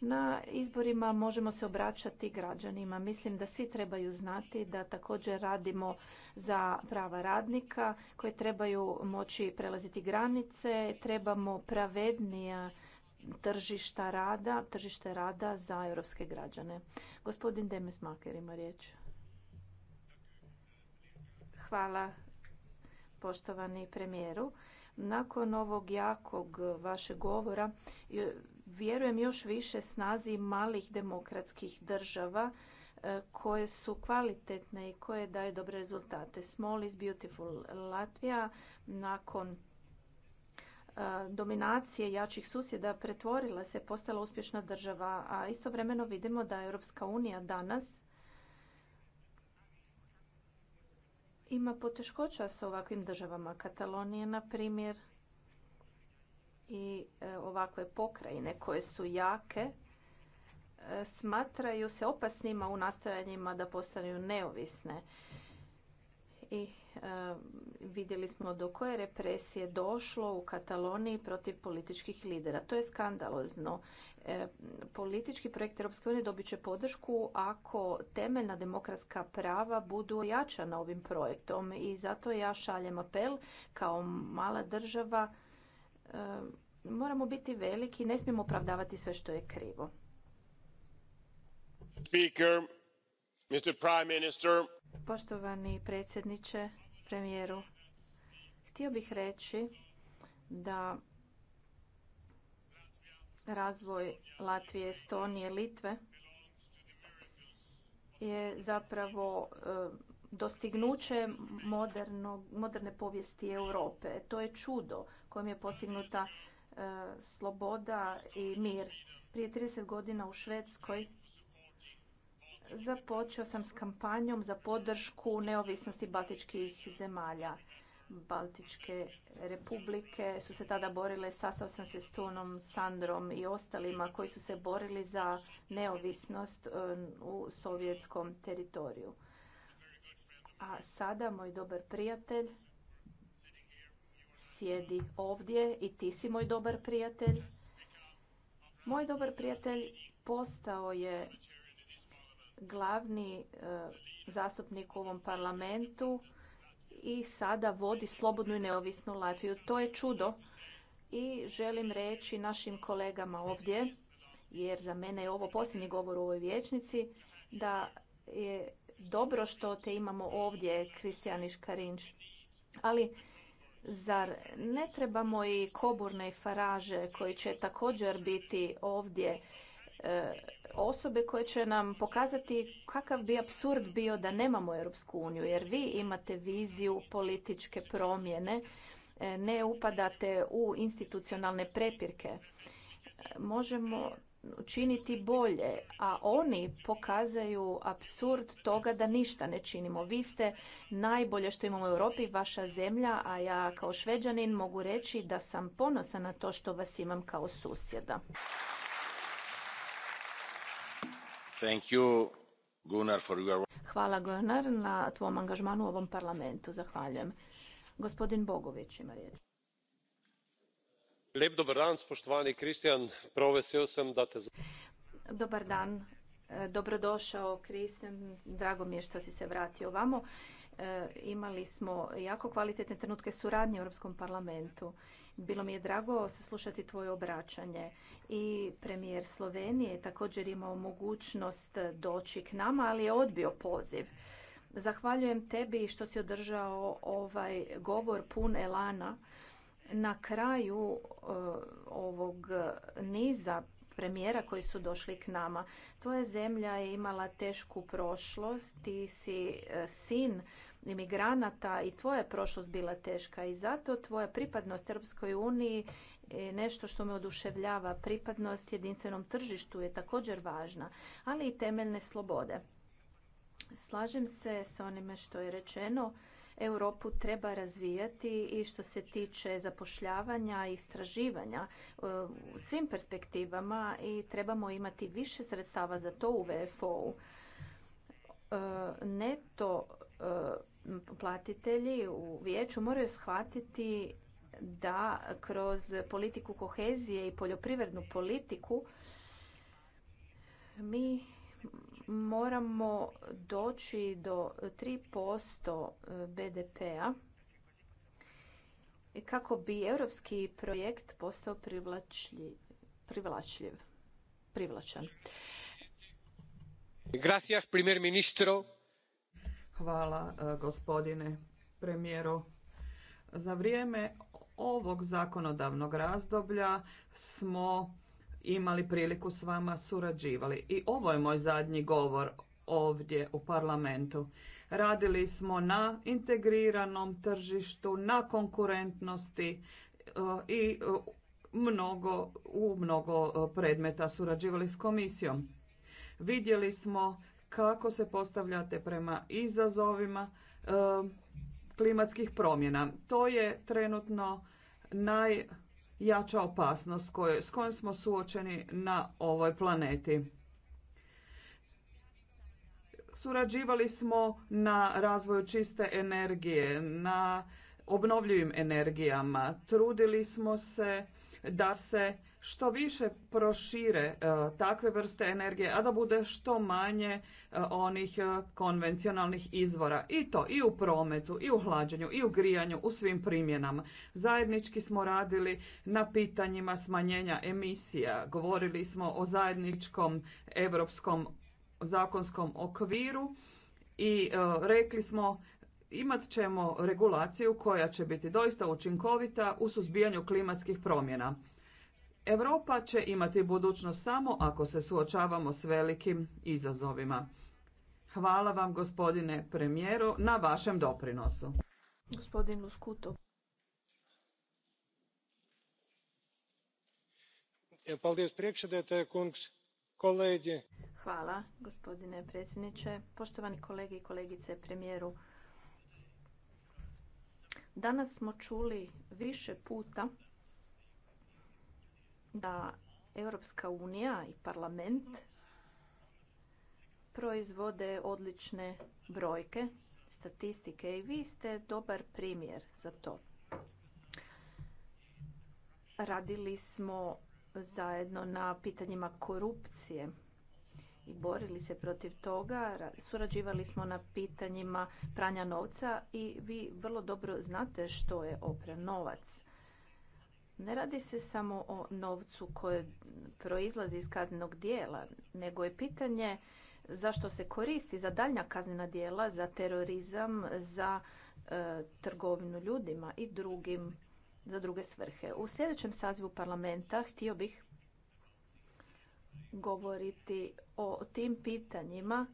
Na izborima možemo se obraćati građanima. Mislim da svi trebaju znati da također radimo za prava radnika koje trebaju moći prelaziti granice, trebamo pravednija tržišta rada, tržište rada za europske građane. Gospodin Demes Maker ima riječ. Hvala poštovani premijeru. Nakon ovog jakog vašeg govora vjerujem još više snazi malih demokratskih država e, koje su kvalitetne i koje daju dobre rezultate. Small is beautiful. Latvija nakon e, dominacije jačih susjeda pretvorila se, postala uspješna država, a istovremeno vidimo da Europska unija danas ima poteškoća sa ovakvim državama. Katalonije, na primjer, i e, ovakve pokrajine koje su jake, e, smatraju se opasnima u nastojanjima da postanu neovisne i e, vidjeli smo do koje represije došlo u Kataloniji protiv političkih lidera. To je skandalozno. E, politički projekt Europske unije dobit će podršku ako temeljna demokratska prava budu ojačana ovim projektom i zato ja šaljem apel kao mala država e, moramo biti veliki, ne smijemo opravdavati sve što je krivo. Speaker. Poštovani predsjedniče, premijeru, htio bih reći da razvoj Latvije, Estonije, Litve je zapravo e, dostignuće moderne povijesti Europe. To je čudo kojim je postignuta e, sloboda i mir. Prije 30 godina u Švedskoj započeo sam s kampanjom za podršku neovisnosti baltičkih zemalja. Baltičke republike su se tada borile, sastao sam se s Tunom, Sandrom i ostalima koji su se borili za neovisnost e, u sovjetskom teritoriju. A sada moj dobar prijatelj sjedi ovdje i ti si moj dobar prijatelj. Moj dobar prijatelj postao je glavni e, zastupnik u ovom parlamentu i sada vodi slobodnu i neovisnu Latviju. To je čudo i želim reći našim kolegama ovdje, jer za mene je ovo posljednji govor u ovoj vječnici, da je dobro što te imamo ovdje, Kristijaniš Karinč. Ali zar ne trebamo i Koburne Faraže koji će također biti ovdje E, osobe koje će nam pokazati kakav bi absurd bio da nemamo Europsku uniju, jer vi imate viziju političke promjene, e, ne upadate u institucionalne prepirke. E, možemo činiti bolje, a oni pokazaju absurd toga da ništa ne činimo. Vi ste najbolje što imamo u Europi, vaša zemlja, a ja kao šveđanin mogu reći da sam ponosa na to što vas imam kao susjeda. Thank you, Gunnar, for your... Hvala Gunnar na tvom angažmanu u ovom parlamentu. Zahvaljujem. Gospodin Bogović ima riječ. dobar dan, spoštovani Kristjan. da te... Dobar dan. E, dobrodošao, Kristjan. Drago mi je što si se vratio vamo. E, imali smo jako kvalitetne trenutke suradnje u Europskom parlamentu. Bilo mi je drago saslušati tvoje obraćanje i premijer Slovenije je također imao mogućnost doći k nama, ali je odbio poziv. Zahvaljujem tebi što si održao ovaj govor pun elana. Na kraju e, ovog niza premijera koji su došli k nama. Tvoja zemlja je imala tešku prošlost, ti si e, sin imigranata i tvoja prošlost bila teška i zato tvoja pripadnost Europskoj uniji je nešto što me oduševljava. Pripadnost jedinstvenom tržištu je također važna, ali i temeljne slobode. Slažem se s onime što je rečeno Europu treba razvijati i što se tiče zapošljavanja i istraživanja e, u svim perspektivama i trebamo imati više sredstava za to u VFO-u. E, neto e, platitelji u vijeću moraju shvatiti da kroz politiku kohezije i poljoprivrednu politiku mi moramo doći do 3% e, BDP-a kako bi europski projekt postao privlačljiv, privlačljiv privlačan. Gracias, primer ministro. Hvala e, gospodine premijeru. Za vrijeme ovog zakonodavnog razdoblja smo imali priliku s vama surađivali. I ovo je moj zadnji govor ovdje u parlamentu. Radili smo na integriranom tržištu, na konkurentnosti e, i e, mnogo, u mnogo e, predmeta surađivali s komisijom. Vidjeli smo kako se postavljate prema izazovima klimatskih promjena. To je trenutno naj jača opasnost koje, s kojom smo suočeni na ovoj planeti. Surađivali smo na razvoju čiste energije, na obnovljivim energijama. Trudili smo se da se što više prošire e, takve vrste energije, a da bude što manje e, onih e, konvencionalnih izvora. I to i u prometu, i u hlađenju, i u grijanju, u svim primjenama. Zajednički smo radili na pitanjima smanjenja emisija. Govorili smo o zajedničkom europskom zakonskom okviru i rekli smo imat ćemo regulaciju koja će biti doista učinkovita u suzbijanju klimatskih promjena. Europa će imati budućnost samo ako se suočavamo s velikim izazovima. Hvala vam gospodine premijeru na vašem doprinosu. Gospodin e, Hvala gospodine predsjedniče, poštovani kolege i kolegice premijeru. Danas smo čuli više puta da Europska unija i parlament proizvode odlične brojke, statistike i vi ste dobar primjer za to. Radili smo zajedno na pitanjima korupcije i borili se protiv toga. Surađivali smo na pitanjima pranja novca i vi vrlo dobro znate što je opran novac. Ne radi se samo o novcu koji proizlazi iz kaznenog dijela, nego je pitanje zašto se koristi za daljnja kaznena dijela, za terorizam, za e, trgovinu ljudima i drugim, za druge svrhe. U sljedećem sazivu parlamenta htio bih govoriti o tim pitanjima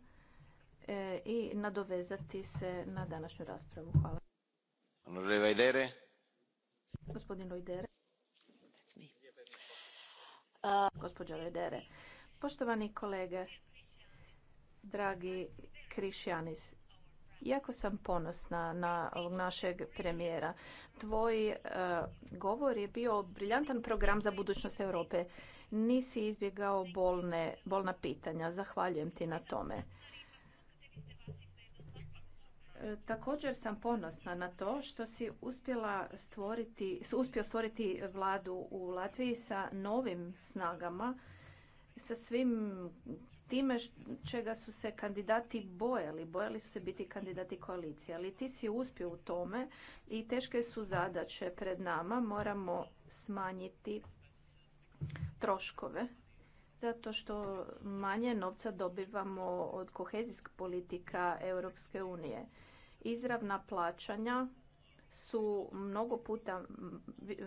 e, i nadovezati se na današnju raspravu. Hvala. Gospodin Lojdere. Gospođo Redere, poštovani kolege, dragi Krišjanis, jako sam ponosna na ovog našeg premijera. Tvoj e, govor je bio briljantan program za budućnost Europe. Nisi izbjegao bolne, bolna pitanja. Zahvaljujem ti na tome. Također sam ponosna na to što si uspjela stvoriti, uspio stvoriti vladu u Latviji sa novim snagama, sa svim time čega su se kandidati bojali. Bojali su se biti kandidati koalicije, ali ti si uspio u tome i teške su zadaće pred nama. Moramo smanjiti troškove zato što manje novca dobivamo od kohezijskih politika Europske unije izravna plaćanja su mnogo puta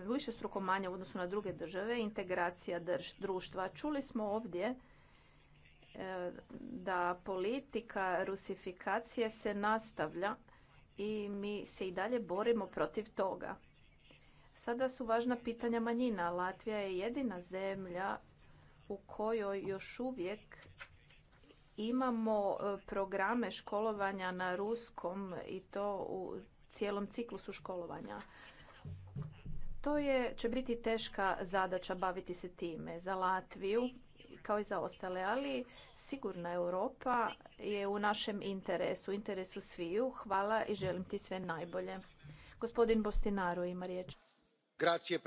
više struko manja u odnosu na druge države, integracija društva. Čuli smo ovdje e, da politika rusifikacije se nastavlja i mi se i dalje borimo protiv toga. Sada su važna pitanja manjina. Latvija je jedina zemlja u kojoj još uvijek Imamo e, programe školovanja na ruskom i to u cijelom ciklusu školovanja. To je, će biti teška zadaća baviti se time za Latviju kao i za ostale, ali sigurna Europa je u našem interesu, u interesu sviju. Hvala i želim ti sve najbolje. Gospodin Bostinaru ima riječ. Grazie,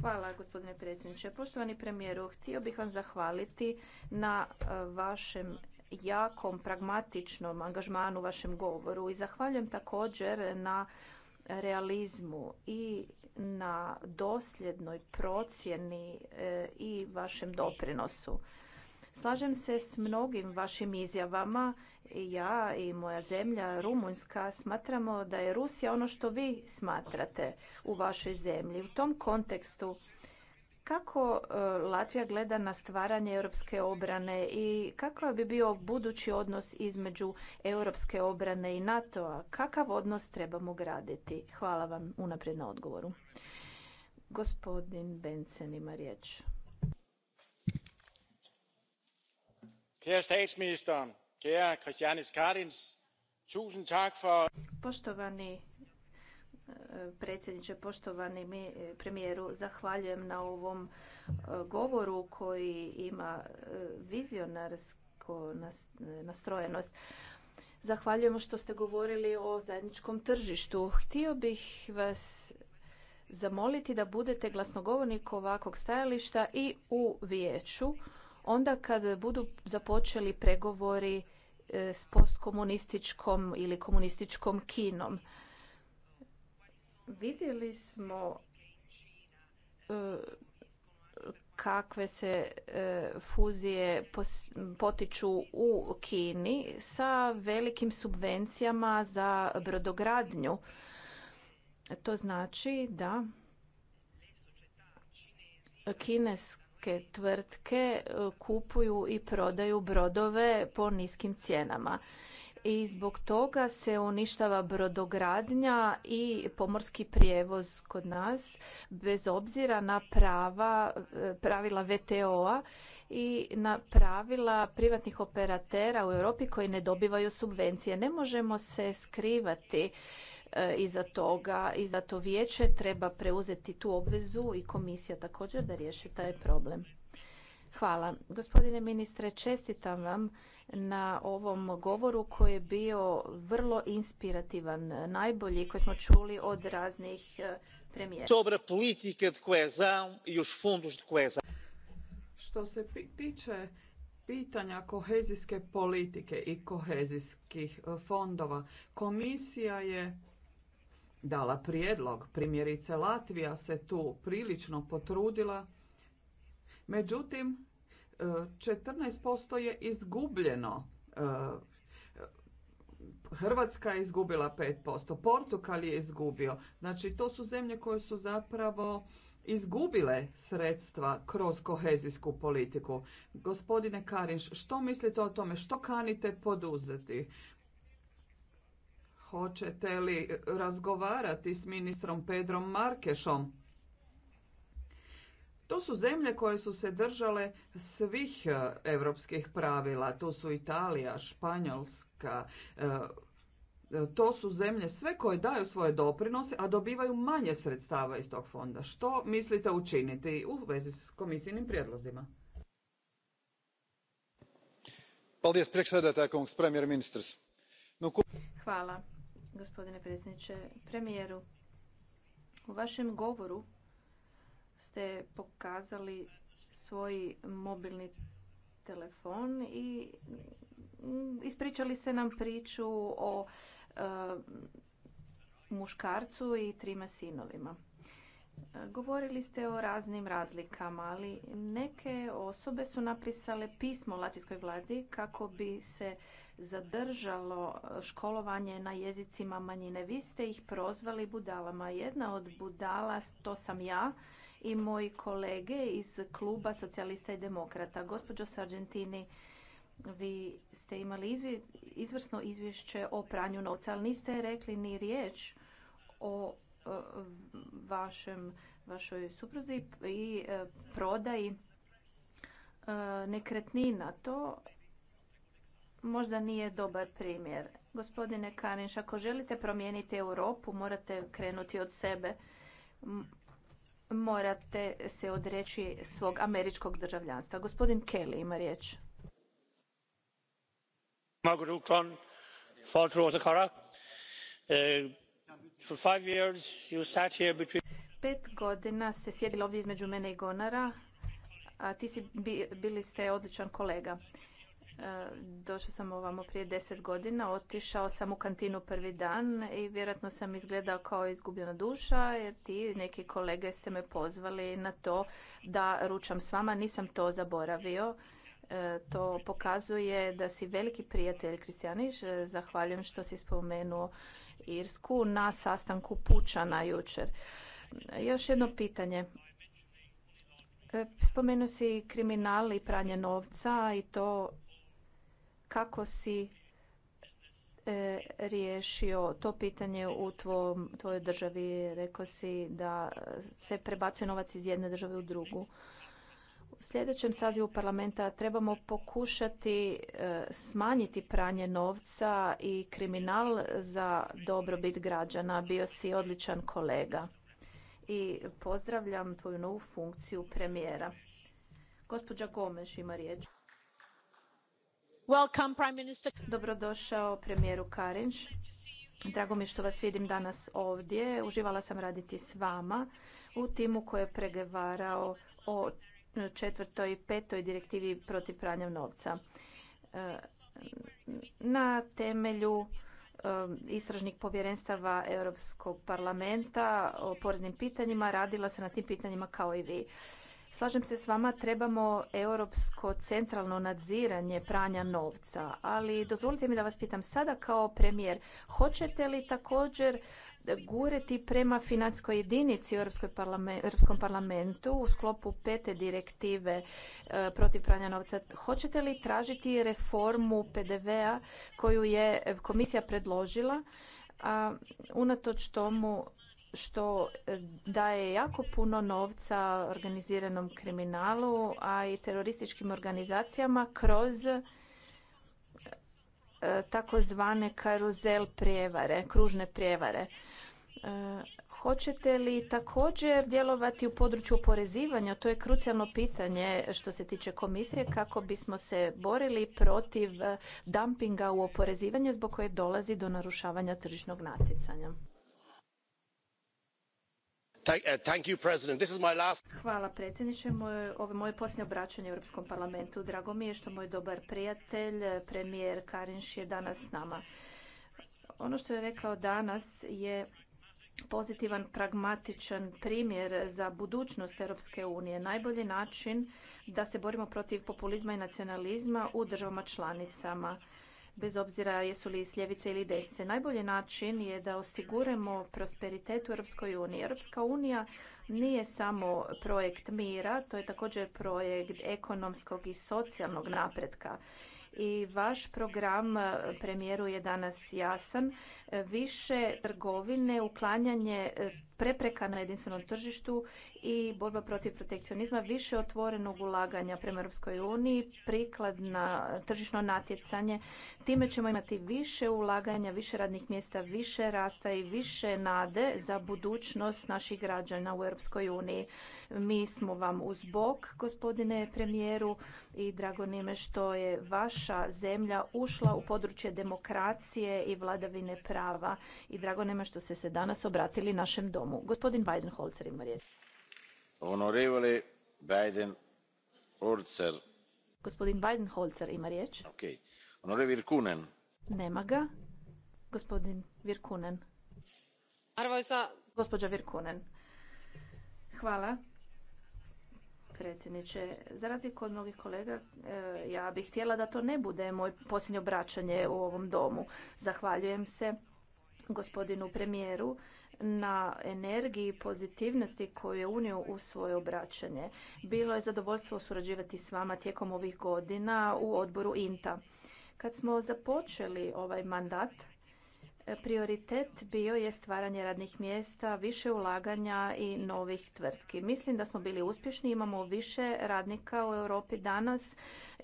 Hvala gospodine predsjedniče. Poštovani premijeru, htio bih vam zahvaliti na e, vašem jakom pragmatičnom angažmanu, vašem govoru i zahvaljujem također na realizmu i na dosljednoj procjeni e, i vašem doprinosu. Slažem se s mnogim vašim izjavama. Ja i moja zemlja, Rumunjska, smatramo da je Rusija ono što vi smatrate u vašoj zemlji. U tom kontekstu kako e, Latvija gleda na stvaranje europske obrane i kakav bi bio budući odnos između europske obrane i NATO-a? Kakav odnos trebamo graditi? Hvala vam unaprijed na odgovoru. Gospodin bencen ima riječ. Poštovani eh, predsjedniče, poštovani eh, premijeru, zahvaljujem na ovom eh, govoru koji ima vizionarsku nastrojenost. zahvaljujem što ste govorili o zajedničkom tržištu. Htio bih vas zamoliti da budete glasnogovornik ovakvog stajališta i u vijeću onda kad budu započeli pregovori e, s postkomunističkom ili komunističkom Kinom. Vidjeli smo e, kakve se e, fuzije potiču u Kini sa velikim subvencijama za brodogradnju. To znači da kineski tvrtke e, kupuju i prodaju brodove po niskim cijenama i zbog toga se uništava brodogradnja i pomorski prijevoz kod nas bez obzira na prava, e, pravila VTO-a i na pravila privatnih operatera u Europi koji ne dobivaju subvencije. Ne možemo se skrivati E, iza toga i zato vijeće treba preuzeti tu obvezu i komisija također da riješi taj problem. Hvala. Gospodine ministre, čestitam vam na ovom govoru koji je bio vrlo inspirativan, najbolji koji smo čuli od raznih e, premijera. Sobre politike de i e os fundos de Što se tiče pitanja kohezijske politike i kohezijskih fondova, komisija je dala prijedlog. Primjerice Latvija se tu prilično potrudila. Međutim, 14% e, je izgubljeno. E, Hrvatska je izgubila 5%, Portugal je izgubio. Znači, to su zemlje koje su zapravo izgubile sredstva kroz kohezijsku politiku. Gospodine Kariš, što mislite o tome? Što kanite poduzeti? Hoćete li razgovarati s ministrom Pedrom Markešom? To su zemlje koje su se držale svih europskih pravila. To su Italija, Španjolska. E, e, to su zemlje sve koje daju svoje doprinose, a dobivaju manje sredstava iz tog fonda. Što mislite učiniti u vezi s komisijnim prijedlozima? Hvala gospodine predsjedniče. Premijeru, u vašem govoru ste pokazali svoj mobilni telefon i ispričali ste nam priču o e, muškarcu i trima sinovima. Govorili ste o raznim razlikama, ali neke osobe su napisale pismo latinskoj vladi kako bi se zadržalo e, školovanje na jezicima manjine. Vi ste ih prozvali budalama. Jedna od budala, to sam ja, i moji kolege iz kluba socijalista i demokrata. Gospođo Sargentini, vi ste imali izvrsno izvješće o pranju novca, ali niste rekli ni riječ o e, vašem, vašoj supruzi i e, prodaji nekretnina. To možda nije dobar primjer. Gospodine Karinš, ako želite promijeniti Europu, morate krenuti od sebe. Morate se odreći svog američkog državljanstva. Gospodin Kelly ima riječ. Pet godina ste sjedili ovdje između mene i Gonara, a ti si, bili ste odličan kolega. E, došao sam ovamo prije deset godina, otišao sam u kantinu prvi dan i vjerojatno sam izgledao kao izgubljena duša jer ti neki kolege ste me pozvali na to da ručam s vama. Nisam to zaboravio. E, to pokazuje da si veliki prijatelj Kristijaniš. E, zahvaljujem što si spomenuo Irsku na sastanku Pučana jučer. Još jedno pitanje. Spomenuo si kriminal i pranje novca i to kako si e, riješio to pitanje u tvojom, tvojoj državi? Rekao si da se prebacuje novac iz jedne države u drugu. U sljedećem sazivu parlamenta trebamo pokušati e, smanjiti pranje novca i kriminal za dobrobit građana. Bio si odličan kolega i pozdravljam tvoju novu funkciju premijera. Gospođa Gomeš ima riječ. Welcome, Prime Minister. Dobrodošao premijeru Karinš. Drago mi je što vas vidim danas ovdje. Uživala sam raditi s vama u timu koji je pregovarao o četvrtoj i petoj direktivi protiv pranja novca. E, na temelju e, istražnih povjerenstava Europskog parlamenta o poreznim pitanjima radila se na tim pitanjima kao i vi. Slažem se s vama, trebamo europsko centralno nadziranje pranja novca, ali dozvolite mi da vas pitam sada kao premijer, hoćete li također gureti prema financijskoj jedinici u Europskom parlamentu u sklopu pete direktive e, protiv pranja novca. Hoćete li tražiti reformu PDV-a koju je komisija predložila, a unatoč tomu što e, daje jako puno novca organiziranom kriminalu, a i terorističkim organizacijama kroz e, takozvane karuzel prijevare, kružne prijevare. E, hoćete li također djelovati u području oporezivanja? To je krucijalno pitanje što se tiče komisije kako bismo se borili protiv dumpinga u oporezivanju zbog koje dolazi do narušavanja tržišnog natjecanja. Uh, Hvala predsjedniče. Moje, ovo je moje posljednje obraćanje u Europskom parlamentu. Drago mi je što moj dobar prijatelj, premijer Karinš je danas s nama. Ono što je rekao danas je pozitivan, pragmatičan primjer za budućnost Europske unije. Najbolji način da se borimo protiv populizma i nacionalizma u državama članicama bez obzira jesu li s ljevice ili desnice. Najbolji način je da osiguramo prosperitet u Europskoj uniji. Europska unija nije samo projekt mira, to je također projekt ekonomskog i socijalnog napretka. I vaš program premijeru je danas jasan više trgovine, uklanjanje e, prepreka na jedinstvenom tržištu i borba protiv protekcionizma, više otvorenog ulaganja prema Europskoj uniji, na tržišno natjecanje. Time ćemo imati više ulaganja, više radnih mjesta, više rasta i više nade za budućnost naših građana u Europskoj uniji. Mi smo vam uz bok, gospodine premijeru, i drago nime što je vaša zemlja ušla u područje demokracije i vladavine prava prava i drago nema što ste se danas obratili našem domu. Gospodin Biden Holzer ima riječ. Honorevole Biden Holzer. Gospodin Biden Holzer ima riječ. Ok. Honore Virkunen. Nema ga. Gospodin Virkunen. Arvoisa. Gospođa Virkunen. Hvala predsjedniče. Za razliku od mnogih kolega, eh, ja bih htjela da to ne bude moj posljednje obraćanje u ovom domu. Zahvaljujem se gospodinu premijeru na energiji i pozitivnosti koju je unio u svoje obraćanje. Bilo je zadovoljstvo surađivati s vama tijekom ovih godina u odboru INTA. Kad smo započeli ovaj mandat, prioritet bio je stvaranje radnih mjesta, više ulaganja i novih tvrtki. Mislim da smo bili uspješni, imamo više radnika u Europi danas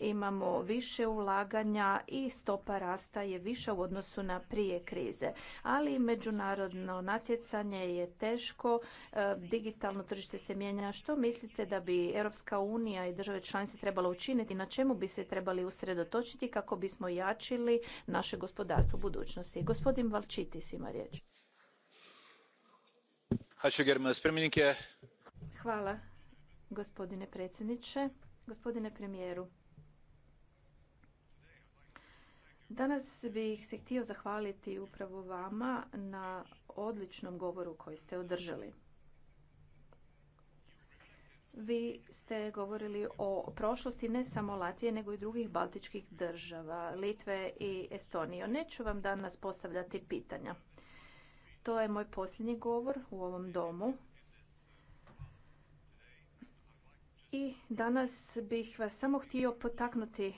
imamo više ulaganja i stopa rasta je viša u odnosu na prije krize. Ali međunarodno natjecanje je teško, e, digitalno tržište se mijenja. Što mislite da bi Europska unija i države članice trebalo učiniti? Na čemu bi se trebali usredotočiti kako bismo jačili naše gospodarstvo u budućnosti? Gospodin Valčitis ima riječ. Hvala gospodine predsjedniče, gospodine premijeru. Danas bih se htio zahvaliti upravo vama na odličnom govoru koji ste održali. Vi ste govorili o prošlosti ne samo Latvije, nego i drugih baltičkih država, Litve i Estonije. Neću vam danas postavljati pitanja. To je moj posljednji govor u ovom domu. I danas bih vas samo htio potaknuti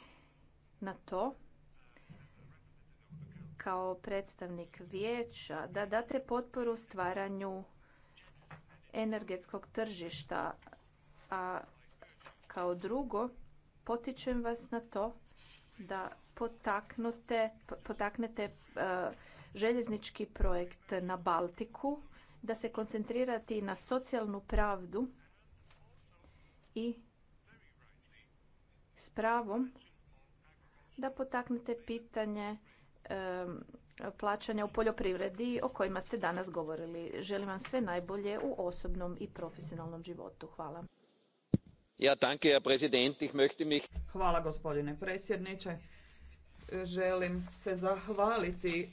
na to kao predstavnik vijeća da date potporu stvaranju energetskog tržišta, a kao drugo potičem vas na to da potaknete e, željeznički projekt na Baltiku, da se koncentrirati na socijalnu pravdu i s pravom da potaknete pitanje plaćanja u poljoprivredi o kojima ste danas govorili. Želim vam sve najbolje u osobnom i profesionalnom životu. Hvala. Ja, Hvala gospodine predsjedniče. Želim se zahvaliti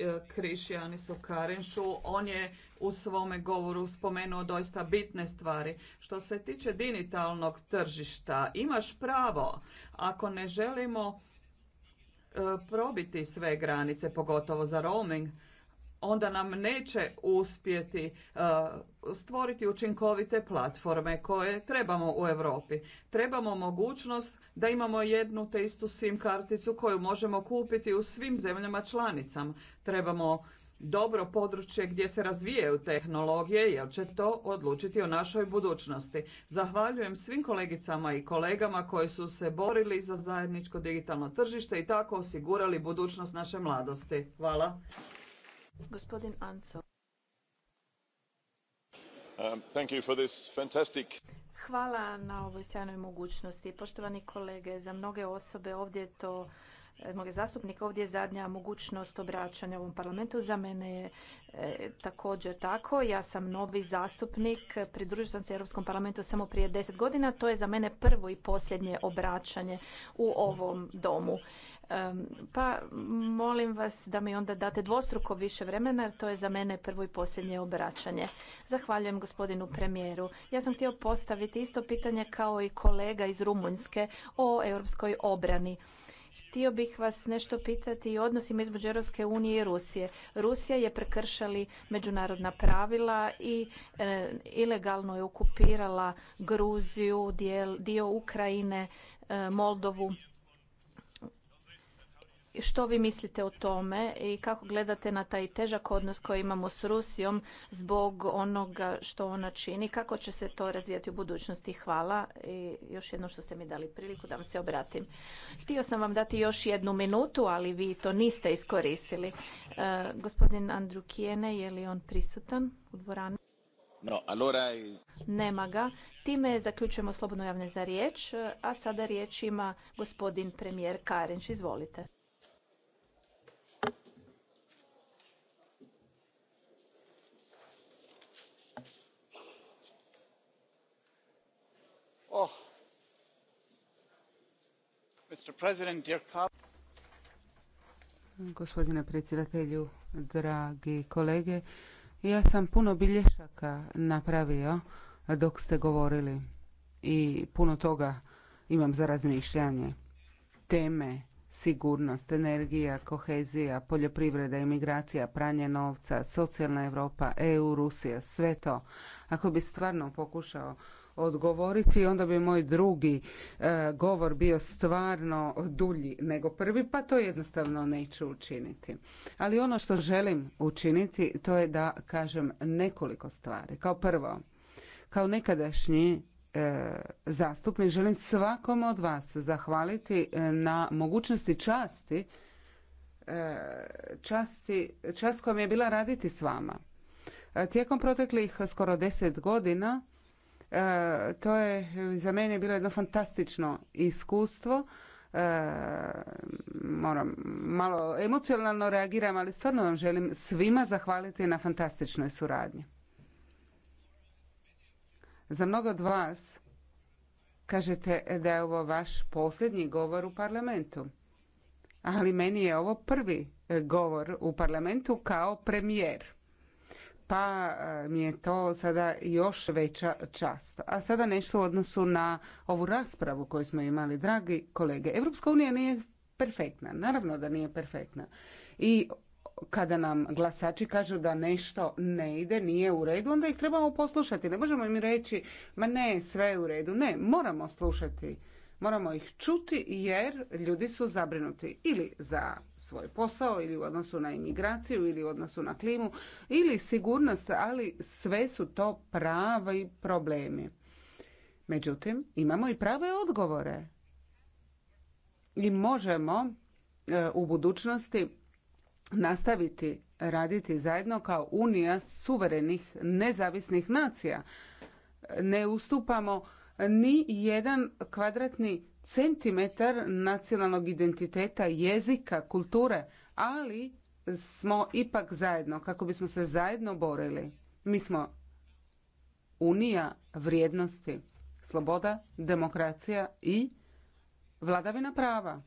eh, Anisu Karinšu. On je u svome govoru spomenuo doista bitne stvari. Što se tiče digitalnog tržišta, imaš pravo. Ako ne želimo E, probiti sve granice, pogotovo za roaming, onda nam neće uspjeti e, stvoriti učinkovite platforme koje trebamo u Europi. Trebamo mogućnost da imamo jednu te istu SIM karticu koju možemo kupiti u svim zemljama članicama. Trebamo dobro područje gdje se razvijaju tehnologije jer će to odlučiti o našoj budućnosti. Zahvaljujem svim kolegicama i kolegama koji su se borili za zajedničko digitalno tržište i tako osigurali budućnost naše mladosti. Hvala. Gospodin Anco. Um, Hvala na ovoj sjajnoj mogućnosti. Poštovani kolege, za mnoge osobe ovdje je to E, mog zastupnika ovdje je zadnja mogućnost obraćanja ovom parlamentu. Za mene je e, također tako. Ja sam novi zastupnik, pridružio sam se Europskom parlamentu samo prije deset godina. To je za mene prvo i posljednje obraćanje u ovom domu. pa molim vas da mi onda date dvostruko više vremena jer to je za mene prvo i posljednje obraćanje. Zahvaljujem gospodinu premijeru. Ja sam htio postaviti isto pitanje kao i kolega iz Rumunjske o europskoj obrani. Htio bih vas nešto pitati o odnosima između Europske unije i Rusije. Rusija je prekršali međunarodna pravila i e, ilegalno je okupirala Gruziju, dio Ukrajine, e, Moldovu što vi mislite o tome i kako gledate na taj težak odnos koji imamo s Rusijom zbog onoga što ona čini? Kako će se to razvijati u budućnosti? Hvala i još jedno što ste mi dali priliku da vam se obratim. Htio sam vam dati još jednu minutu, ali vi to niste iskoristili. E, gospodin Andru Kijene, je li on prisutan u dvorani? No, allora... Nema ga. Time zaključujemo slobodno javne za riječ, a sada riječ ima gospodin premijer Karinč. Izvolite. Oh. Gospodine predsjedatelju, dragi kolege, ja sam puno bilješaka napravio dok ste govorili i puno toga imam za razmišljanje. Teme, sigurnost, energija, kohezija, poljoprivreda, imigracija, pranje novca, socijalna Europa, EU, Rusija, sve to. Ako bi stvarno pokušao odgovoriti, onda bi moj drugi e, govor bio stvarno dulji nego prvi, pa to jednostavno neću učiniti. Ali ono što želim učiniti, to je da kažem nekoliko stvari. Kao prvo, kao nekadašnji e, zastupnik želim svakom od vas zahvaliti e, na mogućnosti časti časti, čast koja mi je bila raditi s vama. Tijekom proteklih skoro deset godina E, to je za mene bilo jedno fantastično iskustvo. E, moram malo emocionalno reagiram, ali stvarno vam želim svima zahvaliti na fantastičnoj suradnji. Za mnogo od vas kažete da je ovo vaš posljednji govor u parlamentu. Ali meni je ovo prvi govor u parlamentu kao premijer pa e, mi je to sada još veća čast. A sada nešto u odnosu na ovu raspravu koju smo imali, dragi kolege. Europska unija nije perfektna, naravno da nije perfektna. I kada nam glasači kažu da nešto ne ide, nije u redu, onda ih trebamo poslušati. Ne možemo im reći, ma ne, sve je u redu. Ne, moramo slušati. Moramo ih čuti jer ljudi su zabrinuti ili za svoj posao ili u odnosu na imigraciju ili u odnosu na klimu ili sigurnost, ali sve su to pravi problemi. Međutim, imamo i prave odgovore. I možemo e, u budućnosti nastaviti raditi zajedno kao unija suverenih nezavisnih nacija. Ne ustupamo ni jedan kvadratni centimetar nacionalnog identiteta, jezika, kulture, ali smo ipak zajedno kako bismo se zajedno borili. Mi smo unija vrijednosti, sloboda, demokracija i vladavina prava.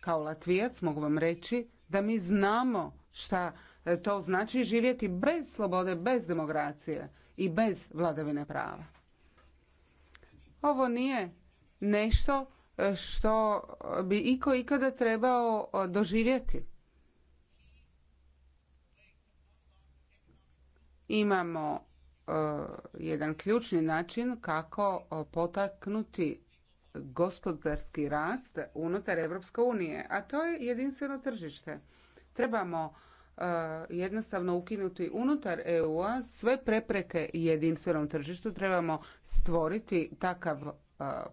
Kao Latvijac mogu vam reći da mi znamo šta to znači živjeti bez slobode, bez demokracije i bez vladavine prava. Ovo nije nešto što bi iko ikada trebao doživjeti. Imamo e, jedan ključni način kako potaknuti gospodarski rast unutar Europske unije, a to je jedinstveno tržište. Trebamo e, jednostavno ukinuti unutar EU-a sve prepreke jedinstvenom tržištu, trebamo stvoriti takav e,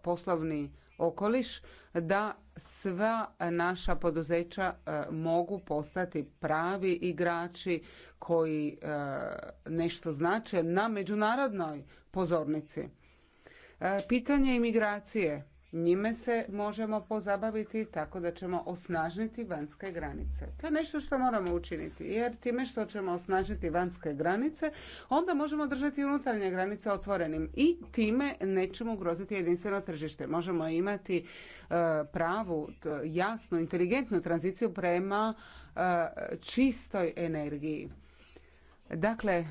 poslovni okoliš da sva naša poduzeća e, mogu postati pravi igrači koji e, nešto znače na međunarodnoj pozornici. E, pitanje imigracije Njime se možemo pozabaviti tako da ćemo osnažiti vanjske granice. To je nešto što moramo učiniti jer time što ćemo osnažiti vanjske granice onda možemo držati unutarnje granice otvorenim i time nećemo ugroziti jedinstveno tržište. Možemo imati e, pravu, jasnu, inteligentnu tranziciju prema e, čistoj energiji. Dakle,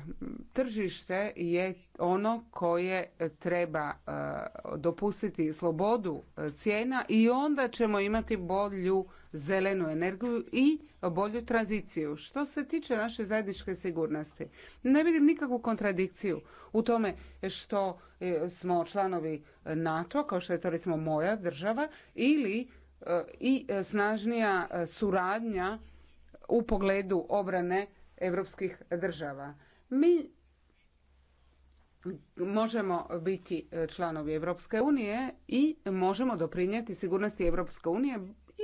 tržište je ono koje treba e, dopustiti slobodu e, cijena i onda ćemo imati bolju zelenu energiju i bolju tranziciju. Što se tiče naše zajedničke sigurnosti, ne vidim nikakvu kontradikciju u tome što e, smo članovi NATO, kao što je to recimo moja država, ili i snažnija suradnja u pogledu obrane europskih država. Mi možemo biti članovi Europske unije i možemo doprinijeti sigurnosti Europske unije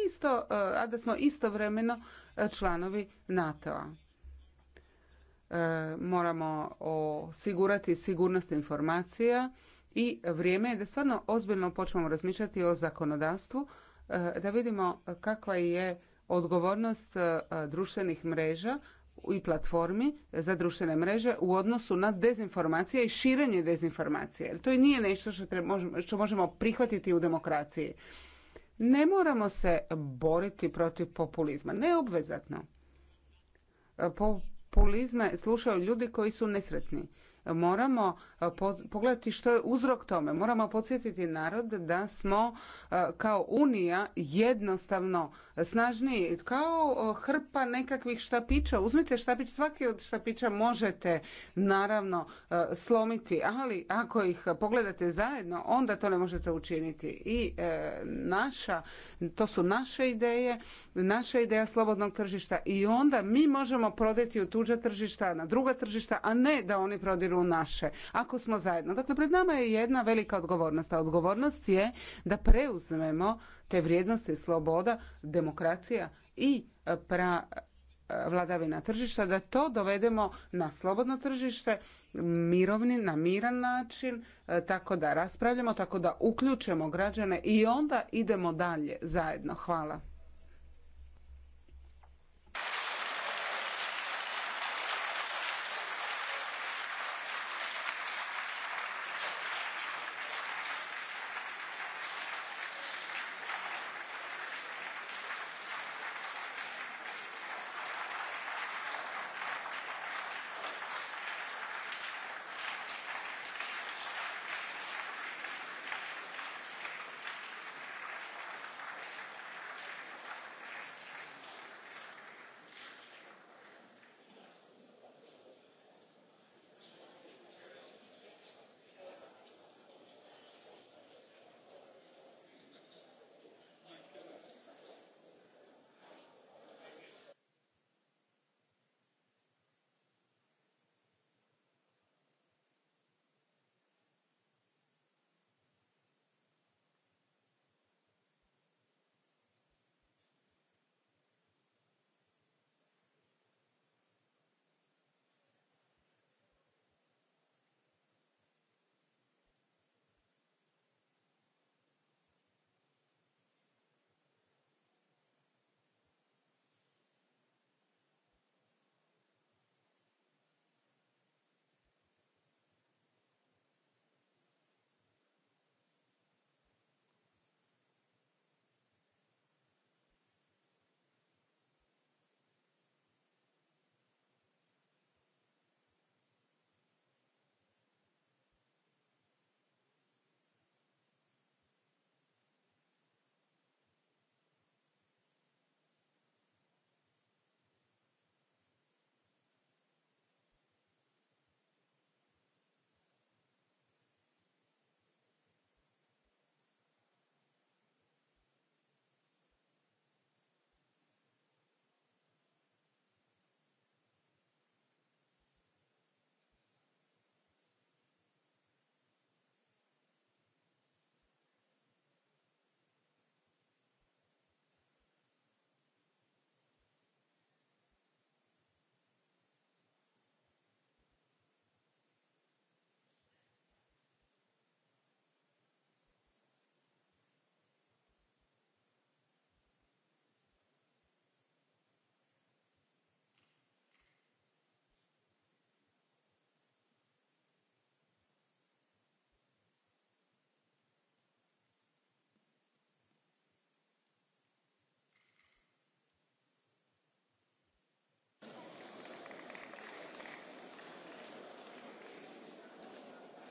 isto, a da smo istovremeno članovi NATO-a. E, moramo osigurati sigurnost informacija i vrijeme je da stvarno ozbiljno počnemo razmišljati o zakonodavstvu, e, da vidimo kakva je odgovornost e, društvenih mreža i platformi za društvene mreže u odnosu na dezinformacije i širenje dezinformacije. Jer to i nije nešto što, što možemo prihvatiti u demokraciji. Ne moramo se boriti protiv populizma. Neobvezatno. Populizme slušaju ljudi koji su nesretni moramo eh, pogledati što je uzrok tome. Moramo podsjetiti narod da smo eh, kao Unija jednostavno snažniji. Kao eh, hrpa nekakvih štapića. Uzmite štapić, svaki od štapića možete naravno slomiti, ali ako ih pogledate zajedno, onda to ne možete učiniti. I naša, to su naše ideje, naša ideja slobodnog tržišta i onda mi možemo prodati u tuđa tržišta, na druga tržišta, a ne da oni prodiru naše ako smo zajedno. Dakle, pred nama je jedna velika odgovornost, a odgovornost je da preuzmemo te vrijednosti sloboda, demokracija i e, pra e, vladavina tržišta, da to dovedemo na slobodno tržište, mirovni, na miran način, e, tako da raspravljamo, tako da uključimo građane i onda idemo dalje zajedno. Hvala.